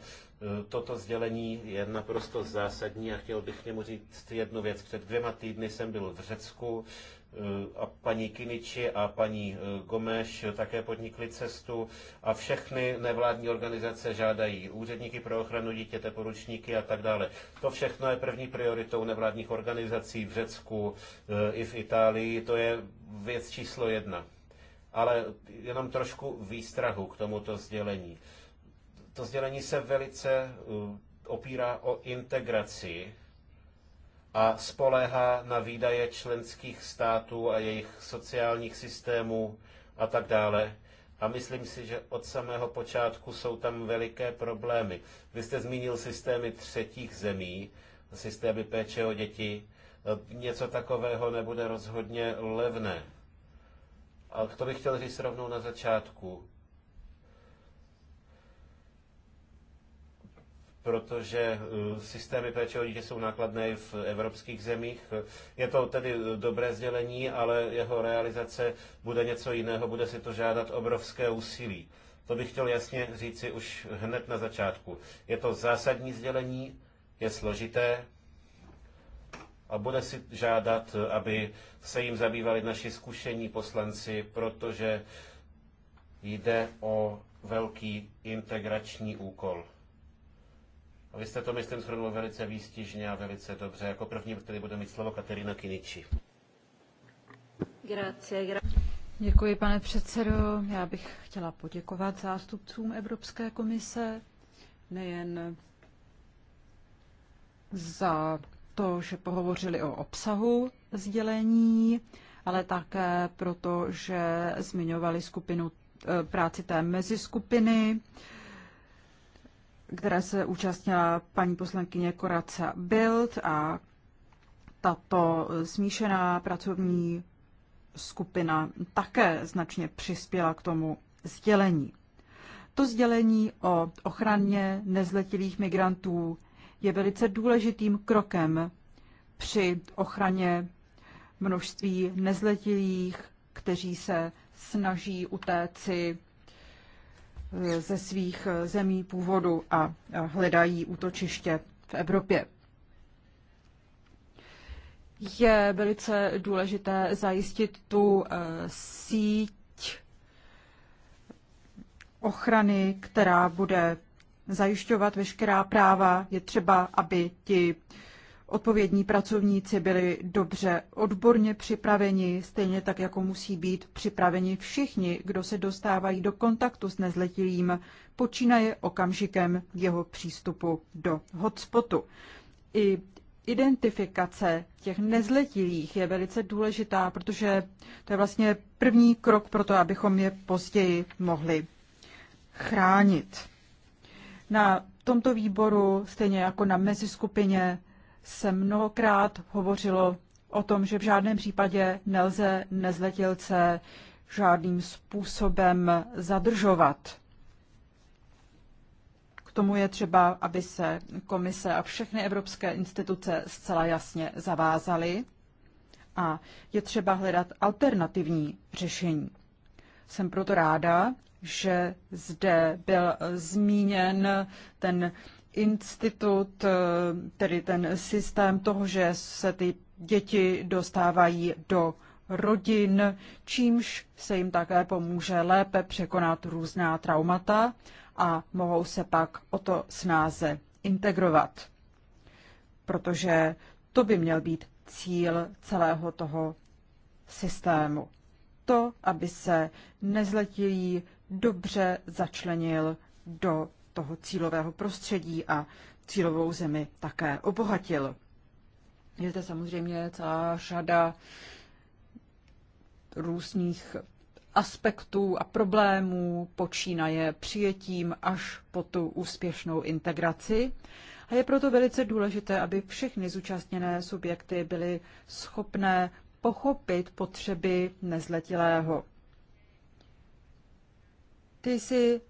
toto sdělení je naprosto zásadní a chtěl bych k němu říct jednu věc. Před dvěma týdny jsem byl v Řecku a paní Kiniči a paní eh, Gomeš také podnikly cestu a všechny nevládní organizace žádají úředníky pro ochranu dítěte, poručníky a tak dále. To všechno je první prioritou nevládních organizací v Řecku eh, i v Itálii. To je věc číslo jedna. Ale jenom trošku výstrahu k tomuto sdělení. To sdělení se velice eh, opírá o integraci a spoléhá na výdaje členských států a jejich sociálních systémů a tak dále. A myslím si, že od samého počátku jsou tam veliké problémy. Vy jste zmínil systémy třetích zemí, systémy péče o děti. Něco takového nebude rozhodně levné. A to bych chtěl říct rovnou na začátku. protože eh, systémy péče o dítě jsou nákladné v evropských zemích. Je to tedy eh, dobré sdělení, ale jeho realizace bude něco jiného, bude si to žádat obrovské úsilí. To bych chtěl jasně říci už hned na začátku. Je to zásadní sdělení, je složité a bude si žádat, eh, aby se jim zabývali naši zkušení poslanci, protože jde o velký integrační úkol. Vy jste to, myslím, shrnul velice výstižně a velice dobře. Jako první tedy bude mít slovo Katerina Kiniči. Děkuji, pane předsedo. Já bych chtěla poděkovat zástupcům Evropské komise, nejen za to, že pohovořili o obsahu sdělení, ale také proto, že zmiňovali skupinu eh, práci té meziskupiny skupiny které se účastnila paní poslankyně Koraca Bild a tato smíšená pracovní skupina také značně přispěla k tomu sdělení. To sdělení o ochraně nezletilých migrantů je velice důležitým krokem při ochraně množství nezletilých, kteří se snaží utéci ze svých eh, zemí původu a hledají útočiště v Evropě. Je velice důležité zajistit tu eh, síť ochrany, která bude zajišťovat veškerá práva. Je třeba, aby ti uh, odpovědní pracovníci byli dobře odborně připraveni, stejně tak jako musí být připraveni všichni, kdo se dostávají do kontaktu s nezletilým, počínaje okamžikem jeho přístupu do hotspotu. I identifikace těch nezletilých je velice důležitá, protože to je vlastně první krok pro to, abychom je později mohli chránit. Na tomto výboru, stejně jako na meziskupině, se mnohokrát hovořilo o tom, že v žádném případě nelze nezletilce žádným způsobem zadržovat. K tomu je třeba, aby se komise a všechny evropské instituce zcela jasně zavázaly a je třeba hledat alternativní řešení. Jsem proto ráda, že zde byl zmíněn ten institut, eh, tedy ten systém toho, že se ty děti dostávají do rodin, čímž se jim také pomůže lépe překonat různá traumata a mohou se pak o to snáze integrovat. Protože to by měl být cíl celého toho systému. To, aby se nezletilý dobře začlenil do toho cílového prostředí a cílovou zemi také obohatil. Je zde samozřejmě celá řada různých aspektů a problémů, počínaje přijetím až po tu úspěšnou integraci. A je proto velice důležité, aby všechny zúčastněné subjekty byly schopné pochopit potřeby nezletilého. Ty si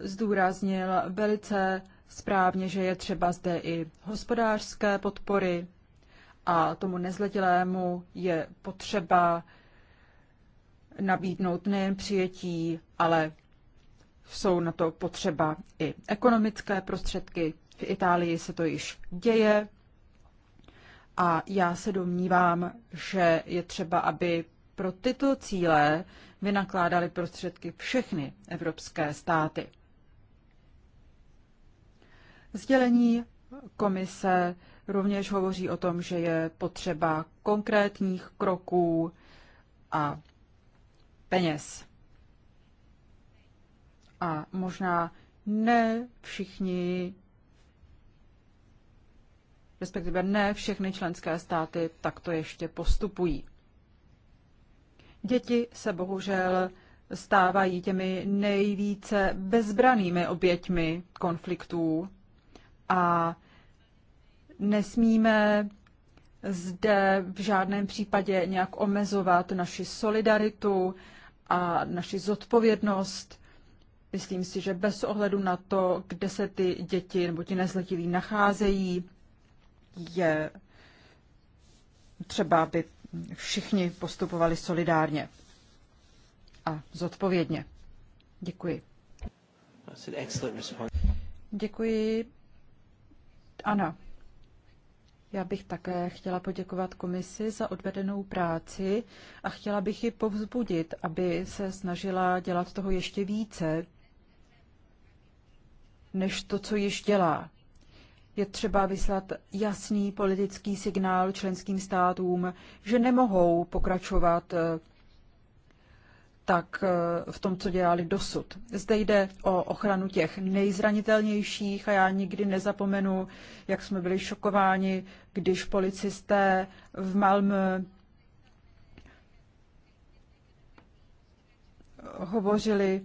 zdůraznil velice správně, že je třeba zde i hospodářské podpory a tomu nezletilému je potřeba nabídnout nejen přijetí, ale jsou na to potřeba i ekonomické prostředky. V Itálii se to již děje a já se domnívám, že je třeba, aby pro tyto cíle vynakládali prostředky všechny evropské státy. Vzdělení komise rovněž hovoří o tom, že je potřeba konkrétních kroků a peněz. A možná ne všichni, respektive ne všechny členské státy takto ještě postupují. Děti se bohužel stávají těmi nejvíce bezbranými oběťmi konfliktů a nesmíme zde v žádném případě nějak omezovat naši solidaritu a naši zodpovědnost. Myslím si, že bez ohledu na to, kde se ty děti nebo ti nezletilí nacházejí, je třeba, aby všichni postupovali solidárně a zodpovědně. Děkuji. Děkuji ano. Já bych také chtěla poděkovat komisi za odvedenou práci a chtěla bych ji povzbudit, aby se snažila dělat toho ještě více, než to, co již dělá. Je třeba vyslat jasný politický signál členským státům, že nemohou pokračovat eh, tak eh, v tom, co dělali dosud. Zde jde o ochranu těch nejzranitelnějších a já nikdy nezapomenu, jak jsme byli šokováni, když policisté v Malmö hovořili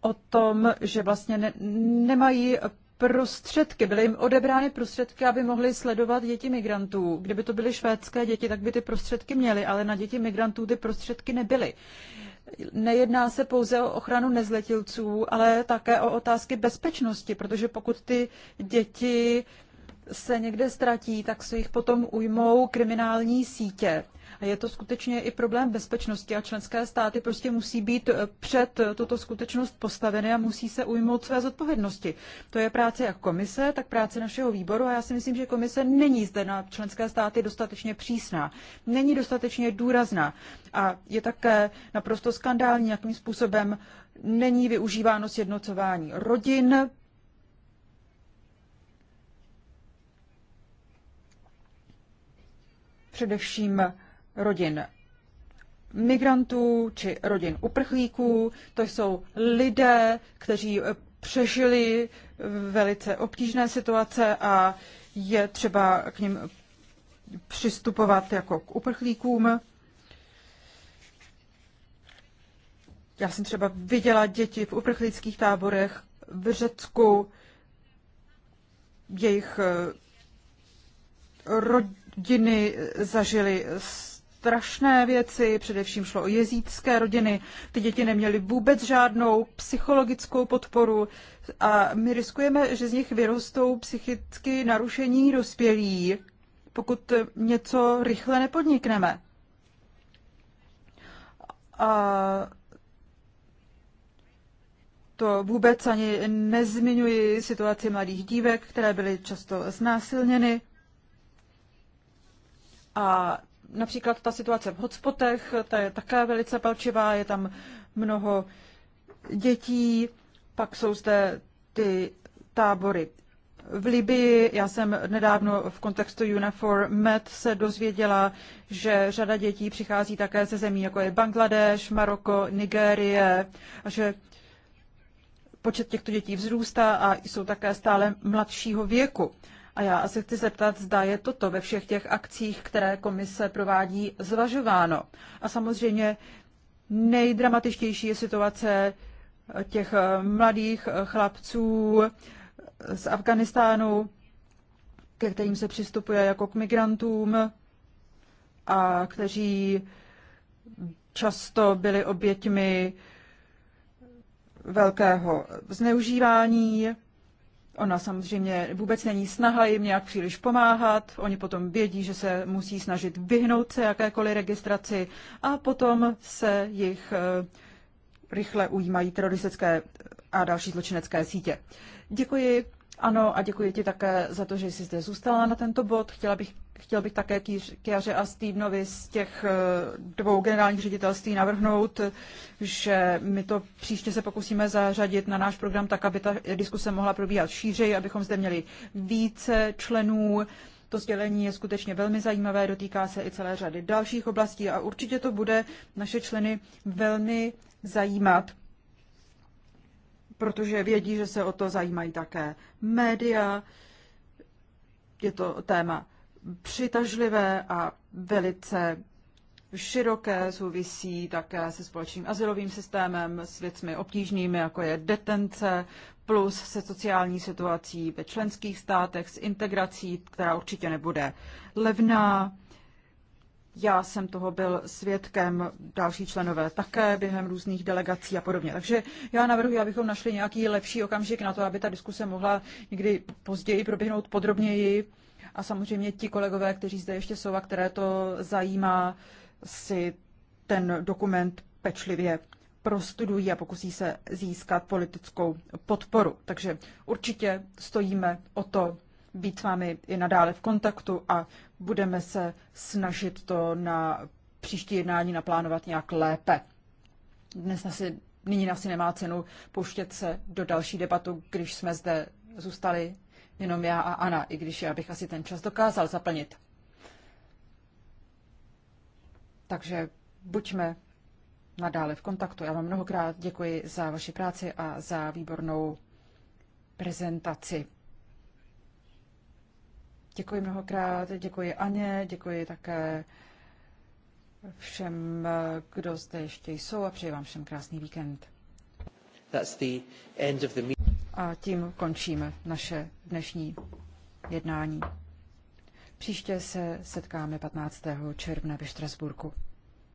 o tom, že vlastně ne, nemají prostředky, byly jim odebrány prostředky, aby mohli sledovat děti migrantů. Kdyby to byly švédské děti, tak by ty prostředky měly, ale na děti migrantů ty prostředky nebyly. Nejedná se pouze o ochranu nezletilců, ale také o otázky bezpečnosti, protože pokud ty děti se někde ztratí, tak se jich potom ujmou kriminální sítě. Je to skutečně i problém bezpečnosti a členské státy prostě musí být eh, před eh, tuto skutečnost postaveny a musí se ujmout své zodpovědnosti. To je práce jak komise, tak práce našeho výboru a já si myslím, že komise není zde na členské státy dostatečně přísná, není dostatečně důrazná a je také naprosto skandální, jakým způsobem není využíváno sjednocování rodin, především rodin migrantů či rodin uprchlíků. To jsou lidé, kteří eh, přežili velice obtížné situace a je třeba k ním přistupovat jako k uprchlíkům. Já jsem třeba viděla děti v uprchlických táborech v Řecku, jejich eh, rodiny zažily strašné věci, především šlo o jezícké rodiny. Ty děti neměly vůbec žádnou psychologickou podporu a my riskujeme, že z nich vyrostou psychicky narušení dospělí, pokud něco rychle nepodnikneme. A to vůbec ani nezmiňuji situaci mladých dívek, které byly často znásilněny. A například ta situace v hotspotech, ta je také velice palčivá, je tam mnoho dětí, pak jsou zde ty tábory v Libii. Já jsem nedávno v kontextu UNAFOR MED se dozvěděla, že řada dětí přichází také ze zemí, jako je Bangladeš, Maroko, Nigérie, a že počet těchto dětí vzrůstá a jsou také stále mladšího věku. A já se chci zeptat, zda je toto ve všech těch akcích, které komise provádí, zvažováno. A samozřejmě nejdramatičtější je situace těch mladých chlapců z Afganistánu, ke kterým se přistupuje jako k migrantům a kteří často byli oběťmi velkého zneužívání Ona samozřejmě vůbec není snaha jim nějak příliš pomáhat, oni potom vědí, že se musí snažit vyhnout se jakékoliv registraci a potom se jich eh, rychle ujímají teroristické a další zločinecké sítě. Děkuji, ano, a děkuji ti také za to, že jsi zde zůstala na tento bod. Chtěla bych Chtěl bych také Kiaře a Stevenovi z těch eh, dvou generálních ředitelství navrhnout, že my to příště se pokusíme zařadit na náš program tak, aby ta diskuse mohla probíhat šířej, abychom zde měli více členů. To sdělení je skutečně velmi zajímavé, dotýká se i celé řady dalších oblastí a určitě to bude naše členy velmi zajímat, protože vědí, že se o to zajímají také média. Je to téma přitažlivé a velice široké, souvisí také se společným asilovým systémem, s věcmi obtížnými, jako je detence, plus se sociální situací ve členských státech, s integrací, která určitě nebude levná. Já jsem toho byl svědkem, další členové také během různých delegací a podobně. Takže já navrhuji, abychom našli nějaký lepší okamžik na to, aby ta diskuse mohla někdy později proběhnout podrobněji a samozřejmě ti kolegové, kteří zde ještě jsou a které to zajímá, si ten dokument pečlivě prostudují a pokusí se získat politickou podporu. Takže určitě stojíme o to být s vámi i nadále v kontaktu a budeme se snažit to na příští jednání naplánovat nějak lépe. Dnes asi, nyní asi nemá cenu pouštět se do další debatu, když jsme zde zůstali jenom já a Ana, i když já bych asi ten čas dokázal zaplnit. Takže buďme nadále v kontaktu. Já vám mnohokrát děkuji za vaši práci a za výbornou prezentaci. Děkuji mnohokrát, děkuji Aně, děkuji také všem, kdo zde ještě jsou a přeji vám všem krásný víkend. That's the end of the a tím končíme naše dnešní jednání. Příště se setkáme 15. června ve Štrasburku.